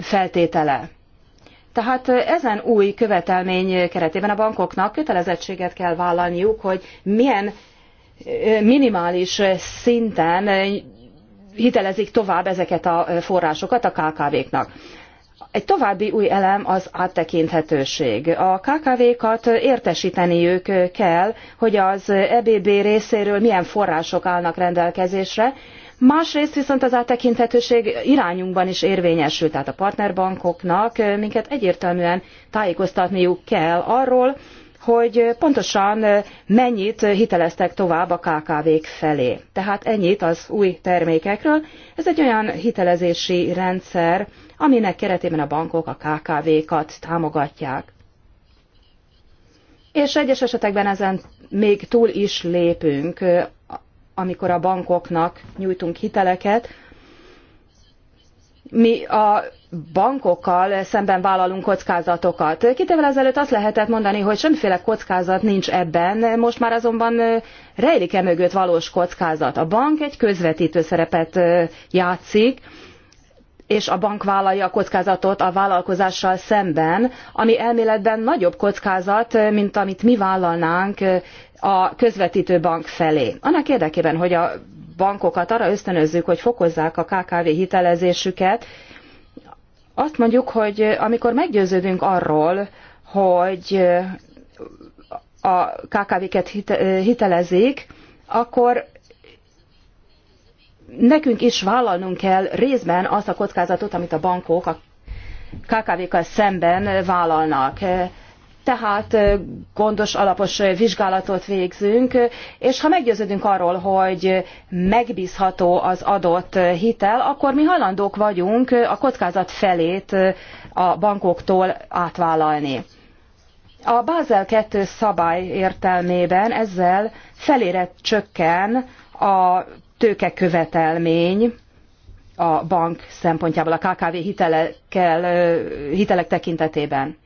feltétele. Tehát ezen új követelmény keretében a bankoknak kötelezettséget kell vállalniuk, hogy milyen minimális szinten hitelezik tovább ezeket a forrásokat a KKV-knak. Egy további új elem az áttekinthetőség. A KKV-kat értesíteniük kell, hogy az EBB részéről milyen források állnak rendelkezésre, Másrészt viszont az áttekinthetőség irányunkban is érvényesül, tehát a partnerbankoknak minket egyértelműen tájékoztatniuk kell arról, hogy pontosan mennyit hiteleztek tovább a KKV-k felé. Tehát ennyit az új termékekről. Ez egy olyan hitelezési rendszer, aminek keretében a bankok a KKV-kat támogatják. És egyes esetekben ezen még túl is lépünk amikor a bankoknak nyújtunk hiteleket. Mi a bankokkal szemben vállalunk kockázatokat. Két évvel ezelőtt azt lehetett mondani, hogy semmiféle kockázat nincs ebben, most már azonban rejlik e mögött valós kockázat. A bank egy közvetítő szerepet játszik, és a bank vállalja a kockázatot a vállalkozással szemben, ami elméletben nagyobb kockázat, mint amit mi vállalnánk eh, a közvetítő bank felé. Annak érdekében, hogy a bankokat arra ösztönözzük, hogy fokozzák a KKV hitelezésüket, azt mondjuk, hogy amikor meggyőződünk arról, hogy eh, a KKV-ket eh, hitelezik, akkor nekünk is vállalnunk kell részben azt a kockázatot, amit a bankok a KKV-kkal szemben vállalnak. Tehát gondos, alapos vizsgálatot végzünk, és ha meggyőződünk arról, hogy megbízható az adott hitel, akkor mi hajlandók vagyunk a kockázat felét a bankoktól átvállalni. A Basel 2 szabály értelmében ezzel felére csökken a tőkekövetelmény a bank szempontjából, a KKV hitelekkel, hitelek tekintetében.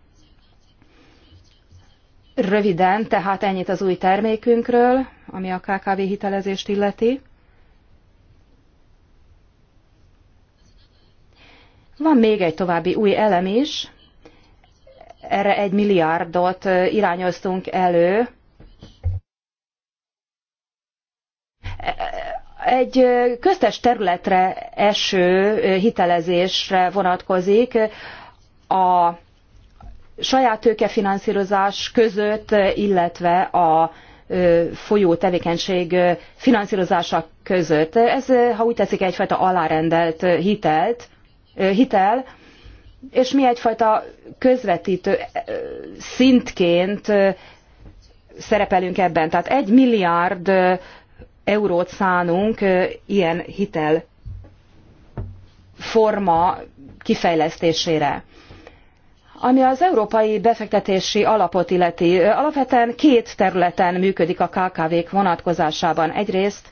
Röviden, tehát ennyit az új termékünkről, ami a KKV hitelezést illeti. Van még egy további új elem is. Erre egy milliárdot irányoztunk elő egy köztes területre eső hitelezésre vonatkozik a saját tőkefinanszírozás között, illetve a folyó tevékenység finanszírozása között. Ez, ha úgy tetszik, egyfajta alárendelt hitelt, hitel, és mi egyfajta közvetítő szintként szerepelünk ebben. Tehát egy milliárd eurót szánunk ilyen hitel forma kifejlesztésére. Ami az Európai Befektetési Alapot illeti, alapvetően két területen működik a KKV-k vonatkozásában. Egyrészt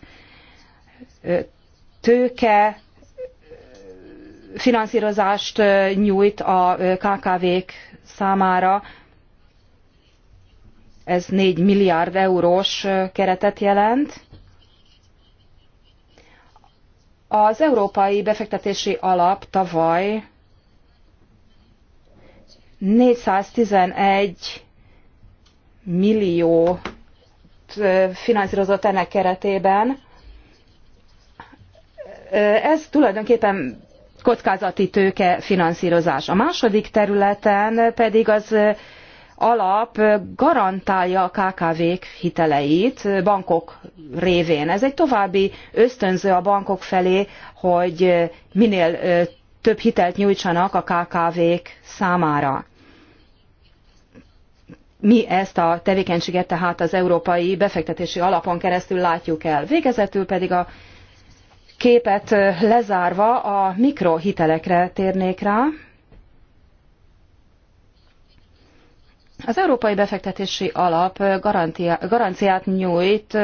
tőke finanszírozást nyújt a KKV-k számára, ez 4 milliárd eurós keretet jelent, az Európai Befektetési Alap tavaly 411 millió finanszírozott ennek keretében. Ez tulajdonképpen kockázati tőke finanszírozás. A második területen pedig az alap garantálja a KKV-k hiteleit bankok révén. Ez egy további ösztönző a bankok felé, hogy minél több hitelt nyújtsanak a KKV-k számára. Mi ezt a tevékenységet tehát az Európai Befektetési Alapon keresztül látjuk el. Végezetül pedig a képet lezárva a mikrohitelekre térnék rá. Az Európai Befektetési Alap garantia, garanciát nyújt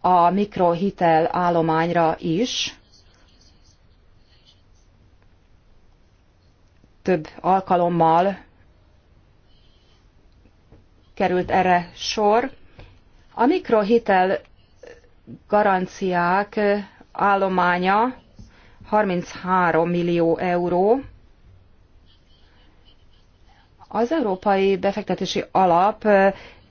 a mikrohitel állományra is. Több alkalommal került erre sor. A mikrohitel garanciák állománya 33 millió euró, az Európai Befektetési Alap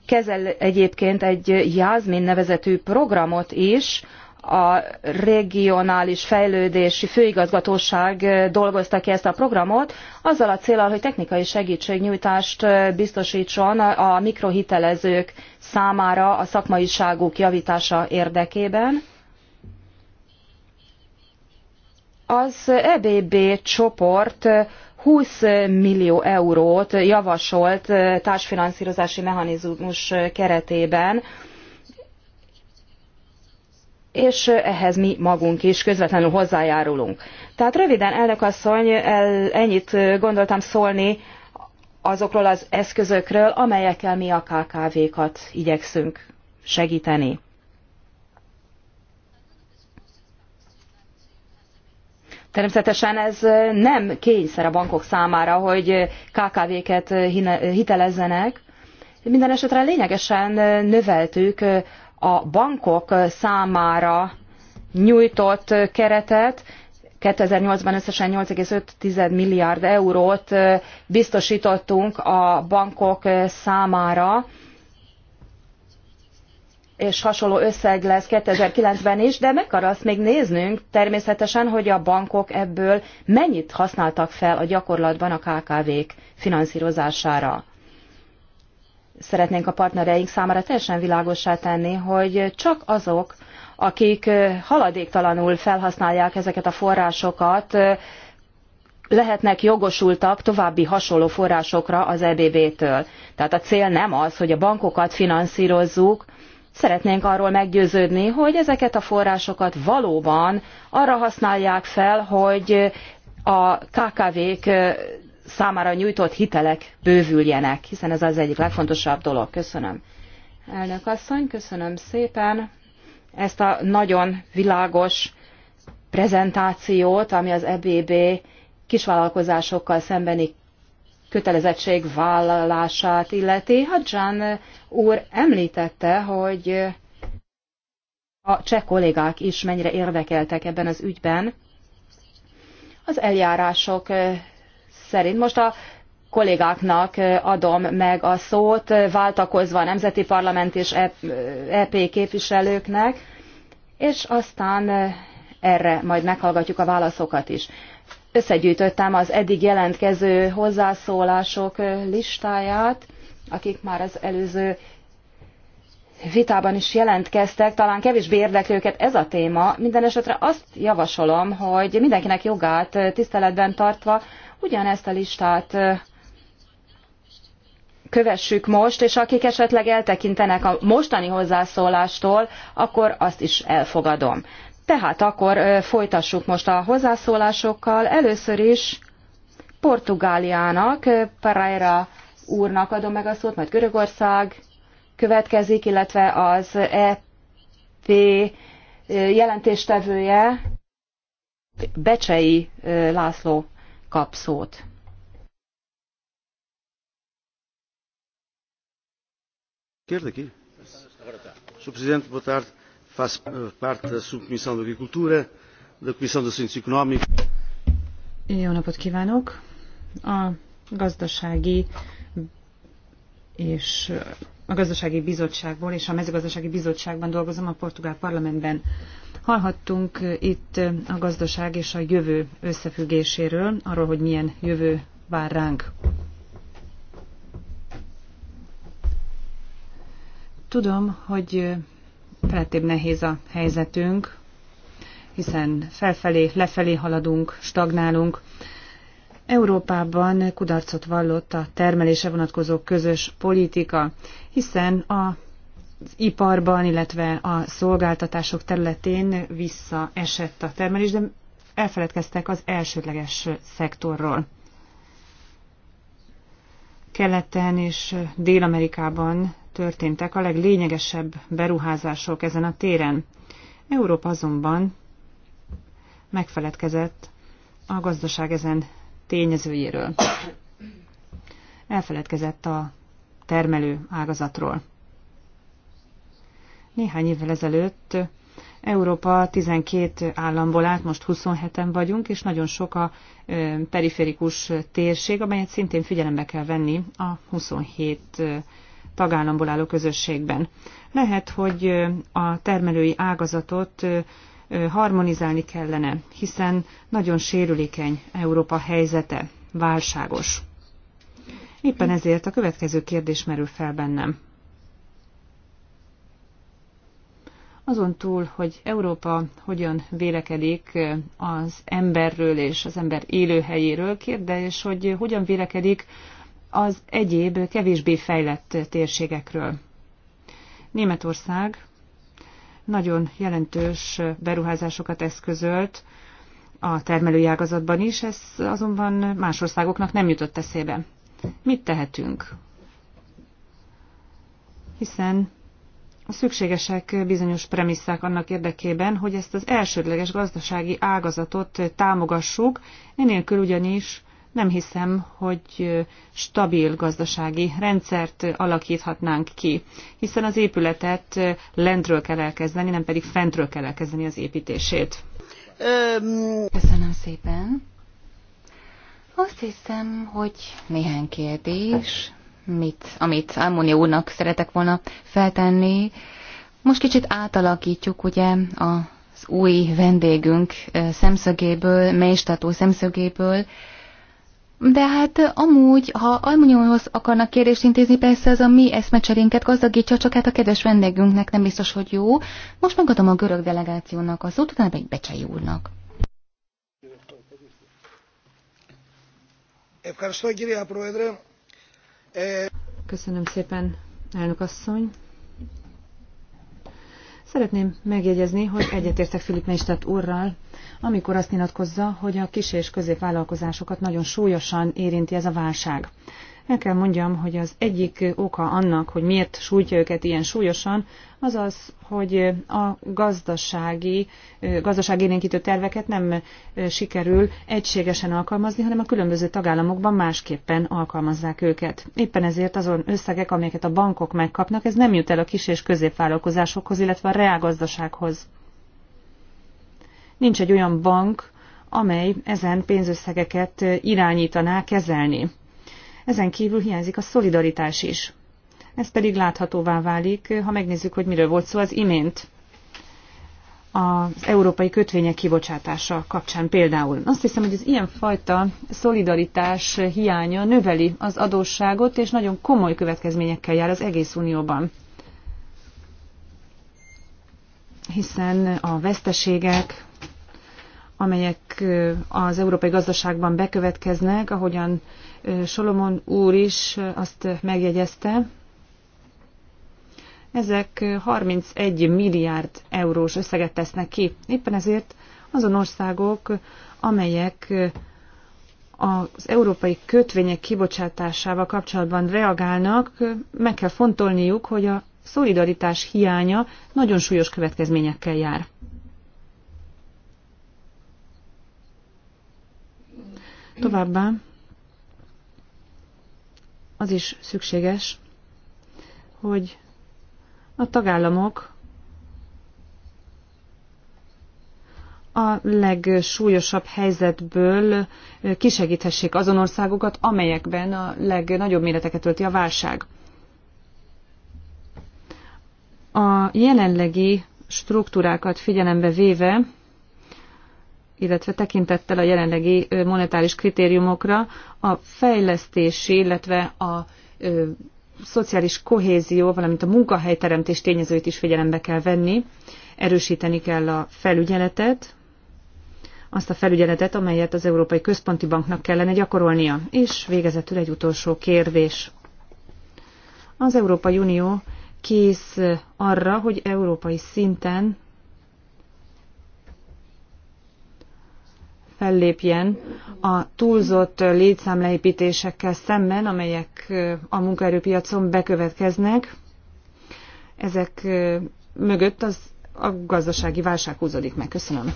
kezel egyébként egy Jászmin nevezetű programot is, a regionális fejlődési főigazgatóság dolgozta ki ezt a programot, azzal a célral, hogy technikai segítségnyújtást biztosítson a mikrohitelezők számára a szakmaiságuk javítása érdekében. Az EBB csoport 20 millió eurót javasolt társfinanszírozási mechanizmus keretében, és ehhez mi magunk is közvetlenül hozzájárulunk. Tehát röviden, elnök asszony, el, ennyit gondoltam szólni azokról az eszközökről, amelyekkel mi a KKV-kat igyekszünk segíteni. Természetesen ez nem kényszer a bankok számára, hogy KKV-ket hitelezzenek. Minden esetre lényegesen növeltük a bankok számára nyújtott keretet, 2008-ban összesen 8,5 milliárd eurót biztosítottunk a bankok számára és hasonló összeg lesz 2009-ben is, de meg kell azt még néznünk természetesen, hogy a bankok ebből mennyit használtak fel a gyakorlatban a KKV-k finanszírozására. Szeretnénk a partnereink számára teljesen világossá tenni, hogy csak azok, akik haladéktalanul felhasználják ezeket a forrásokat, lehetnek jogosultak további hasonló forrásokra az EBB-től. Tehát a cél nem az, hogy a bankokat finanszírozzuk, Szeretnénk arról meggyőződni, hogy ezeket a forrásokat valóban arra használják fel, hogy a KKV-k számára nyújtott hitelek bővüljenek, hiszen ez az egyik legfontosabb dolog. Köszönöm. Elnök asszony, köszönöm szépen ezt a nagyon világos prezentációt, ami az EBB kisvállalkozásokkal szembeni kötelezettségvállalását illeti. Hadzsán úr említette, hogy a cseh kollégák is mennyire érdekeltek ebben az ügyben. Az eljárások eh, szerint most a kollégáknak eh, adom meg a szót, váltakozva a nemzeti parlament és EP eh, e képviselőknek, és aztán erre majd meghallgatjuk a válaszokat is. Összegyűjtöttem az eddig jelentkező hozzászólások listáját akik már az előző vitában is jelentkeztek, talán kevésbé érdekli őket ez a téma. Minden esetre azt javasolom, hogy mindenkinek jogát tiszteletben tartva ugyanezt a listát kövessük most, és akik esetleg eltekintenek a mostani hozzászólástól, akkor azt is elfogadom. Tehát akkor folytassuk most a hozzászólásokkal. Először is Portugáliának Pereira úrnak adom meg a szót, majd Görögország következik, illetve az EP jelentéstevője Becsei László kap szót. Kérde ki? Sr. Presidente, boa tarde. Faço eh, parte da Subcomissão da Agricultura, da Comissão de Assuntos Económicos. Jó napot kívánok! A gazdasági és a gazdasági bizottságból és a mezőgazdasági bizottságban dolgozom a portugál parlamentben. Hallhattunk itt a gazdaság és a jövő összefüggéséről, arról, hogy milyen jövő vár ránk. Tudom, hogy feltébb nehéz a helyzetünk, hiszen felfelé, lefelé haladunk, stagnálunk, Európában kudarcot vallott a termelése vonatkozó közös politika, hiszen a az iparban, illetve a szolgáltatások területén visszaesett a termelés, de elfeledkeztek az elsődleges szektorról. Keleten és Dél-Amerikában történtek a leglényegesebb beruházások ezen a téren. Európa azonban megfeledkezett a gazdaság ezen tényezőjéről. Elfeledkezett a termelő ágazatról. Néhány évvel ezelőtt Európa 12 államból állt, most 27-en vagyunk, és nagyon sok a periférikus térség, amelyet szintén figyelembe kell venni a 27 tagállamból álló közösségben. Lehet, hogy a termelői ágazatot harmonizálni kellene, hiszen nagyon sérülékeny Európa helyzete, válságos. Éppen ezért a következő kérdés merül fel bennem. Azon túl, hogy Európa hogyan vélekedik az emberről és az ember élőhelyéről, kérdés, hogy hogyan vélekedik az egyéb, kevésbé fejlett térségekről. Németország nagyon jelentős beruházásokat eszközölt a termelői ágazatban is, ez azonban más országoknak nem jutott eszébe. Mit tehetünk? Hiszen szükségesek bizonyos premisszák annak érdekében, hogy ezt az elsődleges gazdasági ágazatot támogassuk, enélkül ugyanis nem hiszem, hogy stabil gazdasági rendszert alakíthatnánk ki, hiszen az épületet lentről kell elkezdeni, nem pedig fentről kell elkezdeni az építését. Köszönöm szépen. Azt hiszem, hogy néhány kérdés, mit, amit Almoni úrnak szeretek volna feltenni. Most kicsit átalakítjuk ugye az új vendégünk szemszögéből, mélystatú szemszögéből, de hát amúgy, ha almunyóhoz akarnak kérdést intézni, persze az a mi eszmecserénket gazdagítja, csak hát a kedves vendégünknek nem biztos, hogy jó. Most megadom a görög delegációnak az szót, utána egy Becsei úrnak. Köszönöm szépen, elnök asszony. Szeretném megjegyezni, hogy egyetértek Filip Meistat úrral, amikor azt nyilatkozza, hogy a kis és középvállalkozásokat nagyon súlyosan érinti ez a válság. El kell mondjam, hogy az egyik oka annak, hogy miért sújtja őket ilyen súlyosan, az az, hogy a gazdasági, gazdaságélénkítő terveket nem sikerül egységesen alkalmazni, hanem a különböző tagállamokban másképpen alkalmazzák őket. Éppen ezért azon összegek, amelyeket a bankok megkapnak, ez nem jut el a kis és középvállalkozásokhoz, illetve a reálgazdasághoz. Nincs egy olyan bank, amely ezen pénzösszegeket irányítaná, kezelni. Ezen kívül hiányzik a szolidaritás is. Ez pedig láthatóvá válik, ha megnézzük, hogy miről volt szó az imént az európai kötvények kibocsátása kapcsán például. Azt hiszem, hogy az ilyenfajta szolidaritás hiánya növeli az adósságot, és nagyon komoly következményekkel jár az egész unióban. Hiszen a veszteségek, amelyek az európai gazdaságban bekövetkeznek, ahogyan Solomon úr is azt megjegyezte, ezek 31 milliárd eurós összeget tesznek ki. Éppen ezért azon országok, amelyek az európai kötvények kibocsátásával kapcsolatban reagálnak, meg kell fontolniuk, hogy a szolidaritás hiánya nagyon súlyos következményekkel jár. Továbbá az is szükséges, hogy a tagállamok a legsúlyosabb helyzetből kisegíthessék azon országokat, amelyekben a legnagyobb méreteket ölti a válság. A jelenlegi struktúrákat figyelembe véve, illetve tekintettel a jelenlegi monetáris kritériumokra, a fejlesztési, illetve a szociális kohézió, valamint a munkahelyteremtés tényezőit is figyelembe kell venni. Erősíteni kell a felügyeletet, azt a felügyeletet, amelyet az Európai Központi Banknak kellene gyakorolnia. És végezetül egy utolsó kérdés. Az Európai Unió kész arra, hogy európai szinten fellépjen a túlzott létszámleépítésekkel szemben, amelyek a munkaerőpiacon bekövetkeznek. Ezek mögött az a gazdasági válság húzódik meg. Köszönöm.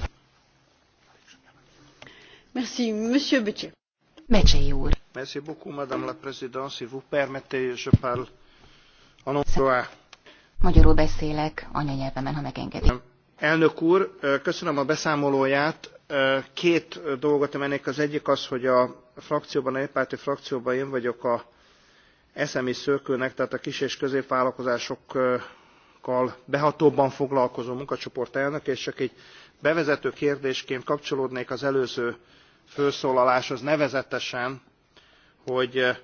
Merci, Monsieur Becset. Becsei úr. Merci beaucoup, Madame la Présidente. Si vous permettez, je parle en anglais. Magyarul beszélek, anyanyelvemen, ha megengedik. Elnök úr, köszönöm a beszámolóját Két dolgot emelnék. Az egyik az, hogy a frakcióban, a néppárti frakcióban én vagyok a SMI szőkőnek, tehát a kis és középvállalkozásokkal behatóbban foglalkozó munkacsoport elnök, és csak egy bevezető kérdésként kapcsolódnék az előző főszólaláshoz nevezetesen, hogy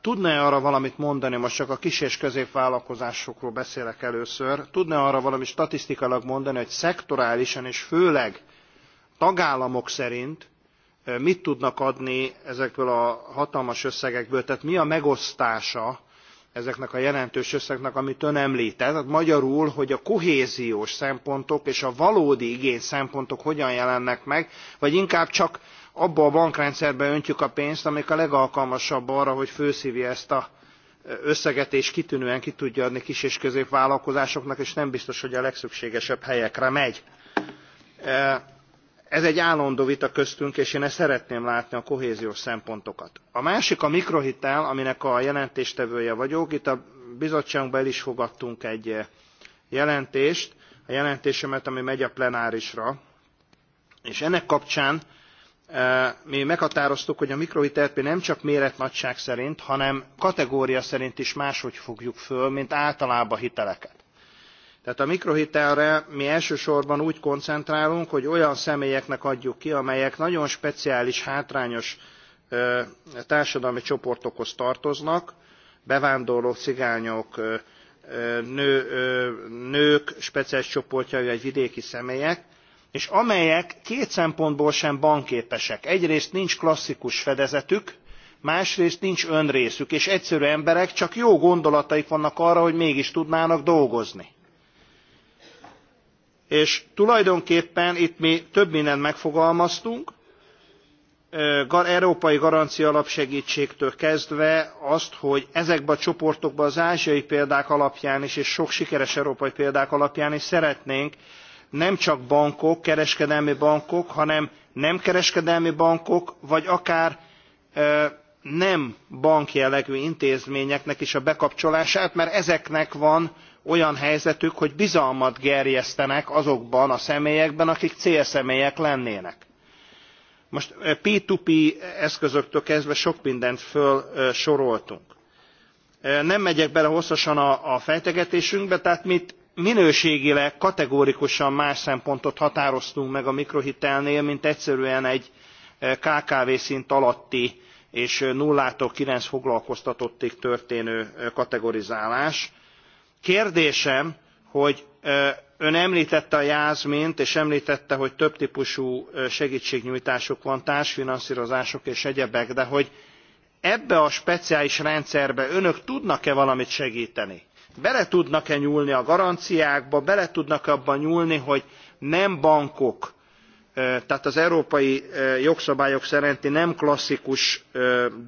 tudna e arra valamit mondani most csak a kis és középvállalkozásokról beszélek először tudna e arra valami statisztikailag mondani hogy szektorálisan és főleg tagállamok szerint mit tudnak adni ezekből a hatalmas összegekből tehát mi a megosztása ezeknek a jelentős összegeknek amit ön emltett magyarul hogy a kohéziós szempontok és a valódi igény szempontok hogyan jelennek meg vagy inkább csak abba a bankrendszerbe öntjük a pénzt amelyik a legalkalmasabb arra hogy fölszvja ezt az összeget és kitűnően ki tudja adni kis és középvállalkozásoknak és nem biztos hogy a legszükségesebb helyekre megy. ez egy állandó vita köztünk és én ezt szeretném látni a kohéziós szempontokat. a másik a mikrohitel aminek a jelentéstevője vagyok. itt a bizottságunkban el is fogadtunk egy jelentést a jelentésemet ami megy a plenárisra és ennek kapcsán mi meghatároztuk hogy a mikrohitelt mi nem csak méretnagyság szerint hanem kategória szerint is máshogy fogjuk föl mint általában a hiteleket. tehát a mikrohitelre mi elsősorban úgy koncentrálunk hogy olyan személyeknek adjuk ki amelyek nagyon speciális hátrányos társadalmi csoportokhoz tartoznak bevándorlók cigányok nők speciális csoportjai vagy vidéki személyek és amelyek két szempontból sem bankképesek egyrészt nincs klasszikus fedezetük másrészt nincs önrészük és egyszerű emberek csak jó gondolataik vannak arra hogy mégis tudnának dolgozni. és tulajdonképpen itt mi több mindent megfogalmaztunk európai garancia alapsegtségtől kezdve azt hogy ezekben a csoportokban az ázsiai példák alapján is és sok sikeres európai példák alapján is szeretnénk nem csak bankok kereskedelmi bankok hanem nem kereskedelmi bankok vagy akár nem bankjellegű intézményeknek is a bekapcsolását mert ezeknek van olyan helyzetük hogy bizalmat gerjesztenek azokban a személyekben akik célszemélyek lennének. most p two p eszközöktől kezdve sok mindent fölsoroltunk. nem megyek bele hosszasan a fejtegetésünkbe tehát mit? minőségileg kategórikusan más szempontot határoztunk meg a mikrohitelnél mint egyszerűen egy eh, kkv szint alatti és eh, nullától kilenc foglalkoztatottig történő eh, kategorizálás. kérdésem hogy ön emltette a jászmint és emltette hogy több tpusú segtségnyújtásuk van társfinanszrozások és egyebek de hogy ebbe a speciális rendszerbe önök tudnak e valamit segteni? bele tudnak e nyúlni a garanciákba bele tudnak e abba nyúlni hogy nem bankok tehát az európai jogszabályok szerinti nem klasszikus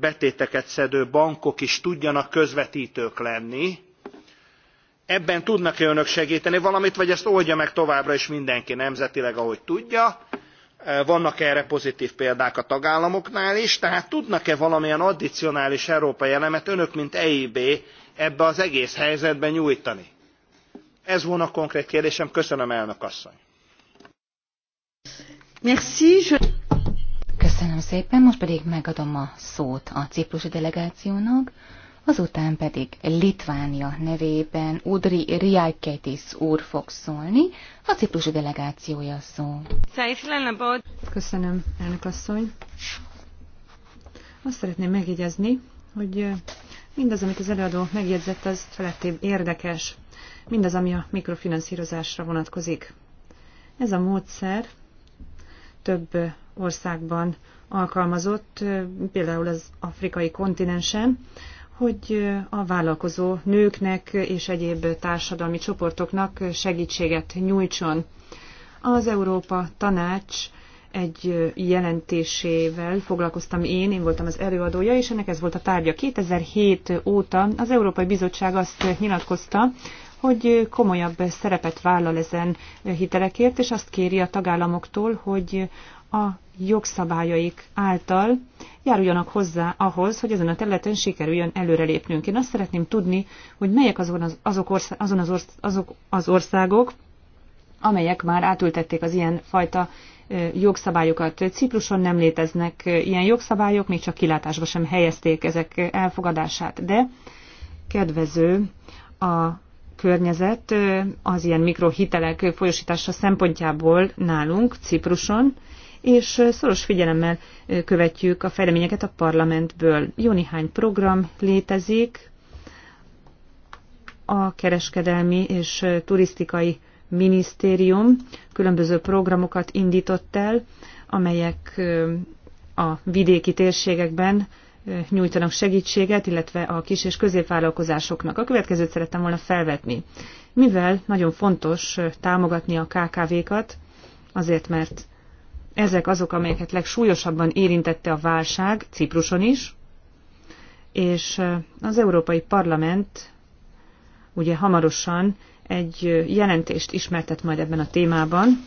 betéteket szedő bankok is tudjanak közvettők lenni ebben tudnak e önök segteni valamit vagy ezt oldja meg továbbra is mindenki nemzetileg ahogy tudja vannak erre pozitv példák a tagállamoknál is tehát tudnak e valamilyen addicionális európai elemet önök mint eib ebbe az egész helyzetbe nyújtani? ez volna a konkrét kérdésem köszönöm elnök asszony. köszönöm szépen most pedig megadom a szót a ciprusi delegációnak azután pedig Litvánia nevében Udri Riaiketis úr fog szólni, a ciprusi delegációja szó. Köszönöm, elnök asszony. Azt szeretném megjegyezni, hogy Mindaz, amit az előadó megjegyzett, az felettébb érdekes. Mindaz, ami a mikrofinanszírozásra vonatkozik. Ez a módszer több országban alkalmazott, például az afrikai kontinensen, hogy a vállalkozó nőknek és egyéb társadalmi csoportoknak segítséget nyújtson. Az Európa Tanács egy jelentésével foglalkoztam én, én voltam az előadója, és ennek ez volt a tárgya. 2007 óta az Európai Bizottság azt nyilatkozta, hogy komolyabb szerepet vállal ezen hitelekért, és azt kéri a tagállamoktól, hogy a jogszabályaik által járuljanak hozzá ahhoz, hogy ezen a területen sikerüljön előrelépnünk. Én azt szeretném tudni, hogy melyek azon az, azok, ország, azon az, orsz, azok az országok, amelyek már átültették az ilyen fajta jogszabályokat. Cipruson nem léteznek ilyen jogszabályok, még csak kilátásba sem helyezték ezek elfogadását, de kedvező a környezet az ilyen mikrohitelek folyosítása szempontjából nálunk, Cipruson, és szoros figyelemmel követjük a fejleményeket a parlamentből. Jó néhány program létezik, a kereskedelmi és turisztikai minisztérium különböző programokat indított el, amelyek a vidéki térségekben nyújtanak segítséget, illetve a kis- és középvállalkozásoknak. A következőt szerettem volna felvetni. Mivel nagyon fontos támogatni a KKV-kat, azért mert ezek azok, amelyeket legsúlyosabban érintette a válság Cipruson is, és az Európai Parlament ugye hamarosan egy jelentést ismertet majd ebben a témában.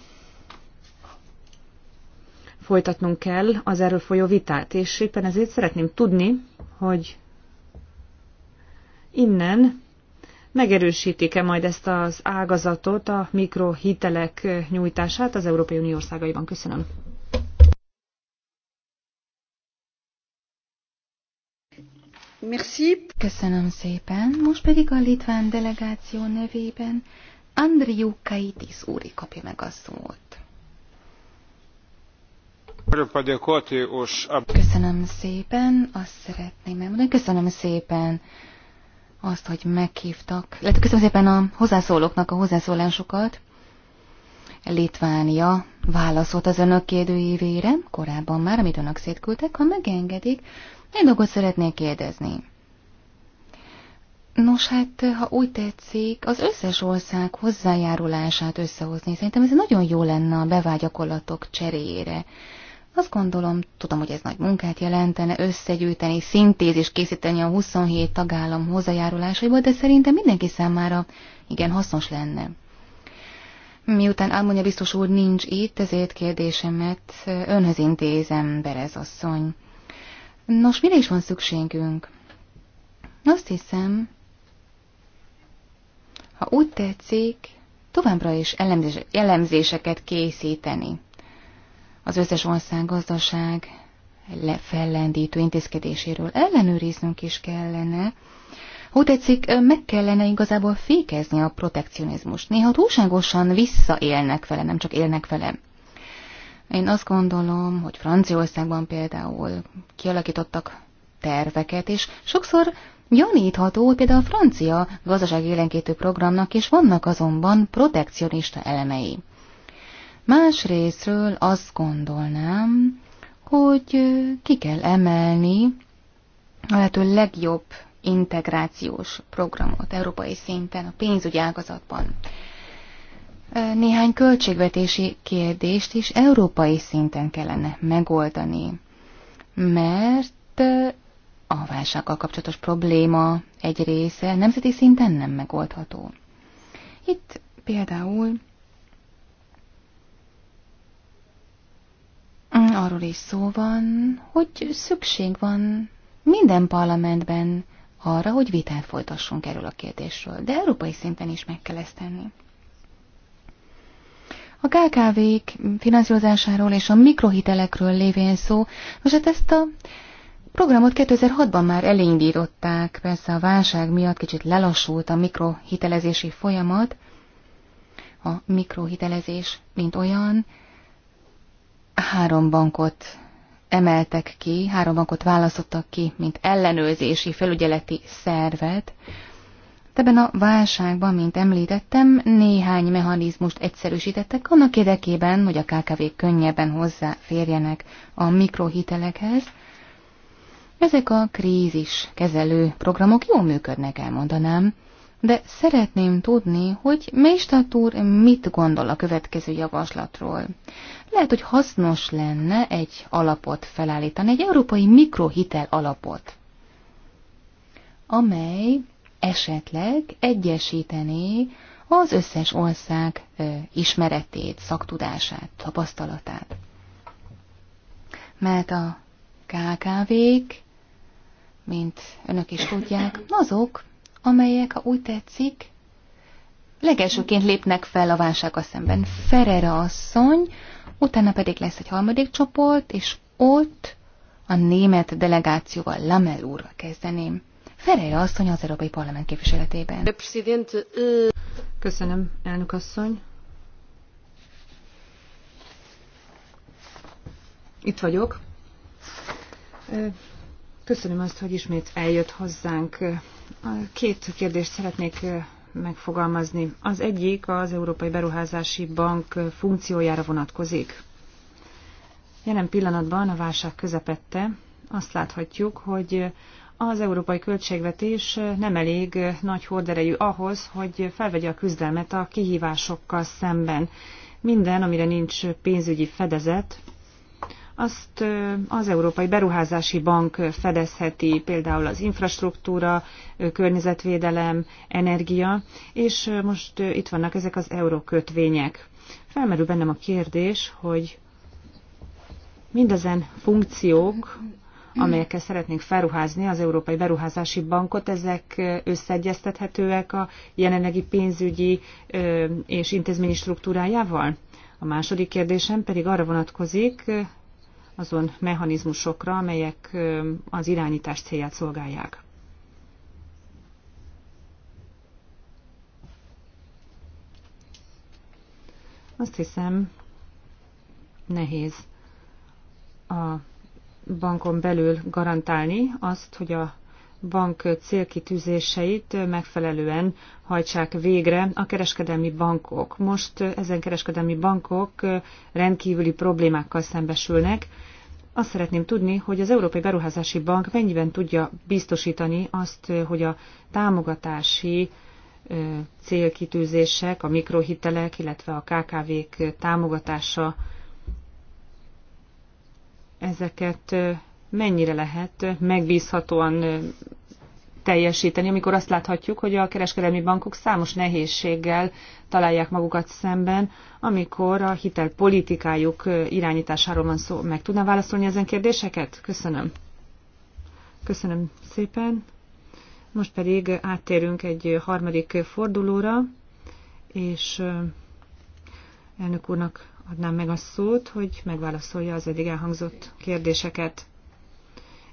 Folytatnunk kell az erről folyó vitát, és éppen ezért szeretném tudni, hogy innen megerősítik-e majd ezt az ágazatot, a mikrohitelek nyújtását az Európai Unió országaiban. Köszönöm. Merci. Köszönöm szépen. Most pedig a litván delegáció nevében Andriu Kaitis úri kapja meg a szót. Köszönöm szépen, azt szeretném elmondani. Köszönöm szépen azt, hogy meghívtak. Köszönöm szépen a hozzászólóknak a hozzászólásokat. Litvánia válaszolt az önök kérdőjévére, korábban már, amit önök szétküldtek, ha megengedik, egy dolgot szeretnék kérdezni. Nos, hát, ha úgy tetszik, az összes ország hozzájárulását összehozni, szerintem ez nagyon jó lenne a bevágyakorlatok cseréjére. Azt gondolom, tudom, hogy ez nagy munkát jelentene, összegyűjteni, szintézis készíteni a 27 tagállam hozzájárulásaiból, de szerintem mindenki számára igen hasznos lenne. Miután Almonya biztos úr nincs itt, ezért kérdésemet önhöz intézem, Berez asszony. Nos, mire is van szükségünk? Azt hiszem, ha úgy tetszik, továbbra is elemzéseket készíteni. Az összes ország gazdaság fellendítő intézkedéséről ellenőriznünk is kellene, hogy tetszik, meg kellene igazából fékezni a protekcionizmust. Néha túlságosan visszaélnek vele, nem csak élnek vele. Én azt gondolom, hogy Franciaországban például kialakítottak terveket, és sokszor gyanítható, hogy például a francia gazdaságélenkítő programnak is vannak azonban protekcionista elemei. Másrésztről azt gondolnám, hogy ki kell emelni a lehető legjobb integrációs programot európai szinten, a pénzügyi ágazatban néhány költségvetési kérdést is európai szinten kellene megoldani, mert a válsággal kapcsolatos probléma egy része nemzeti szinten nem megoldható. Itt például arról is szó van, hogy szükség van minden parlamentben arra, hogy vitát folytassunk erről a kérdésről, de európai szinten is meg kell ezt tenni. A KKV-k finanszírozásáról és a mikrohitelekről lévén szó, most hát ezt a programot 2006-ban már elindították, persze a válság miatt kicsit lelassult a mikrohitelezési folyamat, a mikrohitelezés, mint olyan, három bankot emeltek ki, három bankot választottak ki, mint ellenőrzési, felügyeleti szervet, Hát ebben a válságban, mint említettem, néhány mechanizmust egyszerűsítettek annak érdekében, hogy a kkv könnyebben hozzáférjenek a mikrohitelekhez. Ezek a krízis kezelő programok jól működnek, elmondanám, de szeretném tudni, hogy Meistat úr mit gondol a következő javaslatról. Lehet, hogy hasznos lenne egy alapot felállítani, egy európai mikrohitel alapot, amely esetleg egyesítené az összes ország ismeretét, szaktudását, tapasztalatát. Mert a KKV-k, mint önök is tudják, azok, amelyek, ha úgy tetszik, legelsőként lépnek fel a válsággal szemben. Ferere asszony, utána pedig lesz egy harmadik csoport, és ott a német delegációval Lamel úrra kezdeném. Ferreira asszony az Európai Parlament képviseletében. Köszönöm, elnök asszony. Itt vagyok. Köszönöm azt, hogy ismét eljött hozzánk. Két kérdést szeretnék megfogalmazni. Az egyik az Európai Beruházási Bank funkciójára vonatkozik. Jelen pillanatban a válság közepette azt láthatjuk, hogy az európai költségvetés nem elég nagy horderejű ahhoz, hogy felvegye a küzdelmet a kihívásokkal szemben. Minden, amire nincs pénzügyi fedezet, azt az Európai Beruházási Bank fedezheti, például az infrastruktúra, környezetvédelem, energia, és most itt vannak ezek az eurókötvények. Felmerül bennem a kérdés, hogy mindezen funkciók, amelyekkel szeretnénk felruházni az Európai Beruházási Bankot, ezek összeegyeztethetőek a jelenlegi pénzügyi és intézményi struktúrájával? A második kérdésem pedig arra vonatkozik, azon mechanizmusokra, amelyek az irányítás célját szolgálják. Azt hiszem, nehéz a bankon belül garantálni azt, hogy a bank célkitűzéseit megfelelően hajtsák végre a kereskedelmi bankok. Most ezen kereskedelmi bankok rendkívüli problémákkal szembesülnek. Azt szeretném tudni, hogy az Európai Beruházási Bank mennyiben tudja biztosítani azt, hogy a támogatási célkitűzések, a mikrohitelek, illetve a KKV-k támogatása ezeket mennyire lehet megbízhatóan teljesíteni, amikor azt láthatjuk, hogy a kereskedelmi bankok számos nehézséggel találják magukat szemben, amikor a hitelpolitikájuk irányításáról van szó. Meg tudná válaszolni ezen kérdéseket? Köszönöm. Köszönöm szépen. Most pedig áttérünk egy harmadik fordulóra, és elnök úrnak adnám meg a szót, hogy megválaszolja az eddig elhangzott kérdéseket.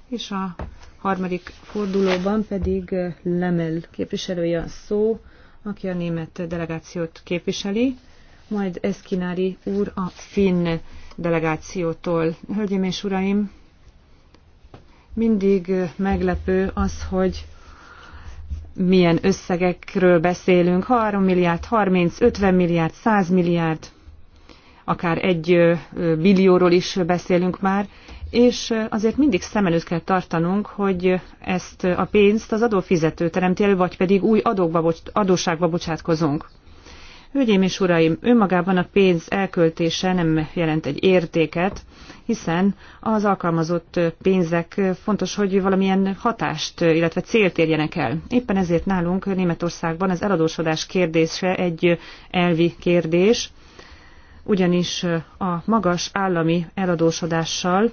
És a harmadik fordulóban pedig eh, Lemel képviselője a szó, aki a német delegációt képviseli, majd Eszkinári úr a finn delegációtól. Hölgyeim és uraim, mindig eh, meglepő az, hogy milyen összegekről beszélünk, 3 milliárd, 30, 50 milliárd, 100 milliárd, akár egy billióról is beszélünk már, és azért mindig szem előtt kell tartanunk, hogy ezt a pénzt az adófizető teremti elő, vagy pedig új adókba, adósságba bocsátkozunk. Hölgyeim és uraim, önmagában a pénz elköltése nem jelent egy értéket, hiszen az alkalmazott pénzek fontos, hogy valamilyen hatást, illetve célt érjenek el. Éppen ezért nálunk Németországban az eladósodás kérdése egy elvi kérdés, ugyanis a magas állami eladósodással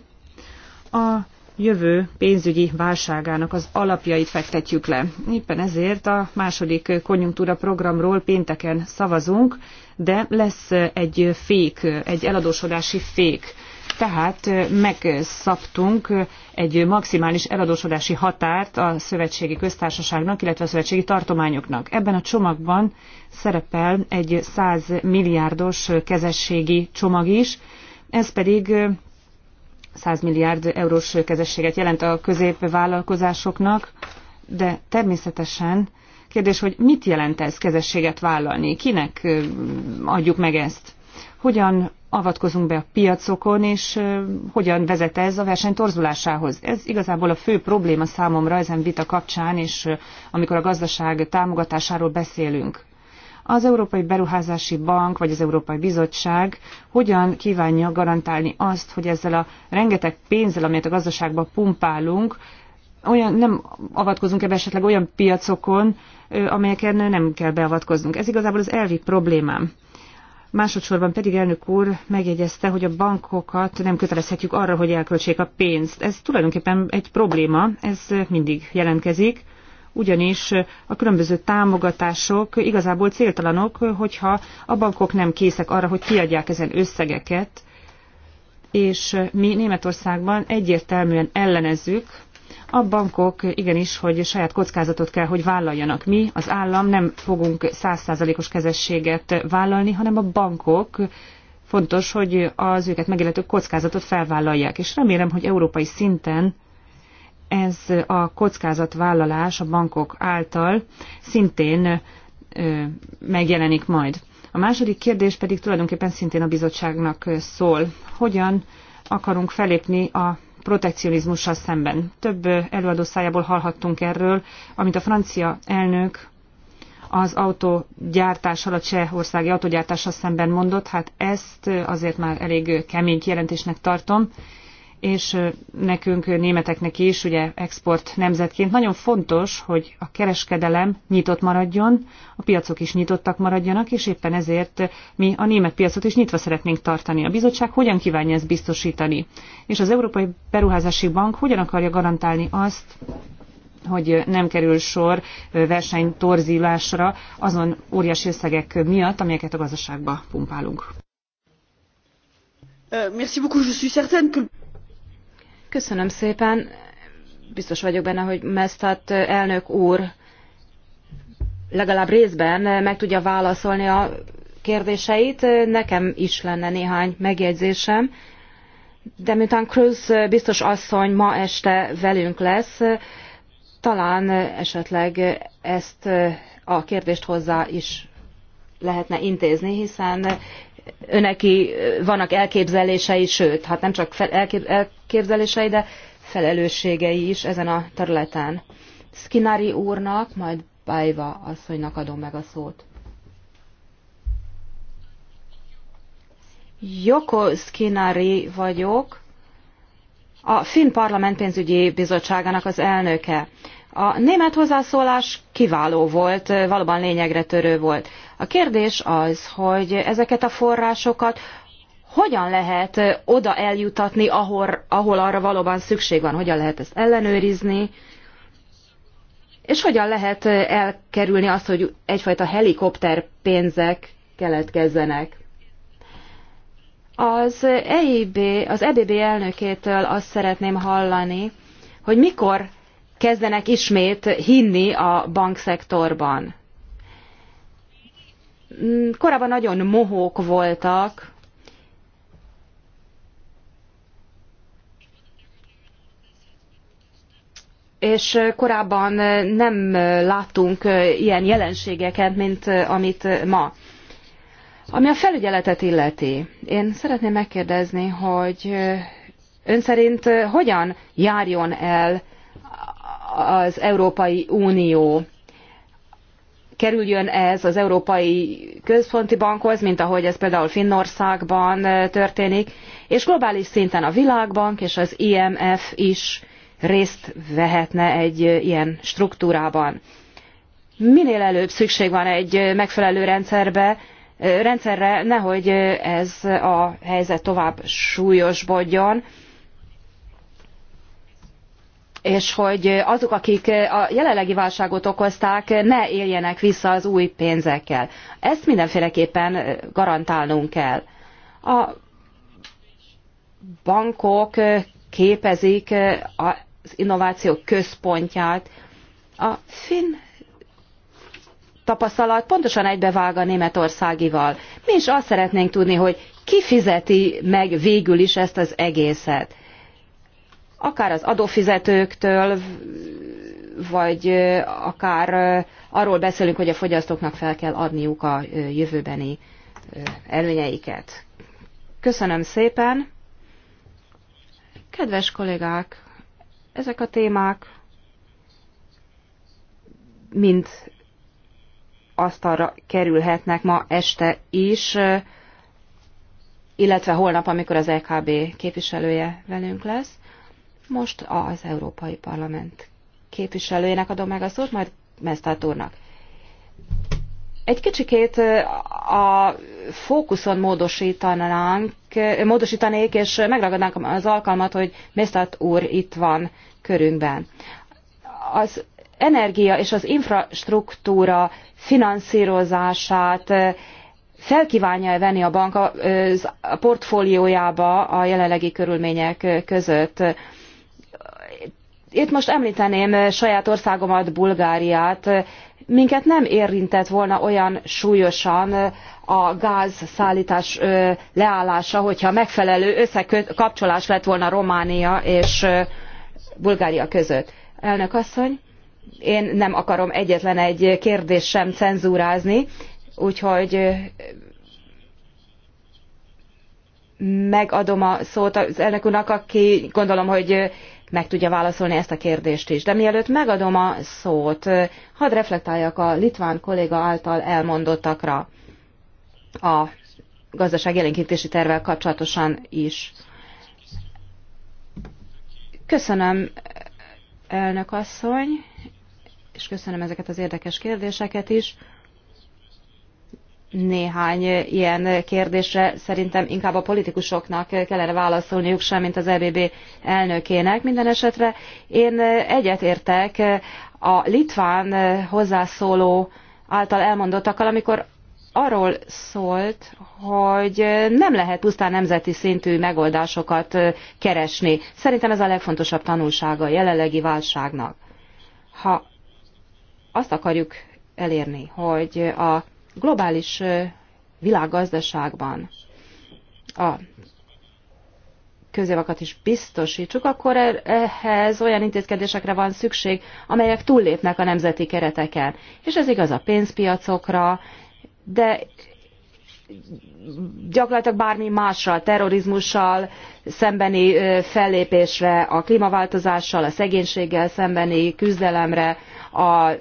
a jövő pénzügyi válságának az alapjait fektetjük le. Éppen ezért a második konjunktúra programról pénteken szavazunk, de lesz egy fék, egy eladósodási fék tehát megszabtunk egy maximális eladósodási határt a szövetségi köztársaságnak, illetve a szövetségi tartományoknak. Ebben a csomagban szerepel egy 100 milliárdos kezességi csomag is, ez pedig 100 milliárd eurós kezességet jelent a középvállalkozásoknak, de természetesen kérdés, hogy mit jelent ez kezességet vállalni, kinek adjuk meg ezt, hogyan avatkozunk be a piacokon, és hogyan vezet ez a verseny torzulásához. Ez igazából a fő probléma számomra ezen vita kapcsán, és amikor a gazdaság támogatásáról beszélünk. Az Európai Beruházási Bank vagy az Európai Bizottság hogyan kívánja garantálni azt, hogy ezzel a rengeteg pénzzel, amelyet a gazdaságba pumpálunk, olyan, nem avatkozunk ebbe esetleg olyan piacokon, amelyeken nem kell beavatkoznunk. Ez igazából az elvi problémám. Másodszorban pedig elnök úr megjegyezte, hogy a bankokat nem kötelezhetjük arra, hogy elköltsék a pénzt. Ez tulajdonképpen egy probléma, ez mindig jelentkezik, ugyanis a különböző támogatások igazából céltalanok, hogyha a bankok nem készek arra, hogy kiadják ezen összegeket, és mi Németországban egyértelműen ellenezzük a bankok igenis, hogy saját kockázatot kell, hogy vállaljanak. Mi, az állam nem fogunk százszázalékos kezességet vállalni, hanem a bankok fontos, hogy az őket megillető kockázatot felvállalják. És remélem, hogy európai szinten ez a kockázatvállalás a bankok által szintén megjelenik majd. A második kérdés pedig tulajdonképpen szintén a bizottságnak szól. Hogyan akarunk felépni a protekcionizmussal szemben. Több előadó szájából hallhattunk erről, amit a francia elnök az autógyártással, a csehországi autógyártással szemben mondott, hát ezt azért már elég kemény kijelentésnek tartom, és nekünk, németeknek is, ugye export nemzetként nagyon fontos, hogy a kereskedelem nyitott maradjon, a piacok is nyitottak maradjanak, és éppen ezért mi a német piacot is nyitva szeretnénk tartani. A bizottság hogyan kívánja ezt biztosítani? És az Európai Beruházási Bank hogyan akarja garantálni azt, hogy nem kerül sor versenytorzílásra azon óriási összegek miatt, amelyeket a gazdaságba pumpálunk. Euh, merci beaucoup. Je suis certaine que Köszönöm szépen. Biztos vagyok benne, hogy Mestat elnök úr legalább részben meg tudja válaszolni a kérdéseit. Nekem is lenne néhány megjegyzésem. De miután Cruz biztos asszony ma este velünk lesz, talán esetleg ezt a kérdést hozzá is lehetne intézni, hiszen öneki vannak elképzelései, sőt, hát nem csak elképzelései, de felelősségei is ezen a területen. Skinari úrnak, majd Bájva asszonynak adom meg a szót. Joko Skinari vagyok, a Finn Parlament pénzügyi bizottságának az elnöke. A német hozzászólás kiváló volt, valóban lényegre törő volt. A kérdés az, hogy ezeket a forrásokat hogyan lehet oda eljutatni, ahol, ahol arra valóban szükség van, hogyan lehet ezt ellenőrizni, és hogyan lehet elkerülni azt, hogy egyfajta helikopter pénzek keletkezzenek. Az EIB, az EBB elnökétől azt szeretném hallani, hogy mikor kezdenek ismét hinni a bankszektorban. Mm, korábban nagyon mohók voltak, és korábban nem láttunk ilyen jelenségeket, mint amit ma. Ami a felügyeletet illeti, én szeretném megkérdezni, hogy ön szerint hogyan járjon el az Európai Unió kerüljön ez az Európai Központi Bankhoz, mint ahogy ez például Finnországban történik, és globális szinten a Világbank és az IMF is részt vehetne egy ilyen struktúrában. Minél előbb szükség van egy megfelelő rendszerbe, rendszerre, nehogy ez a helyzet tovább súlyosbodjon, és hogy azok, akik a jelenlegi válságot okozták, ne éljenek vissza az új pénzekkel. Ezt mindenféleképpen garantálnunk kell. A bankok képezik az innováció központját. A finn tapasztalat pontosan egybevág a Németországival. Mi is azt szeretnénk tudni, hogy ki fizeti meg végül is ezt az egészet akár az adófizetőktől, vagy akár arról beszélünk, hogy a fogyasztóknak fel kell adniuk a jövőbeni előnyeiket. Köszönöm szépen! Kedves kollégák, ezek a témák mind asztalra kerülhetnek ma este is, illetve holnap, amikor az EKB képviselője velünk lesz. Most az Európai Parlament képviselőjének adom meg a szót, majd Mesztát úrnak. Egy kicsikét a fókuszon módosítanánk, módosítanék, és megragadnánk az alkalmat, hogy Mesztát úr itt van körünkben. Az energia és az infrastruktúra finanszírozását felkívánja venni a bank a portfóliójába a jelenlegi körülmények között. Itt most említeném eh, saját országomat, Bulgáriát. Minket nem érintett volna olyan súlyosan eh, a gázszállítás eh, leállása, hogyha megfelelő összekapcsolás lett volna Románia és Bulgária között. Elnök asszony, én nem akarom egyetlen egy kérdést sem cenzúrázni, úgyhogy megadom a szót az elnök úrnak, aki gondolom, hogy meg tudja válaszolni ezt a kérdést is. De mielőtt megadom a szót, hadd reflektáljak a litván kolléga által elmondottakra a gazdaságélénkítési tervvel kapcsolatosan is. Köszönöm, elnök asszony, és köszönöm ezeket az érdekes kérdéseket is néhány ilyen kérdésre szerintem inkább a politikusoknak kellene válaszolniuk sem, mint az EBB elnökének. Minden esetre én egyetértek a litván hozzászóló által elmondottakkal, amikor arról szólt, hogy nem lehet pusztán nemzeti szintű megoldásokat keresni. Szerintem ez a legfontosabb tanulsága a jelenlegi válságnak. Ha azt akarjuk elérni, hogy a globális világgazdaságban a közjavakat is biztosítsuk, akkor er-, ehhez olyan intézkedésekre van szükség, amelyek túllépnek a nemzeti kereteken. És ez igaz a pénzpiacokra, de gyakorlatilag bármi másra, terrorizmussal szembeni fellépésre, a klímaváltozással, a szegénységgel szembeni küzdelemre, a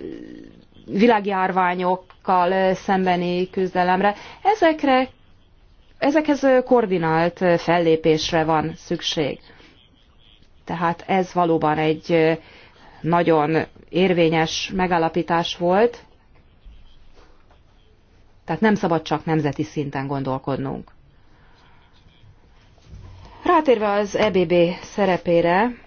világjárványok kal szembeni küzdelemre. Ezekre, ezekhez koordinált fellépésre van szükség. Tehát ez valóban egy nagyon érvényes megállapítás volt. Tehát nem szabad csak nemzeti szinten gondolkodnunk. Rátérve az EBB szerepére,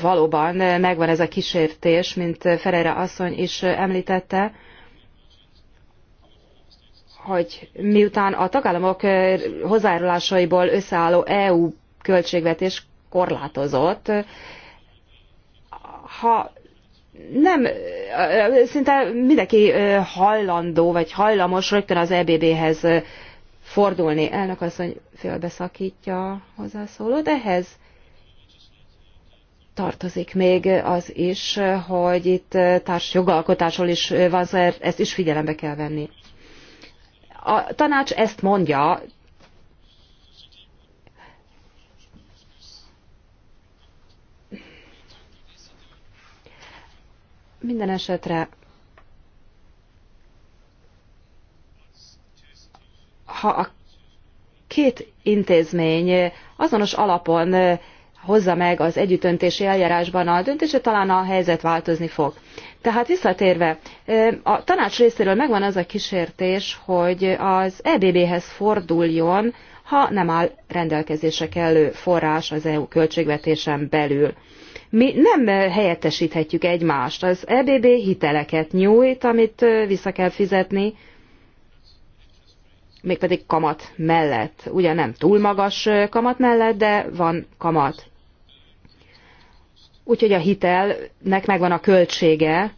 valóban megvan ez a kísértés, mint Ferreira asszony is említette, hogy miután a tagállamok hozzájárulásaiból összeálló EU költségvetés korlátozott, ha nem, szinte mindenki hajlandó, vagy hajlamos rögtön az EBB-hez fordulni. Elnök asszony félbeszakítja hozzászólót, ehhez tartozik még az is, hogy itt társ jogalkotásról is van szó, er- ezt is figyelembe kell venni. A tanács ezt mondja, minden esetre ha a két intézmény azonos alapon hozza meg az együttöntési eljárásban a döntése talán a helyzet változni fog. Tehát visszatérve, a tanács részéről megvan az a kísértés, hogy az EBB-hez forduljon, ha nem áll rendelkezése kellő forrás az EU költségvetésen belül. Mi nem helyettesíthetjük egymást. Az EBB hiteleket nyújt, amit vissza kell fizetni, mégpedig kamat mellett. Ugye nem túl magas kamat mellett, de van kamat úgyhogy a hitelnek megvan a költsége.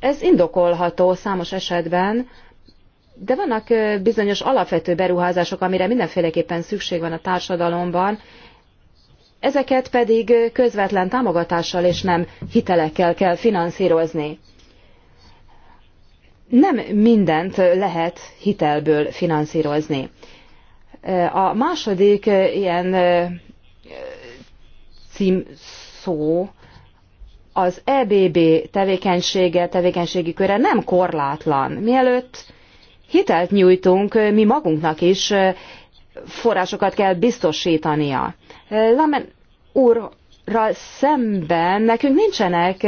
Ez indokolható számos esetben, de vannak bizonyos alapvető beruházások, amire mindenféleképpen szükség van a társadalomban, ezeket pedig közvetlen támogatással és nem hitelekkel kell finanszírozni. Nem mindent lehet hitelből finanszírozni. A második ilyen cím szó az EBB tevékenysége, tevékenységi köre nem korlátlan. Mielőtt hitelt nyújtunk, mi magunknak is forrásokat kell biztosítania. Lamen úrral szemben nekünk nincsenek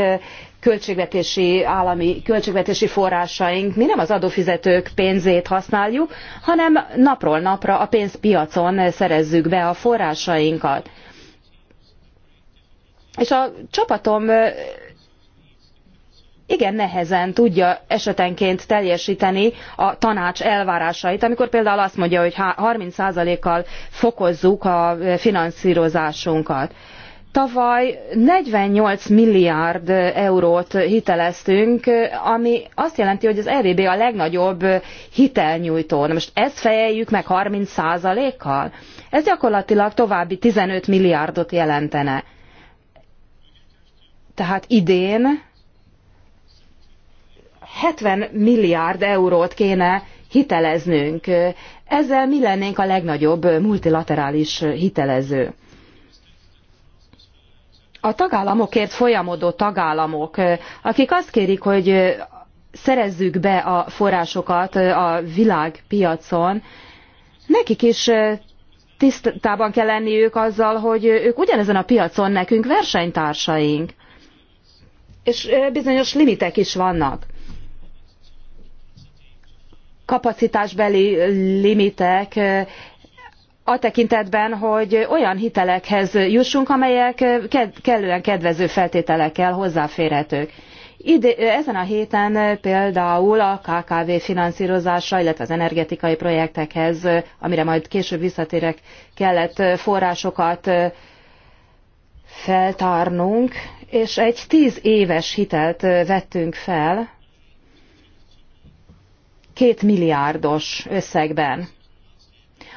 költségvetési, állami költségvetési forrásaink, mi nem az adófizetők pénzét használjuk, hanem napról napra a pénzpiacon szerezzük be a forrásainkat. És a csapatom igen nehezen tudja esetenként teljesíteni a tanács elvárásait, amikor például azt mondja, hogy 30%-kal fokozzuk a finanszírozásunkat. Tavaly 48 milliárd eurót hiteleztünk, ami azt jelenti, hogy az EBB a legnagyobb hitelnyújtó. Na most ezt fejeljük meg 30%-kal? Ez gyakorlatilag további 15 milliárdot jelentene. Tehát idén 70 milliárd eurót kéne hiteleznünk. Ezzel mi lennénk a legnagyobb multilaterális hitelező? A tagállamokért folyamodó tagállamok, akik azt kérik, hogy szerezzük be a forrásokat a világpiacon, nekik is tisztában kell lenniük azzal, hogy ők ugyanezen a piacon nekünk versenytársaink és bizonyos limitek is vannak. Kapacitásbeli limitek a tekintetben, hogy olyan hitelekhez jussunk, amelyek kellően kedvező feltételekkel hozzáférhetők. Ide, ezen a héten például a KKV finanszírozása, illetve az energetikai projektekhez, amire majd később visszatérek, kellett forrásokat feltárnunk, és egy tíz éves hitelt vettünk fel, két milliárdos összegben.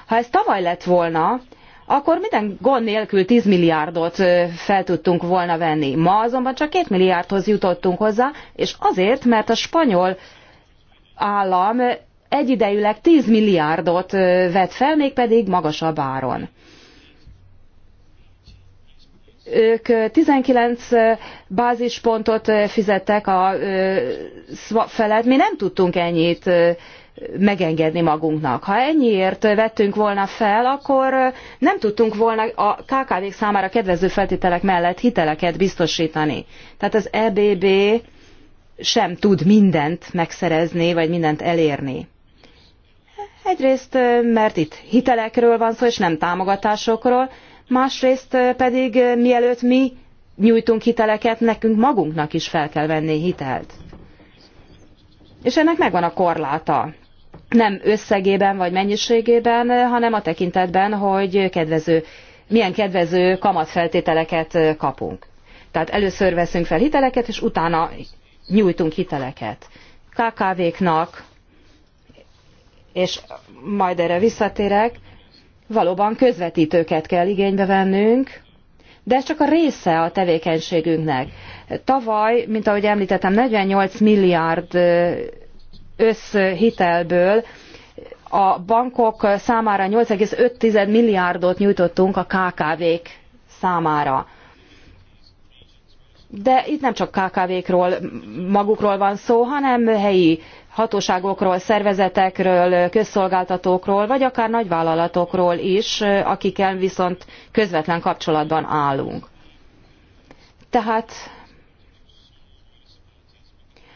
Ha ez tavaly lett volna, akkor minden gond nélkül 10 milliárdot fel tudtunk volna venni. Ma azonban csak 2 milliárdhoz jutottunk hozzá, és azért, mert a spanyol állam egyidejűleg 10 milliárdot vett fel, mégpedig magasabb áron ők 19 bázispontot fizettek a swap felett, mi nem tudtunk ennyit megengedni magunknak. Ha ennyiért vettünk volna fel, akkor nem tudtunk volna a KKV-k számára kedvező feltételek mellett hiteleket biztosítani. Tehát az EBB sem tud mindent megszerezni, vagy mindent elérni. Egyrészt, mert itt hitelekről van szó, és nem támogatásokról, másrészt pedig mielőtt mi nyújtunk hiteleket, nekünk magunknak is fel kell venni hitelt. És ennek megvan a korláta. Nem összegében vagy mennyiségében, hanem a tekintetben, hogy kedvező, milyen kedvező kamatfeltételeket kapunk. Tehát először veszünk fel hiteleket, és utána nyújtunk hiteleket. KKV-knak, és majd erre visszatérek, valóban közvetítőket kell igénybe vennünk, de ez csak a része a tevékenységünknek. Tavaly, mint ahogy említettem, 48 milliárd összhitelből a bankok számára 8,5 milliárdot nyújtottunk a KKV-k számára. De itt nem csak KKV-król magukról van szó, hanem helyi hatóságokról, szervezetekről, közszolgáltatókról, vagy akár nagyvállalatokról is, akikkel viszont közvetlen kapcsolatban állunk. Tehát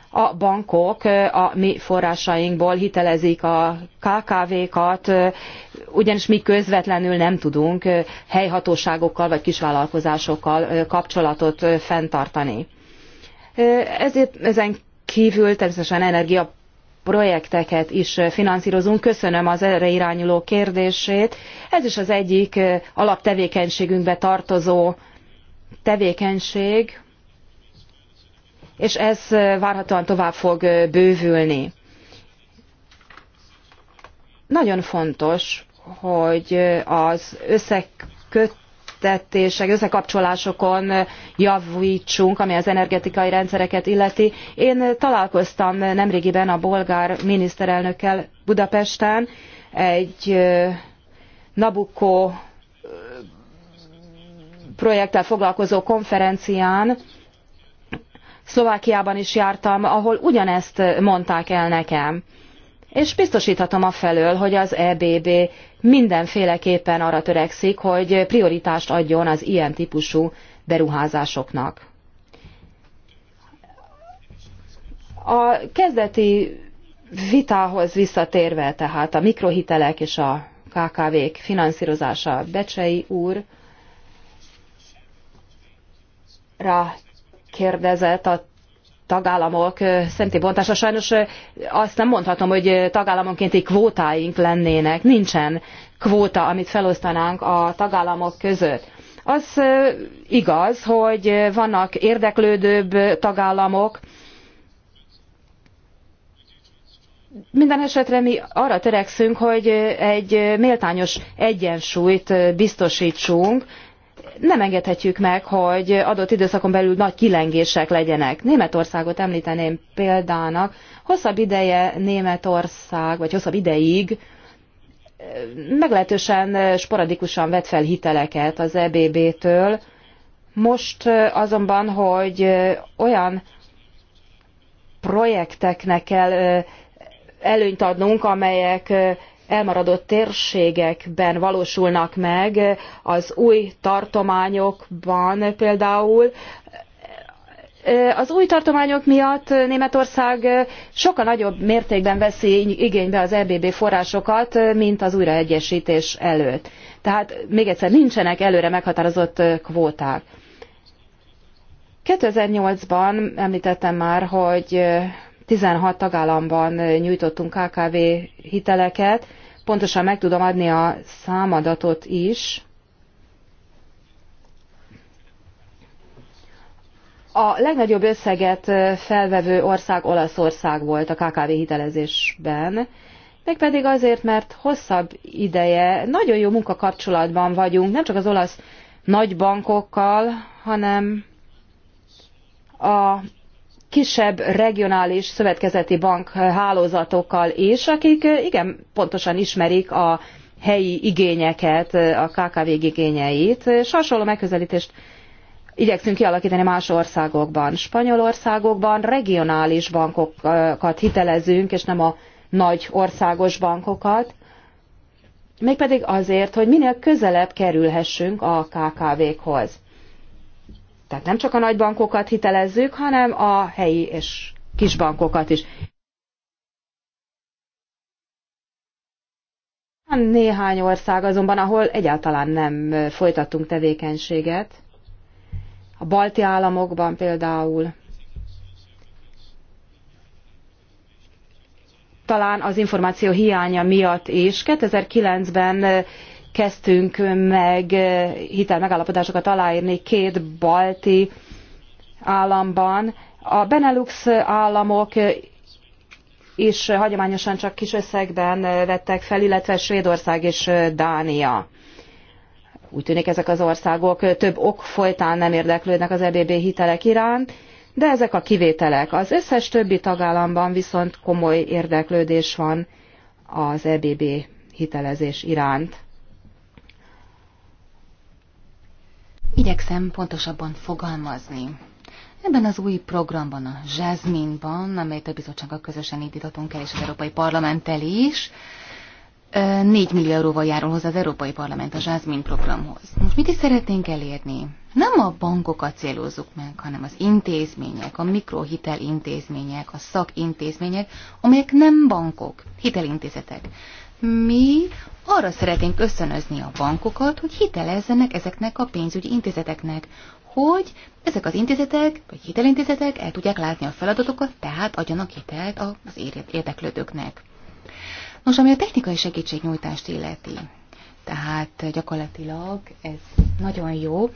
a bankok a mi forrásainkból hitelezik a KKV-kat, ugyanis mi közvetlenül nem tudunk helyhatóságokkal vagy kisvállalkozásokkal kapcsolatot fenntartani. Ezért ezen kívül természetesen energia projekteket is finanszírozunk. Köszönöm az erre irányuló kérdését. Ez is az egyik alaptevékenységünkbe tartozó tevékenység, és ez várhatóan tovább fog bővülni. Nagyon fontos, hogy az összeköt és összekapcsolásokon javtsunk ami az energetikai rendszereket illeti. Én találkoztam nemrégiben a bolgár miniszterelnökkel Budapesten egy Nabucco projekttel foglalkozó konferencián, Szlovákiában is jártam, ahol ugyanezt mondták el nekem és biztosíthatom afelől, hogy az EBB mindenféleképpen arra törekszik, hogy prioritást adjon az ilyen típusú beruházásoknak. A kezdeti vitához visszatérve, tehát a mikrohitelek és a KKV-k finanszírozása Becsei úr rá kérdezett a tagállamok szenti bontása. Sajnos azt nem mondhatom, hogy tagállamonkénti kvótáink lennének. Nincsen kvóta, amit felosztanánk a tagállamok között. Az igaz, hogy vannak érdeklődőbb tagállamok, minden esetre mi arra törekszünk, hogy egy méltányos egyensúlyt biztosítsunk, nem engedhetjük meg, hogy adott időszakon belül nagy kilengések legyenek. Németországot említeném példának. Hosszabb ideje Németország, vagy hosszabb ideig meglehetősen sporadikusan vett fel hiteleket az EBB-től. Most azonban, hogy olyan projekteknek kell előnyt adnunk, amelyek elmaradott térségekben valósulnak meg, az új tartományokban például. Az új tartományok miatt Németország sokkal nagyobb mértékben veszi igénybe az EBB forrásokat, mint az újraegyesítés előtt. Tehát még egyszer nincsenek előre meghatározott kvóták. 2008-ban említettem már, hogy 16 tagállamban nyújtottunk KKV hiteleket, pontosan meg tudom adni a számadatot is. A legnagyobb összeget felvevő ország Olaszország volt a KKV hitelezésben, pedig azért, mert hosszabb ideje, nagyon jó munkakapcsolatban vagyunk, nem csak az olasz nagybankokkal, hanem a kisebb regionális szövetkezeti bank hálózatokkal is, akik eh, igen pontosan ismerik a helyi igényeket, eh, a KKV igényeit, és hasonló megközelítést igyekszünk kialakítani más országokban. Spanyolországokban regionális bankokat hitelezünk, és nem a nagy országos bankokat, mégpedig azért, hogy minél közelebb kerülhessünk a KKV-khoz. Tehát nem csak a nagybankokat hitelezzük, hanem a helyi és kisbankokat is. Van néhány ország azonban, ahol egyáltalán nem folytattunk tevékenységet. A balti államokban például. Talán az információ hiánya miatt is. 2009-ben kezdtünk meg hitelmegállapodásokat aláírni két balti államban. A Benelux államok is hagyományosan csak kis összegben vettek fel, illetve Svédország és Dánia. Úgy tűnik ezek az országok több ok folytán nem érdeklődnek az EBB hitelek iránt, de ezek a kivételek. Az összes többi tagállamban viszont komoly érdeklődés van az EBB hitelezés iránt. Igyekszem pontosabban fogalmazni. Ebben az új programban, a Zsázminban, amelyet a bizottsággal közösen indítottunk el, és az Európai Parlamenttel is, 4 millió euróval járul hozzá az Európai Parlament a Zsázmin programhoz. Most mit is szeretnénk elérni? Nem a bankokat célozzuk meg, hanem az intézmények, a mikrohitel intézmények, a szakintézmények, amelyek nem bankok, hitelintézetek mi arra szeretnénk összönözni a bankokat, hogy hitelezzenek ezeknek a pénzügyi intézeteknek, hogy ezek az intézetek, vagy hitelintézetek el tudják látni a feladatokat, tehát adjanak hitelt az érdeklődőknek. Nos, ami a technikai segítségnyújtást illeti, tehát gyakorlatilag ez nagyon jó,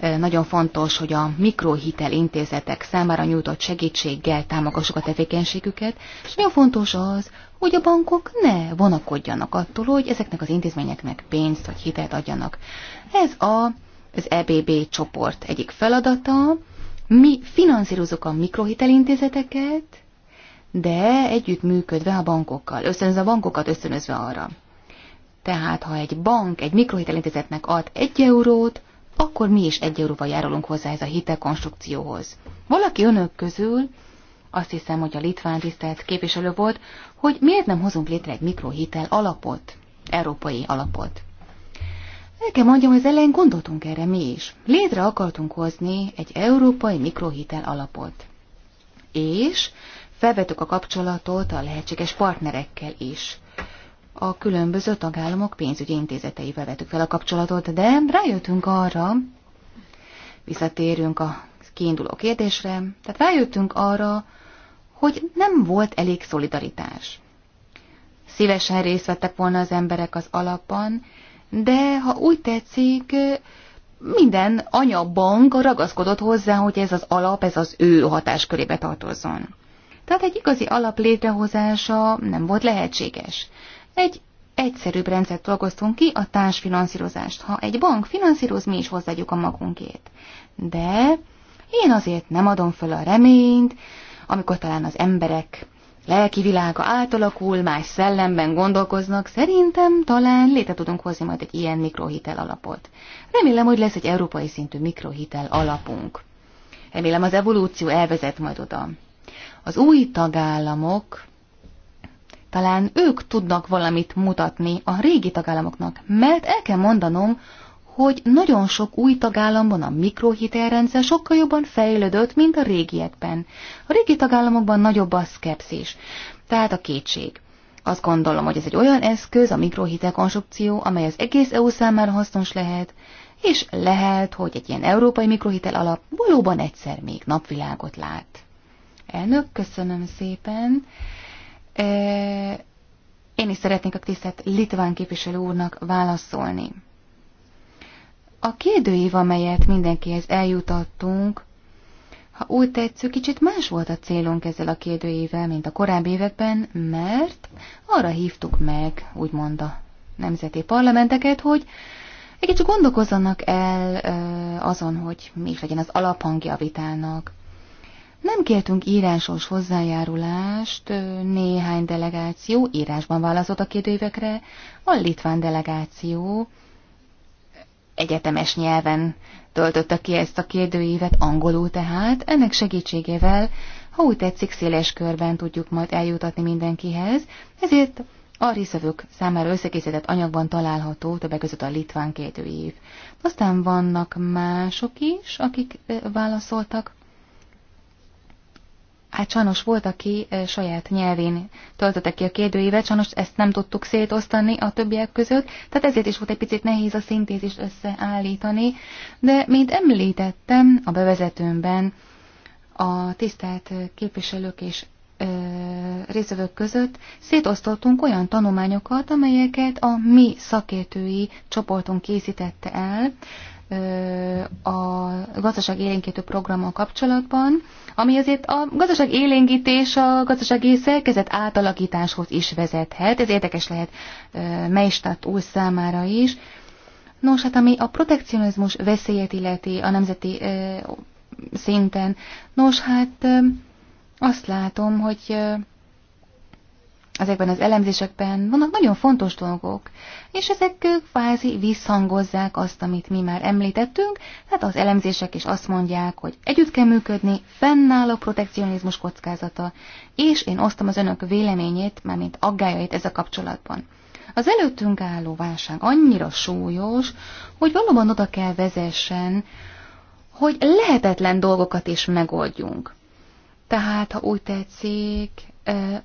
nagyon fontos, hogy a mikrohitel intézetek számára nyújtott segítséggel támogassuk a tevékenységüket, és nagyon fontos az, hogy a bankok ne vonakodjanak attól, hogy ezeknek az intézményeknek pénzt vagy hitelt adjanak. Ez a, az EBB csoport egyik feladata. Mi finanszírozunk a mikrohitelintézeteket, de együttműködve a bankokkal, összönözve a bankokat, összönözve arra. Tehát, ha egy bank egy mikrohitelintézetnek ad egy eurót, akkor mi is egy euróval járulunk hozzá ez a hitelkonstrukcióhoz. Valaki önök közül azt hiszem, hogy a litván tisztelt képviselő volt, hogy miért nem hozunk létre egy mikrohitel alapot, európai alapot. El kell mondjam, hogy az elején gondoltunk erre mi is. Létre akartunk hozni egy európai mikrohitel alapot. És felvettük a kapcsolatot a lehetséges partnerekkel is. A különböző tagállamok pénzügyi intézeteivel vettük fel a kapcsolatot, de rájöttünk arra, visszatérünk a kiinduló kérdésre, tehát rájöttünk arra, hogy nem volt elég szolidaritás. Szívesen részt vettek volna az emberek az alapban, de ha úgy tetszik, minden anyabank ragaszkodott hozzá, hogy ez az alap, ez az ő hatáskörébe tartozzon. Tehát egy igazi alap létrehozása nem volt lehetséges. Egy egyszerűbb rendszert dolgoztunk ki, a társfinanszírozást. Ha egy bank finanszíroz, mi is hozzáadjuk a magunkét. De én azért nem adom föl a reményt, amikor talán az emberek lelki világa átalakul, más szellemben gondolkoznak, szerintem talán létre tudunk hozni majd egy ilyen mikrohitel alapot. Remélem, hogy lesz egy európai szintű mikrohitel alapunk. Remélem az evolúció elvezet majd oda. Az új tagállamok talán ők tudnak valamit mutatni a régi tagállamoknak, mert el kell mondanom, hogy nagyon sok új tagállamban a mikrohitelrendszer sokkal jobban fejlődött, mint a régiekben. A régi tagállamokban nagyobb a szkepszis, tehát a kétség. Azt gondolom, hogy ez egy olyan eszköz, a mikrohitel konstrukció, amely az egész EU számára hasznos lehet, és lehet, hogy egy ilyen európai mikrohitel alap valóban egyszer még napvilágot lát. Elnök, köszönöm szépen. Én is szeretnék a tisztelt Litván képviselő úrnak válaszolni. A kérdőív, amelyet mindenkihez eljutottunk, ha úgy tetszük, kicsit más volt a célunk ezzel a kérdőjével, mint a korábbi években, mert arra hívtuk meg, úgymond a nemzeti parlamenteket, hogy egy kicsit gondolkozzanak el azon, hogy mi is legyen az alaphangja a vitának. Nem kértünk írásos hozzájárulást, néhány delegáció írásban válaszolt a kérdőívekre, a litván delegáció egyetemes nyelven töltötte ki ezt a kérdőívet, angolul tehát, ennek segítségével, ha úgy tetszik, széles körben tudjuk majd eljutatni mindenkihez, ezért a részvevők számára összekészített anyagban található többek között a litván kérdőív. Aztán vannak mások is, akik válaszoltak Hát Csanos volt, aki saját nyelvén töltötte ki a kérdőívet, Csanos ezt nem tudtuk szétosztani a többiek között, tehát ezért is volt egy picit nehéz a szintézist összeállítani, de mint említettem a bevezetőmben, a tisztelt képviselők és ö, között szétosztottunk olyan tanulmányokat, amelyeket a mi szakértői csoportunk készítette el, a gazdaság élénkítő programmal kapcsolatban, ami azért a gazdaság élénkítés a gazdasági szerkezet átalakításhoz is vezethet. Ez érdekes lehet Meistat új számára is. Nos, hát ami a protekcionizmus veszélyet illeti a nemzeti szinten, nos, hát azt látom, hogy ezekben az elemzésekben vannak nagyon fontos dolgok, és ezek kvázi visszhangozzák azt, amit mi már említettünk, tehát az elemzések is azt mondják, hogy együtt kell működni, fennáll a protekcionizmus kockázata, és én osztom az önök véleményét, mármint aggájait ez a kapcsolatban. Az előttünk álló válság annyira súlyos, hogy valóban oda kell vezessen, hogy lehetetlen dolgokat is megoldjunk. Tehát, ha úgy tetszik,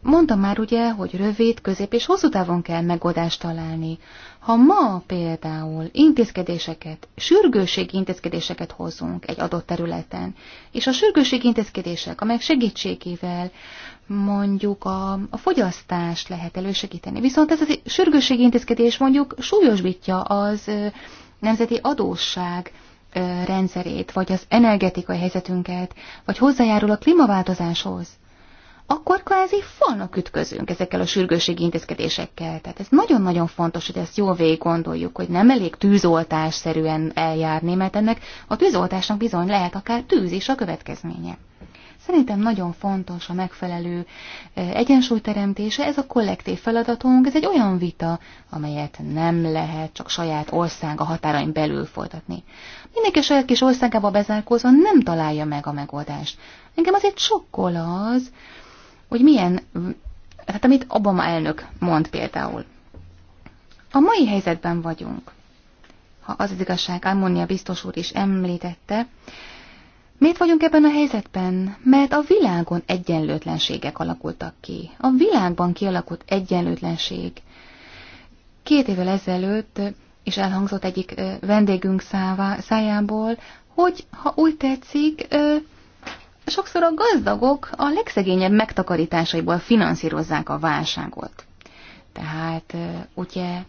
Mondtam már ugye, hogy rövid, közép és hosszú távon kell megoldást találni. Ha ma például intézkedéseket, sürgőségi intézkedéseket hozunk egy adott területen, és a sürgőségi intézkedések, amelyek segítségével mondjuk a, a fogyasztást lehet elősegíteni, viszont ez a sürgőségi intézkedés mondjuk súlyosbítja az nemzeti adósság rendszerét, vagy az energetikai helyzetünket, vagy hozzájárul a klímaváltozáshoz akkor kvázi falnak ütközünk ezekkel a sürgőségi intézkedésekkel. Tehát ez nagyon-nagyon fontos, hogy ezt jól végig gondoljuk, hogy nem elég tűzoltásszerűen eljárni, mert ennek a tűzoltásnak bizony lehet akár tűz is a következménye. Szerintem nagyon fontos a megfelelő eh, egyensúlyteremtése, ez a kollektív feladatunk, ez egy olyan vita, amelyet nem lehet csak saját ország a határain belül folytatni. Mindenki a saját kis országába bezárkózva nem találja meg a megoldást. Engem azért sokkol az, hogy milyen, tehát amit Obama elnök mond például. A mai helyzetben vagyunk. Ha az az igazság, Ammonia biztos úr is említette, Miért vagyunk ebben a helyzetben? Mert a világon egyenlőtlenségek alakultak ki. A világban kialakult egyenlőtlenség. Két évvel ezelőtt, és elhangzott egyik vendégünk szává, szájából, hogy ha úgy tetszik, sokszor a gazdagok a legszegényebb megtakarításaiból finanszírozzák a válságot. Tehát ugye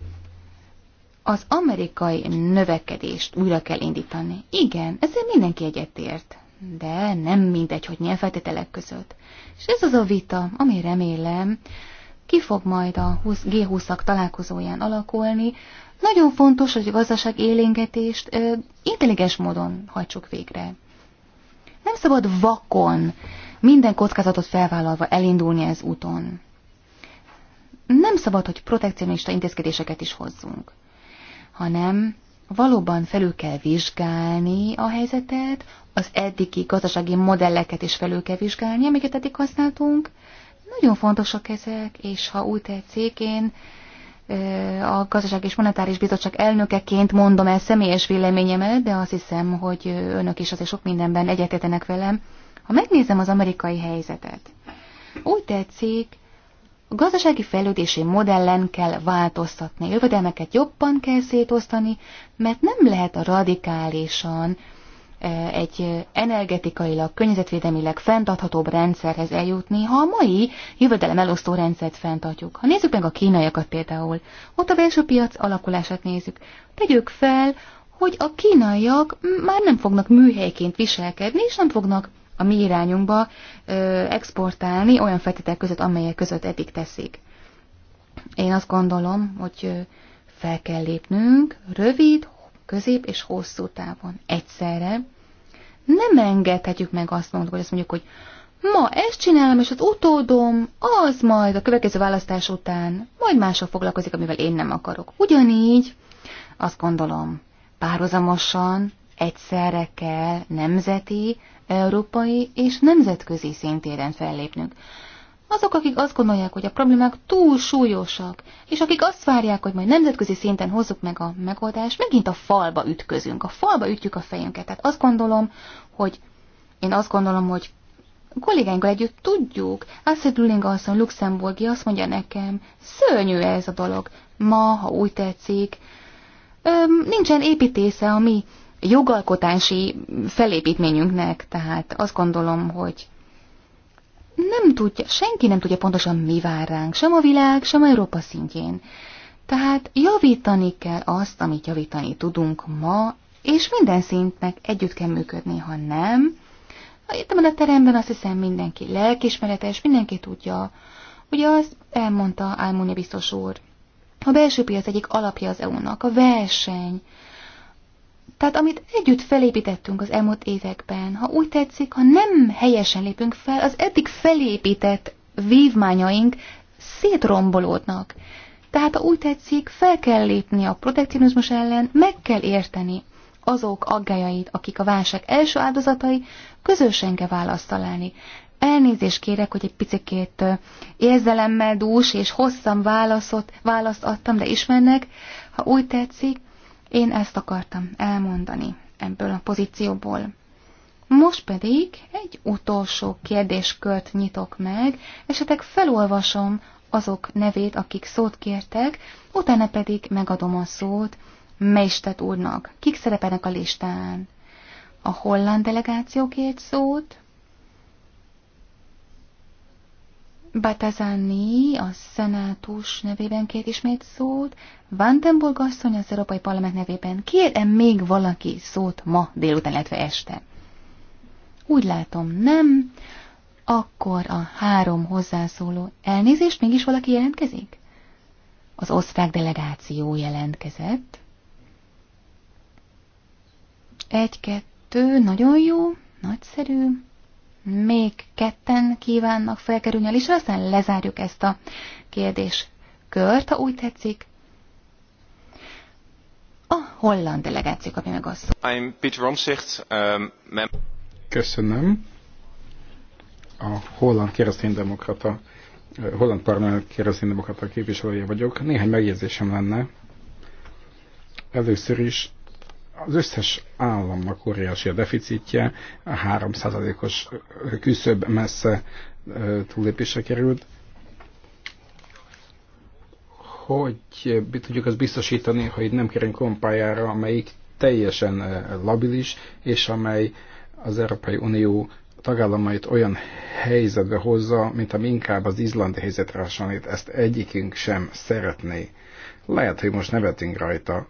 az amerikai növekedést újra kell indítani. Igen, ezzel mindenki egyetért, de nem mindegy, hogy milyen feltételek között. És ez az a vita, ami remélem, ki fog majd a G20-ak találkozóján alakulni. Nagyon fontos, hogy a gazdaság élénketést intelligens módon hajtsuk végre nem szabad vakon, minden kockázatot felvállalva elindulni ez úton. Nem szabad, hogy protekcionista intézkedéseket is hozzunk, hanem valóban felül kell vizsgálni a helyzetet, az eddigi gazdasági modelleket is felül kell vizsgálni, amiket eddig használtunk. Nagyon fontosak ezek, és ha úgy tetszik, én a Gazdaság és Monetáris Bizottság elnökeként mondom el személyes véleményemet, de azt hiszem, hogy önök is azért sok mindenben egyetetenek velem. Ha megnézem az amerikai helyzetet, úgy tetszik, a gazdasági fejlődési modellen kell változtatni, jövedelmeket jobban kell szétosztani, mert nem lehet a radikálisan egy energetikailag, környezetvédelmileg fenntarthatóbb rendszerhez eljutni, ha a mai jövedelem elosztó rendszert fenntartjuk. Ha nézzük meg a kínaiakat például, ott a belső piac alakulását nézzük. Tegyük fel, hogy a kínaiak már nem fognak műhelyként viselkedni, és nem fognak a mi irányunkba ö, exportálni olyan feltételek között, amelyek között eddig teszik. Én azt gondolom, hogy fel kell lépnünk rövid, közép és hosszú távon egyszerre, nem engedhetjük meg azt mondani, hogy azt mondjuk, hogy ma ezt csinálom, és az utódom, az majd a következő választás után, majd mások foglalkozik, amivel én nem akarok. Ugyanígy, azt gondolom, párhuzamosan egyszerre kell nemzeti, európai és nemzetközi szintéren fellépnünk. Azok, akik azt gondolják, hogy a problémák túl súlyosak, és akik azt várják, hogy majd nemzetközi szinten hozzuk meg a megoldást, megint a falba ütközünk, a falba ütjük a fejünket. Tehát azt gondolom, hogy én azt gondolom, hogy kollégáinkkal együtt tudjuk. Astrid Luling asszony luxemburgi azt mondja nekem, szörnyű ez a dolog. Ma, ha úgy tetszik, öm, nincsen építésze a mi jogalkotási felépítményünknek, tehát azt gondolom, hogy nem tudja, senki nem tudja pontosan mi vár ránk, sem a világ, sem a Európa szintjén. Tehát javítani kell azt, amit javítani tudunk ma, és minden szintnek együtt kell működni, ha nem. Itt a teremben azt hiszem mindenki lelkismeretes, mindenki tudja. Ugye azt elmondta Álmúnya biztos úr. A belső piac egyik alapja az EU-nak, a verseny, tehát amit együtt felépítettünk az elmúlt években, ha úgy tetszik, ha nem helyesen lépünk fel, az eddig felépített vívmányaink szétrombolódnak. Tehát, ha úgy tetszik, fel kell lépni a protekcionizmus ellen, meg kell érteni azok aggájait, akik a válság első áldozatai, közösen kell választ találni. Elnézést kérek, hogy egy picit érzelemmel dús és hosszan válaszot, választ adtam, de ismernek, ha úgy tetszik, én ezt akartam elmondani ebből a pozícióból. Most pedig egy utolsó kérdéskört nyitok meg, esetleg felolvasom azok nevét, akik szót kértek, utána pedig megadom a szót Meistet úrnak. Kik szerepelnek a listán? A holland delegáció kért szót, Batazani a szenátus nevében két ismét szót, Vandenburg asszony az Európai Parlament nevében. Kér-e még valaki szót ma délután, illetve este? Úgy látom, nem. Akkor a három hozzászóló elnézést mégis valaki jelentkezik? Az osztrák delegáció jelentkezett. Egy, kettő, nagyon jó, nagyszerű még ketten kívánnak felkerülni a listára, aztán lezárjuk ezt a kérdéskört, ha úgy tetszik. A holland delegáció kapja meg a szót. I'm Peter Romszicht, um, Köszönöm. A holland kereszténydemokrata, eh, holland parlament kereszténydemokrata képviselője vagyok. Néhány megjegyzésem lenne. Először is az összes államnak óriási a deficitje, a 3%-os küszöb messze túllépése került. Hogy tudjuk azt biztosítani, hogy nem kerünk olyan amelyik teljesen labilis, és amely az Európai Unió tagállamait olyan helyzetbe hozza, mint ami inkább az izlandi helyzetre hasonlít. Ezt egyikünk sem szeretné. Lehet, hogy most nevetünk rajta,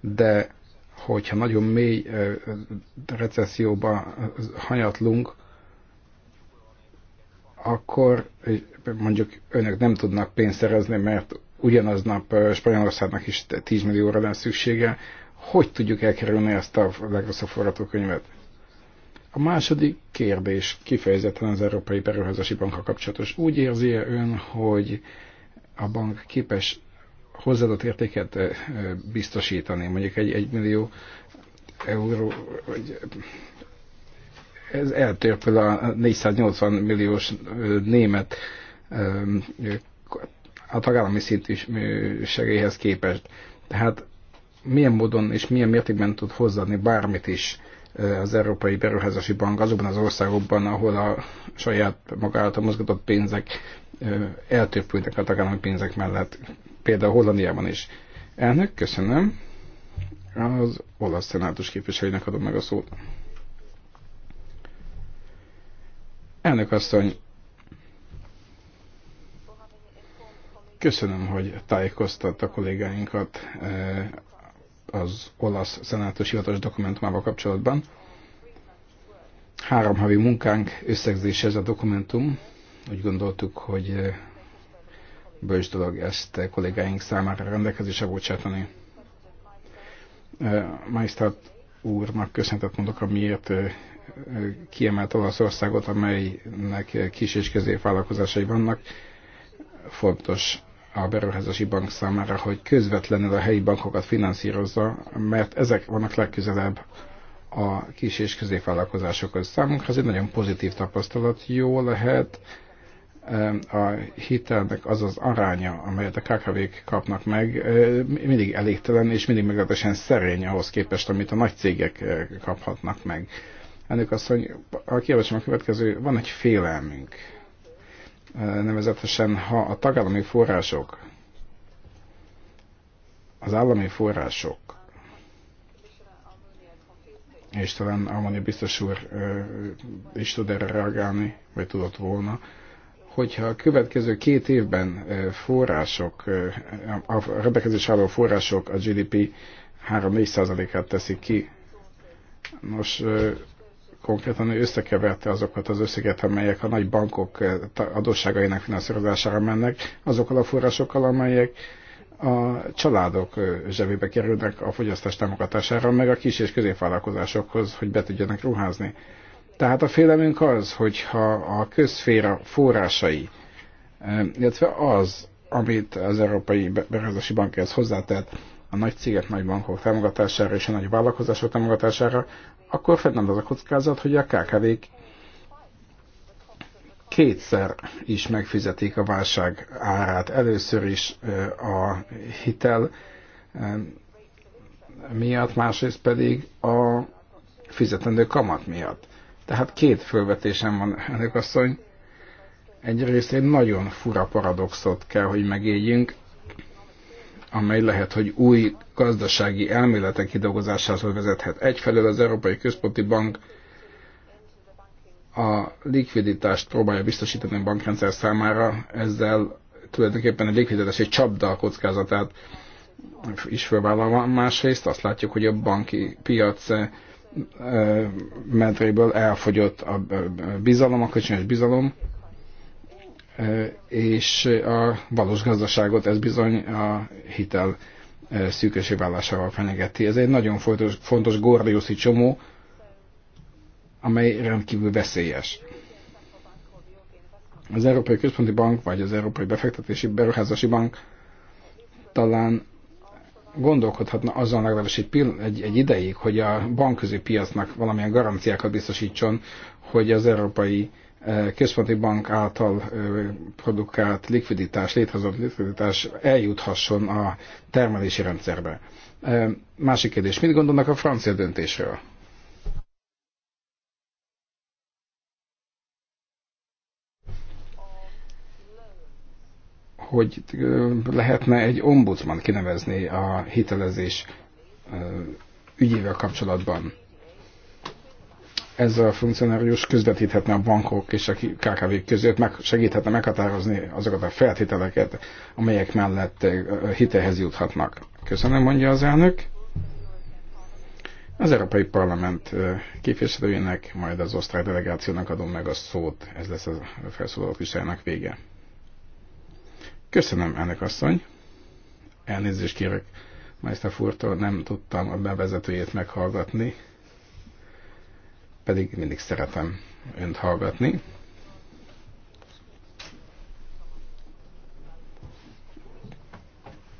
de hogyha nagyon mély recesszióba hanyatlunk, akkor mondjuk önök nem tudnak pénzt szerezni, mert ugyanaznap Spanyolországnak is 10 millióra lesz szüksége. Hogy tudjuk elkerülni ezt a legrosszabb forgatókönyvet? A második kérdés kifejezetten az Európai Beruházási Bankkal kapcsolatos. Úgy érzi -e ön, hogy a bank képes hozzáadott értéket biztosítani, mondjuk egy egy millió euró, vagy ez eltörpül a 480 milliós német a tagállami szintű segélyhez képest. Tehát milyen módon és milyen mértékben tud hozzáadni bármit is az Európai Beruházási Bank azokban az országokban, ahol a saját magától mozgatott pénzek eltörpülnek a tagállami pénzek mellett például Hollandiában is. Elnök, köszönöm. Az olasz szenátus képviselőnek adom meg a szót. Elnök asszony, köszönöm, hogy tájékoztatta kollégáinkat eh, az olasz szenátus hivatalos dokumentumával kapcsolatban. Három havi munkánk összegzése ez a dokumentum. Úgy gondoltuk, hogy eh, bölcs dolog ezt kollégáink számára rendelkezésre bocsátani. Majsztát úrnak köszöntet mondok, amiért kiemelt Olaszországot, amelynek kis és vállalkozásai vannak. Fontos a beruházási bank számára, hogy közvetlenül a helyi bankokat finanszírozza, mert ezek vannak legközelebb a kis és középvállalkozásokhoz. Számunkra ez egy nagyon pozitív tapasztalat, jó lehet, a hitelnek az az aránya, amelyet a kkv kapnak meg, mindig elégtelen és mindig meglehetősen szerény ahhoz képest, amit a nagy cégek kaphatnak meg. Ennek azt, hogy a kérdésem a következő, van egy félelmünk. Nevezetesen, ha a tagállami források, az állami források, és talán Almani biztos úr is tud erre reagálni, vagy tudott volna, hogyha a következő két évben források, a rendelkezés álló források a GDP 3-4%-át teszik ki, nos, konkrétan ő összekeverte azokat az összeget, amelyek a nagy bankok adósságainak finanszírozására mennek, azokkal a forrásokkal, amelyek a családok zsebébe kerülnek a fogyasztás támogatására, meg a kis és középvállalkozásokhoz, hogy be tudjanak ruházni. Tehát a félelmünk az, hogyha a közféra forrásai, eh, illetve az, amit az Európai Beruházási Bank ezt hozzátett a nagy cégek, nagy bankok támogatására és a nagy vállalkozások támogatására, akkor fennáll az a kockázat, hogy a kkv kétszer is megfizetik a válság árát. Először is eh, a hitel eh, miatt, másrészt pedig a fizetendő kamat miatt. Tehát két fölvetésem van, elnök asszony. Egyrészt egy nagyon fura paradoxot kell, hogy megéljünk, amely lehet, hogy új gazdasági elméletek kidolgozásához vezethet. Egyfelől az Európai Központi Bank a likviditást próbálja biztosítani a bankrendszer számára, ezzel tulajdonképpen a likviditás egy csapda kockázatát is fölvállalva. Másrészt azt látjuk, hogy a banki piac medréből elfogyott a bizalom, a köcsönös bizalom, és a valós gazdaságot ez bizony a hitel szűkösé válásával fenyegeti. Ez egy nagyon fontos, fontos gordiuszi csomó, amely rendkívül veszélyes. Az Európai Központi Bank, vagy az Európai Befektetési Beruházási Bank talán gondolkodhatna azon legalábbis egy, pill- egy, egy ideig, hogy a bankközi piacnak valamilyen garanciákat biztosítson, hogy az Európai eh, Központi Bank által eh, produkált likviditás, létrehozott likviditás eljuthasson a termelési rendszerbe. Eh, másik kérdés, mit gondolnak a francia döntésről? hogy lehetne egy ombudsman kinevezni a hitelezés ügyével kapcsolatban. Ez a funkcionárius közvetíthetne a bankok és a kkv között, meg segíthetne meghatározni azokat a feltételeket, amelyek mellett hitelhez juthatnak. Köszönöm, mondja az elnök. Az Európai Parlament képviselőjének, majd az osztrák delegációnak adom meg a szót. Ez lesz a felszólaló listájának vége. Köszönöm, ennek asszony. Elnézést kérek, Meister Furtól nem tudtam a bevezetőjét meghallgatni, pedig mindig szeretem önt hallgatni.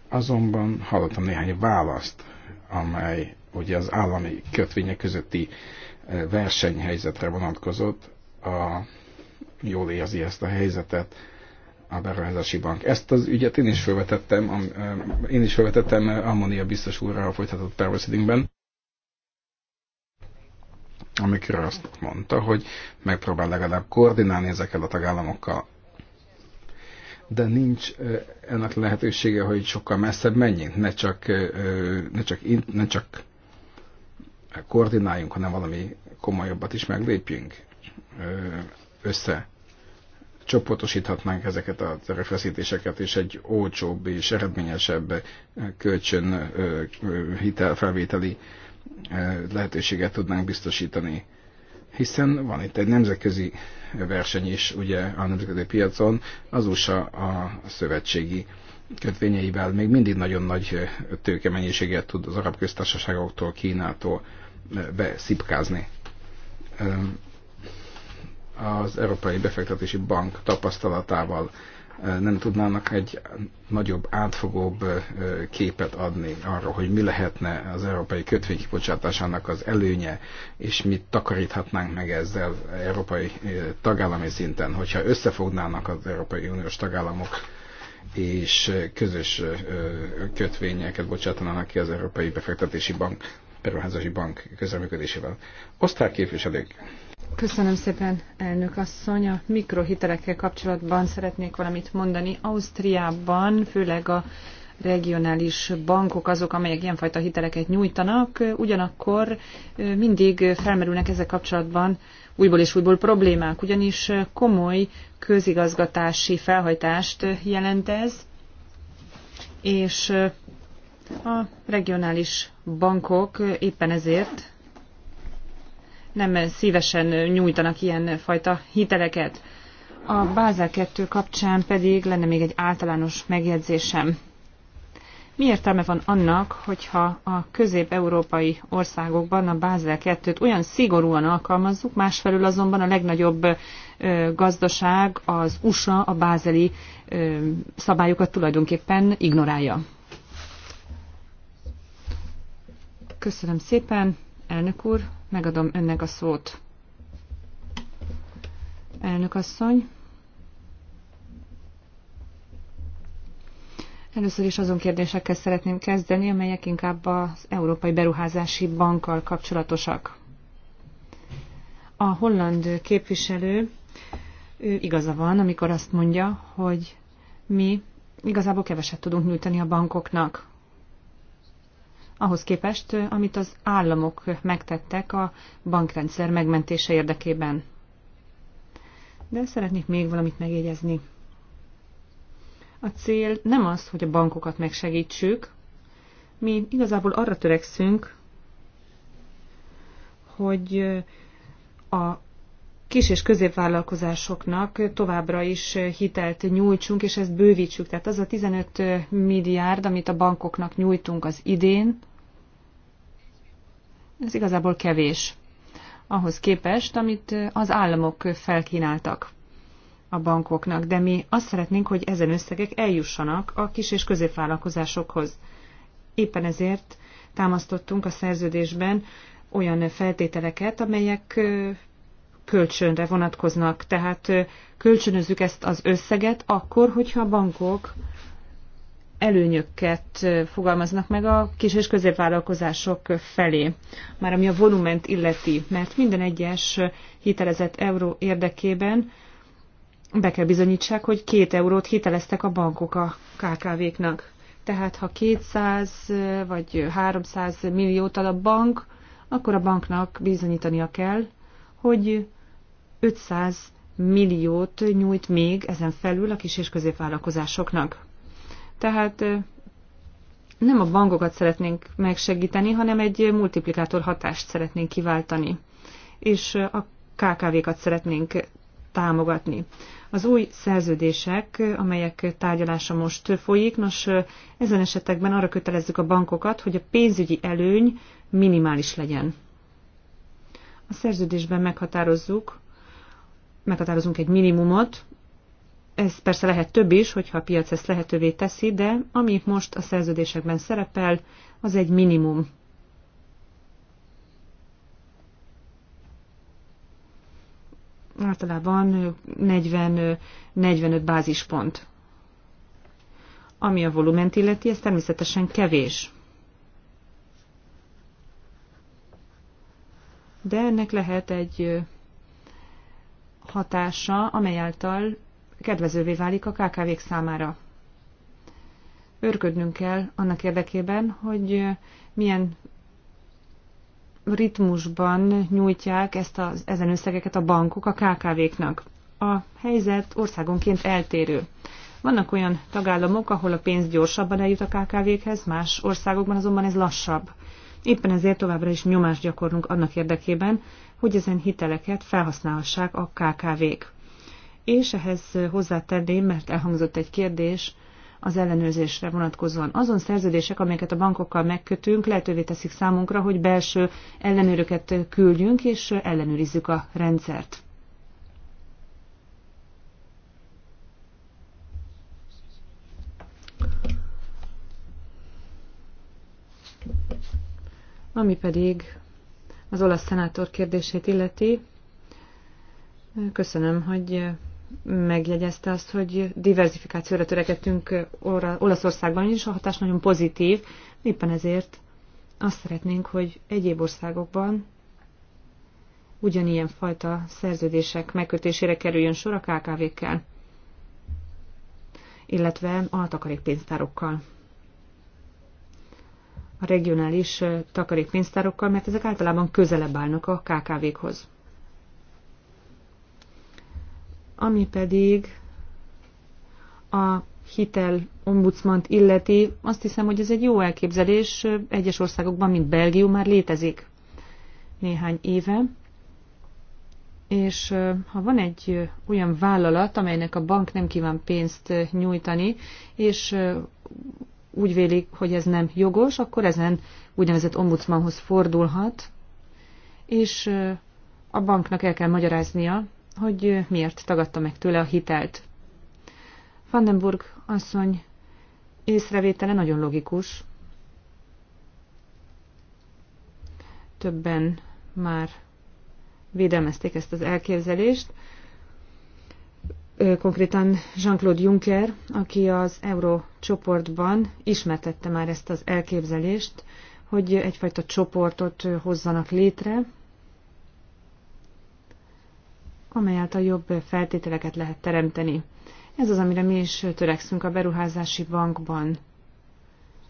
Azonban hallottam néhány választ, amely ugye az állami kötvények közötti eh, versenyhelyzetre vonatkozott, a, jól érzi ezt a helyzetet, a beruházási bank. Ezt az ügyet én is felvetettem, eh, én is felvetettem eh, Ammonia biztos úrra a folytatott párbeszédünkben, amikor azt mondta, hogy megpróbál legalább koordinálni ezekkel a tagállamokkal. De nincs eh, ennek lehetősége, hogy sokkal messzebb menjünk, ne csak, ne csak, ne csak koordináljunk, hanem valami komolyabbat is meglépjünk össze csoportosíthatnánk ezeket a erőfeszítéseket, és egy olcsóbb és eredményesebb kölcsön hitelfelvételi lehetőséget tudnánk biztosítani. Hiszen van itt egy nemzetközi verseny is, ugye a nemzetközi piacon, az USA a szövetségi kötvényeivel még mindig nagyon nagy tőkemennyiséget tud az arab köztársaságoktól, Kínától beszipkázni az Európai Befektetési Bank tapasztalatával nem tudnának egy nagyobb, átfogóbb képet adni arról, hogy mi lehetne az európai kötvénykibocsátásának az előnye, és mit takaríthatnánk meg ezzel európai tagállami szinten, hogyha összefognának az Európai Uniós tagállamok és közös kötvényeket bocsátanának ki az Európai Befektetési Bank, Beruházási Bank közreműködésével. Osztrák képviselők, Köszönöm szépen, elnök asszony. A mikrohitelekkel kapcsolatban szeretnék valamit mondani. Ausztriában főleg a regionális bankok azok, amelyek ilyenfajta hiteleket nyújtanak, ugyanakkor mindig felmerülnek ezzel kapcsolatban újból és újból problémák, ugyanis komoly közigazgatási felhajtást jelent ez, és a regionális bankok éppen ezért nem szívesen nyújtanak ilyen fajta hiteleket. A Bázel 2 kapcsán pedig lenne még egy általános megjegyzésem. Mi értelme van annak, hogyha a közép-európai országokban a Bázel 2-t olyan szigorúan alkalmazzuk, másfelől azonban a legnagyobb gazdaság, az USA a bázeli szabályokat tulajdonképpen ignorálja. Köszönöm szépen. Elnök úr, megadom önnek a szót. Elnök asszony. Először is azon kérdésekkel szeretném kezdeni, amelyek inkább az Európai Beruházási Bankkal kapcsolatosak. A holland képviselő ő igaza van, amikor azt mondja, hogy mi igazából keveset tudunk nyújtani a bankoknak ahhoz képest, amit az államok megtettek a bankrendszer megmentése érdekében. De szeretnék még valamit megjegyezni. A cél nem az, hogy a bankokat megsegítsük, mi igazából arra törekszünk, hogy a kis és középvállalkozásoknak továbbra is hitelt nyújtsunk, és ezt bővítsük. Tehát az a 15 milliárd, amit a bankoknak nyújtunk az idén, ez igazából kevés ahhoz képest, amit az államok felkínáltak a bankoknak, de mi azt szeretnénk, hogy ezen összegek eljussanak a kis és középvállalkozásokhoz. Éppen ezért támasztottunk a szerződésben olyan feltételeket, amelyek kölcsönre vonatkoznak. Tehát kölcsönözzük ezt az összeget akkor, hogyha a bankok előnyöket fogalmaznak meg a kis- és középvállalkozások felé, már ami a volument illeti, mert minden egyes hitelezett euró érdekében be kell bizonyítsák, hogy két eurót hiteleztek a bankok a KKV-knak. Tehát ha 200 vagy 300 milliót ad a bank, akkor a banknak bizonyítania kell, hogy 500 milliót nyújt még ezen felül a kis- és középvállalkozásoknak. Tehát nem a bankokat szeretnénk megsegíteni, hanem egy multiplikátor hatást szeretnénk kiváltani, és a KKV-kat szeretnénk támogatni. Az új szerződések, amelyek tárgyalása most folyik, nos, ezen esetekben arra kötelezzük a bankokat, hogy a pénzügyi előny minimális legyen. A szerződésben meghatározzuk, meghatározunk egy minimumot, ez persze lehet több is, hogyha a piac ezt lehetővé teszi, de ami most a szerződésekben szerepel, az egy minimum. Általában 40-45 bázispont. Ami a volument illeti, ez természetesen kevés. De ennek lehet egy hatása, amely által kedvezővé válik a KKV-k számára. Örködnünk kell annak érdekében, hogy milyen ritmusban nyújtják ezt a, ezen összegeket a bankok a KKV-knak. A helyzet országonként eltérő. Vannak olyan tagállamok, ahol a pénz gyorsabban eljut a KKV-khez, más országokban azonban ez lassabb. Éppen ezért továbbra is nyomást gyakorlunk annak érdekében, hogy ezen hiteleket felhasználhassák a KKV-k. És ehhez hozzátenném, mert elhangzott egy kérdés, az ellenőrzésre vonatkozóan. Azon szerződések, amelyeket a bankokkal megkötünk, lehetővé teszik számunkra, hogy belső ellenőröket küldjünk, és ellenőrizzük a rendszert. Ami pedig az olasz szenátor kérdését illeti, köszönöm, hogy megjegyezte azt, hogy diversifikációra törekedtünk Olaszországban is, a hatás nagyon pozitív, éppen ezért azt szeretnénk, hogy egyéb országokban ugyanilyen fajta szerződések megkötésére kerüljön sor a KKV-kkel, illetve a takarékpénztárokkal. A regionális takarékpénztárokkal, mert ezek általában közelebb állnak a KKV-khoz. Ami pedig a hitel ombudsmant illeti, azt hiszem, hogy ez egy jó elképzelés. Egyes országokban, mint Belgium már létezik néhány éve. És ha van egy olyan vállalat, amelynek a bank nem kíván pénzt nyújtani, és úgy vélik, hogy ez nem jogos, akkor ezen úgynevezett ombudsmanhoz fordulhat, és a banknak el kell magyaráznia, hogy miért tagadta meg tőle a hitelt. Vandenburg asszony észrevétele nagyon logikus. Többen már védelmezték ezt az elképzelést. Konkrétan Jean-Claude Juncker, aki az Eurócsoportban ismertette már ezt az elképzelést, hogy egyfajta csoportot hozzanak létre, amely által jobb feltételeket lehet teremteni. Ez az, amire mi is törekszünk a beruházási bankban.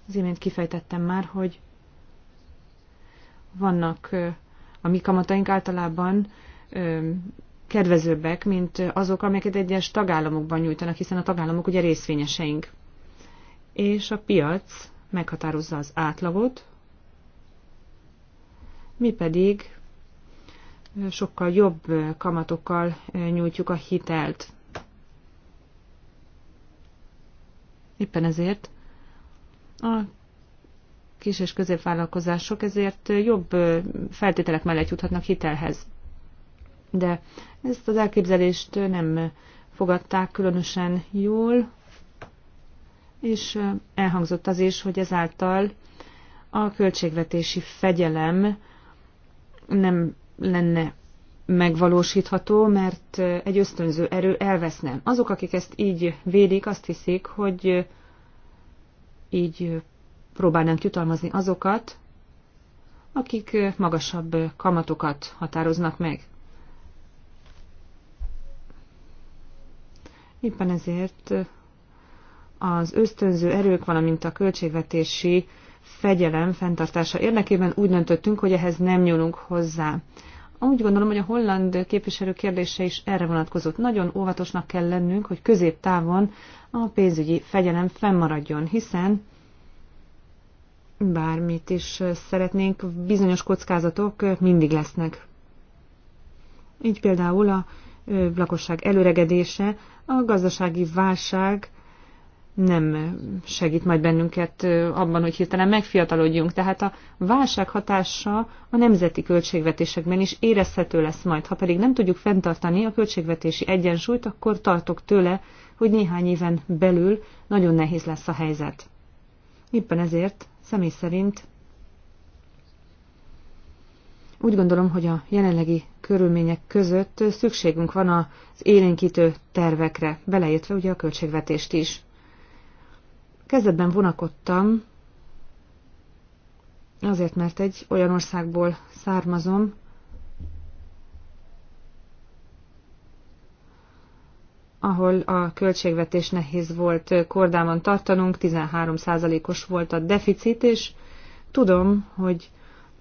Az imént kifejtettem már, hogy vannak a mi kamataink általában kedvezőbbek, mint azok, amelyeket egyes tagállamokban nyújtanak, hiszen a tagállamok ugye részvényeseink. És a piac meghatározza az átlagot, mi pedig sokkal jobb kamatokkal nyújtjuk a hitelt. Éppen ezért a kis és középvállalkozások ezért jobb feltételek mellett juthatnak hitelhez. De ezt az elképzelést nem fogadták különösen jól, és elhangzott az is, hogy ezáltal a költségvetési fegyelem nem lenne megvalósítható, mert egy ösztönző erő elveszne. Azok, akik ezt így védik, azt hiszik, hogy így próbálnánk jutalmazni azokat, akik magasabb kamatokat határoznak meg. Éppen ezért az ösztönző erők, valamint a költségvetési fegyelem fenntartása érdekében úgy döntöttünk, hogy ehhez nem nyúlunk hozzá. Úgy gondolom, hogy a holland képviselő kérdése is erre vonatkozott. Nagyon óvatosnak kell lennünk, hogy középtávon a pénzügyi fegyelem fennmaradjon, hiszen bármit is szeretnénk, bizonyos kockázatok mindig lesznek. Így például a lakosság előregedése, a gazdasági válság nem segít majd bennünket abban, hogy hirtelen megfiatalodjunk. Tehát a válság hatása a nemzeti költségvetésekben is érezhető lesz majd. Ha pedig nem tudjuk fenntartani a költségvetési egyensúlyt, akkor tartok tőle, hogy néhány éven belül nagyon nehéz lesz a helyzet. Éppen ezért személy szerint úgy gondolom, hogy a jelenlegi körülmények között szükségünk van az élénkítő tervekre, beleértve ugye a költségvetést is. Kezdetben vonakodtam, azért, mert egy olyan országból származom, ahol a költségvetés nehéz volt kordában tartanunk, 13%-os volt a deficit, és tudom, hogy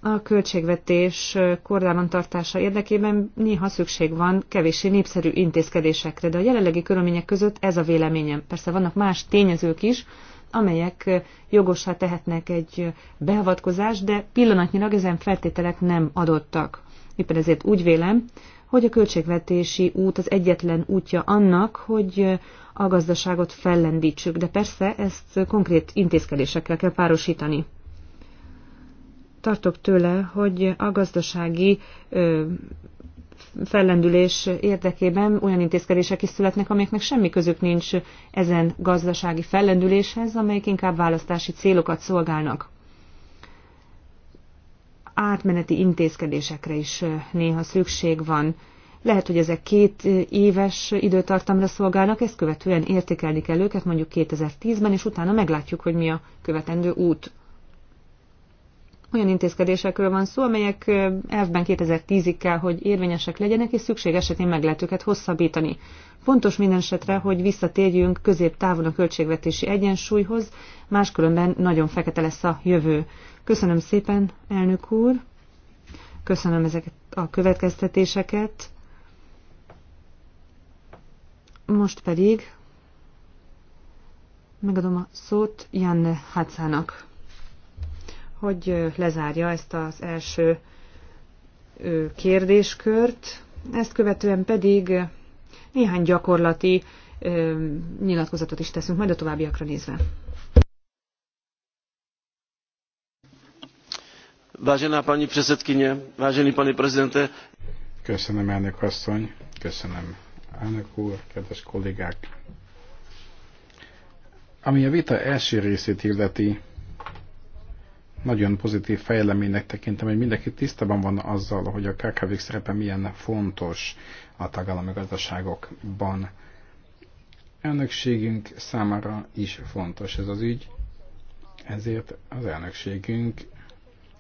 a költségvetés kordában tartása érdekében néha szükség van kevéssé népszerű intézkedésekre, de a jelenlegi körülmények között ez a véleményem. Persze vannak más tényezők is, amelyek jogosá tehetnek egy beavatkozást, de pillanatnyilag ezen feltételek nem adottak. Éppen ezért úgy vélem, hogy a költségvetési út az egyetlen útja annak, hogy a gazdaságot fellendítsük, de persze ezt konkrét intézkedésekkel kell párosítani. Tartok tőle, hogy a gazdasági fellendülés érdekében olyan intézkedések is születnek, amelyeknek semmi közük nincs ezen gazdasági fellendüléshez, amelyek inkább választási célokat szolgálnak. Átmeneti intézkedésekre is néha szükség van. Lehet, hogy ezek két éves időtartamra szolgálnak, ezt követően értékelni kell őket mondjuk 2010-ben, és utána meglátjuk, hogy mi a követendő út. Olyan intézkedésekről van szó, amelyek elvben 2010-ig kell, hogy érvényesek legyenek, és szükség esetén meg lehet őket hosszabbítani. Fontos minden esetre, hogy visszatérjünk középtávon a költségvetési egyensúlyhoz, máskülönben nagyon fekete lesz a jövő. Köszönöm szépen, elnök úr! Köszönöm ezeket a következtetéseket. Most pedig megadom a szót Jan Hátszának hogy lezárja ezt az első kérdéskört, ezt követően pedig néhány gyakorlati nyilatkozatot is teszünk, majd a továbbiakra nézve. Vážená pani předsedkyně, vážený pane prezidente. Köszönöm, elnök asszony, köszönöm, elnök úr, kedves kollégák. Ami a vita első részét illeti, nagyon pozitív fejleménynek tekintem, hogy mindenki tisztában van azzal, hogy a kkv szerepe milyen fontos a tagállami gazdaságokban. Elnökségünk számára is fontos ez az ügy, ezért az elnökségünk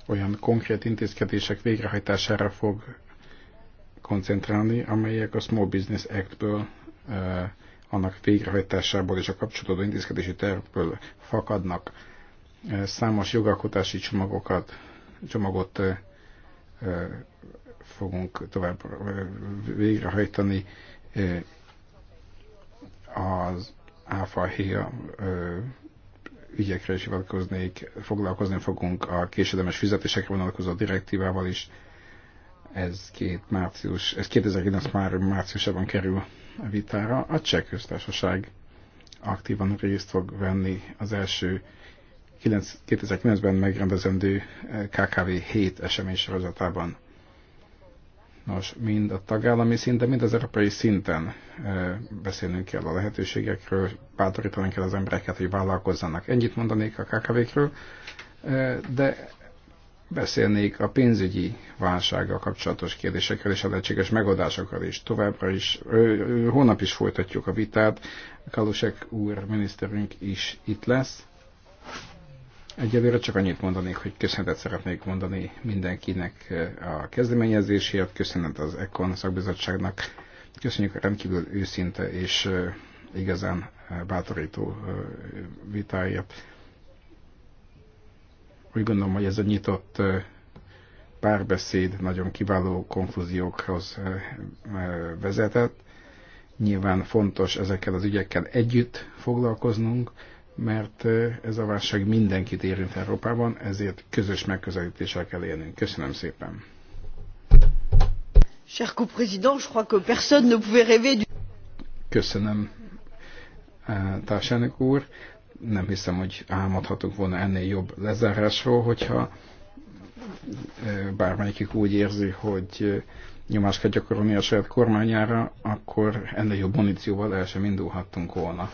olyan konkrét intézkedések végrehajtására fog koncentrálni, amelyek a Small Business Act-ből, eh, annak végrehajtásából és a kapcsolódó intézkedési tervből fakadnak számos jogalkotási csomagokat, csomagot fogunk tovább végrehajtani az áfa héja ügyekre is hivatkoznék, foglalkozni fogunk a késedemes fizetésekre vonatkozó direktívával is. Ez, két március, ez 2009 már márciusában kerül a vitára. A cseh köztársaság aktívan részt fog venni az első 2009-ben megrendezendő eh, KKV 7 esemény sorozatában. Nos, mind a tagállami szinten, mind az európai szinten eh, beszélnünk kell a lehetőségekről, bátorítanunk kell az embereket, hogy vállalkozzanak. Ennyit mondanék a KKV-kről, eh, de beszélnék a pénzügyi válsággal kapcsolatos kérdésekről és a lehetséges megoldásokról is. Továbbra is, holnap is folytatjuk a vitát. Kalusek úr, miniszterünk is itt lesz Egyelőre csak annyit mondanék, hogy köszönetet szeretnék mondani mindenkinek eh, a kezdeményezésért, köszönet az ECON szakbizottságnak, köszönjük a rendkívül őszinte és eh, igazán eh, bátorító vitáját. Úgy gondolom, hogy ez a nyitott párbeszéd nagyon kiváló konfúziókhoz vezetett. Nyilván fontos ezekkel az ügyekkel együtt foglalkoznunk, mert ez a válság mindenkit érint Európában, ezért közös megközelítéssel kell élnünk. Köszönöm szépen. Cher je crois que personne ne pouvait rêver du... Köszönöm, társelnök úr. Nem hiszem, hogy álmodhatunk volna ennél jobb lezárásról, hogyha bármelyikük úgy érzi, hogy nyomást kell gyakorolni a saját kormányára, akkor ennél jobb munícióval el sem indulhattunk volna.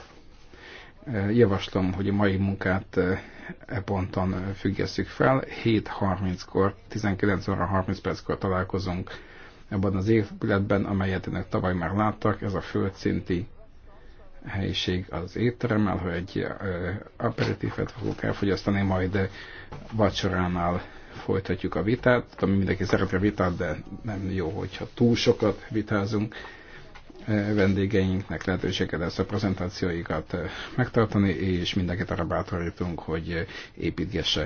Javaslom, hogy a mai munkát eh, e ponton eh, függesszük fel. 7.30-kor, 19 óra 30 perckor találkozunk ebben az épületben, amelyet önök tavaly már láttak. Ez a földszinti helyiség az étteremmel, hogy egy eh, aperitívet fogok elfogyasztani, majd vacsoránál folytatjuk a vitát. Tudom, mindenki szereti a vitát, de nem jó, hogyha túl sokat vitázunk vendégeinknek lehetőséget ezt a prezentációikat megtartani, és mindenkit arra bátorítunk, hogy építgesse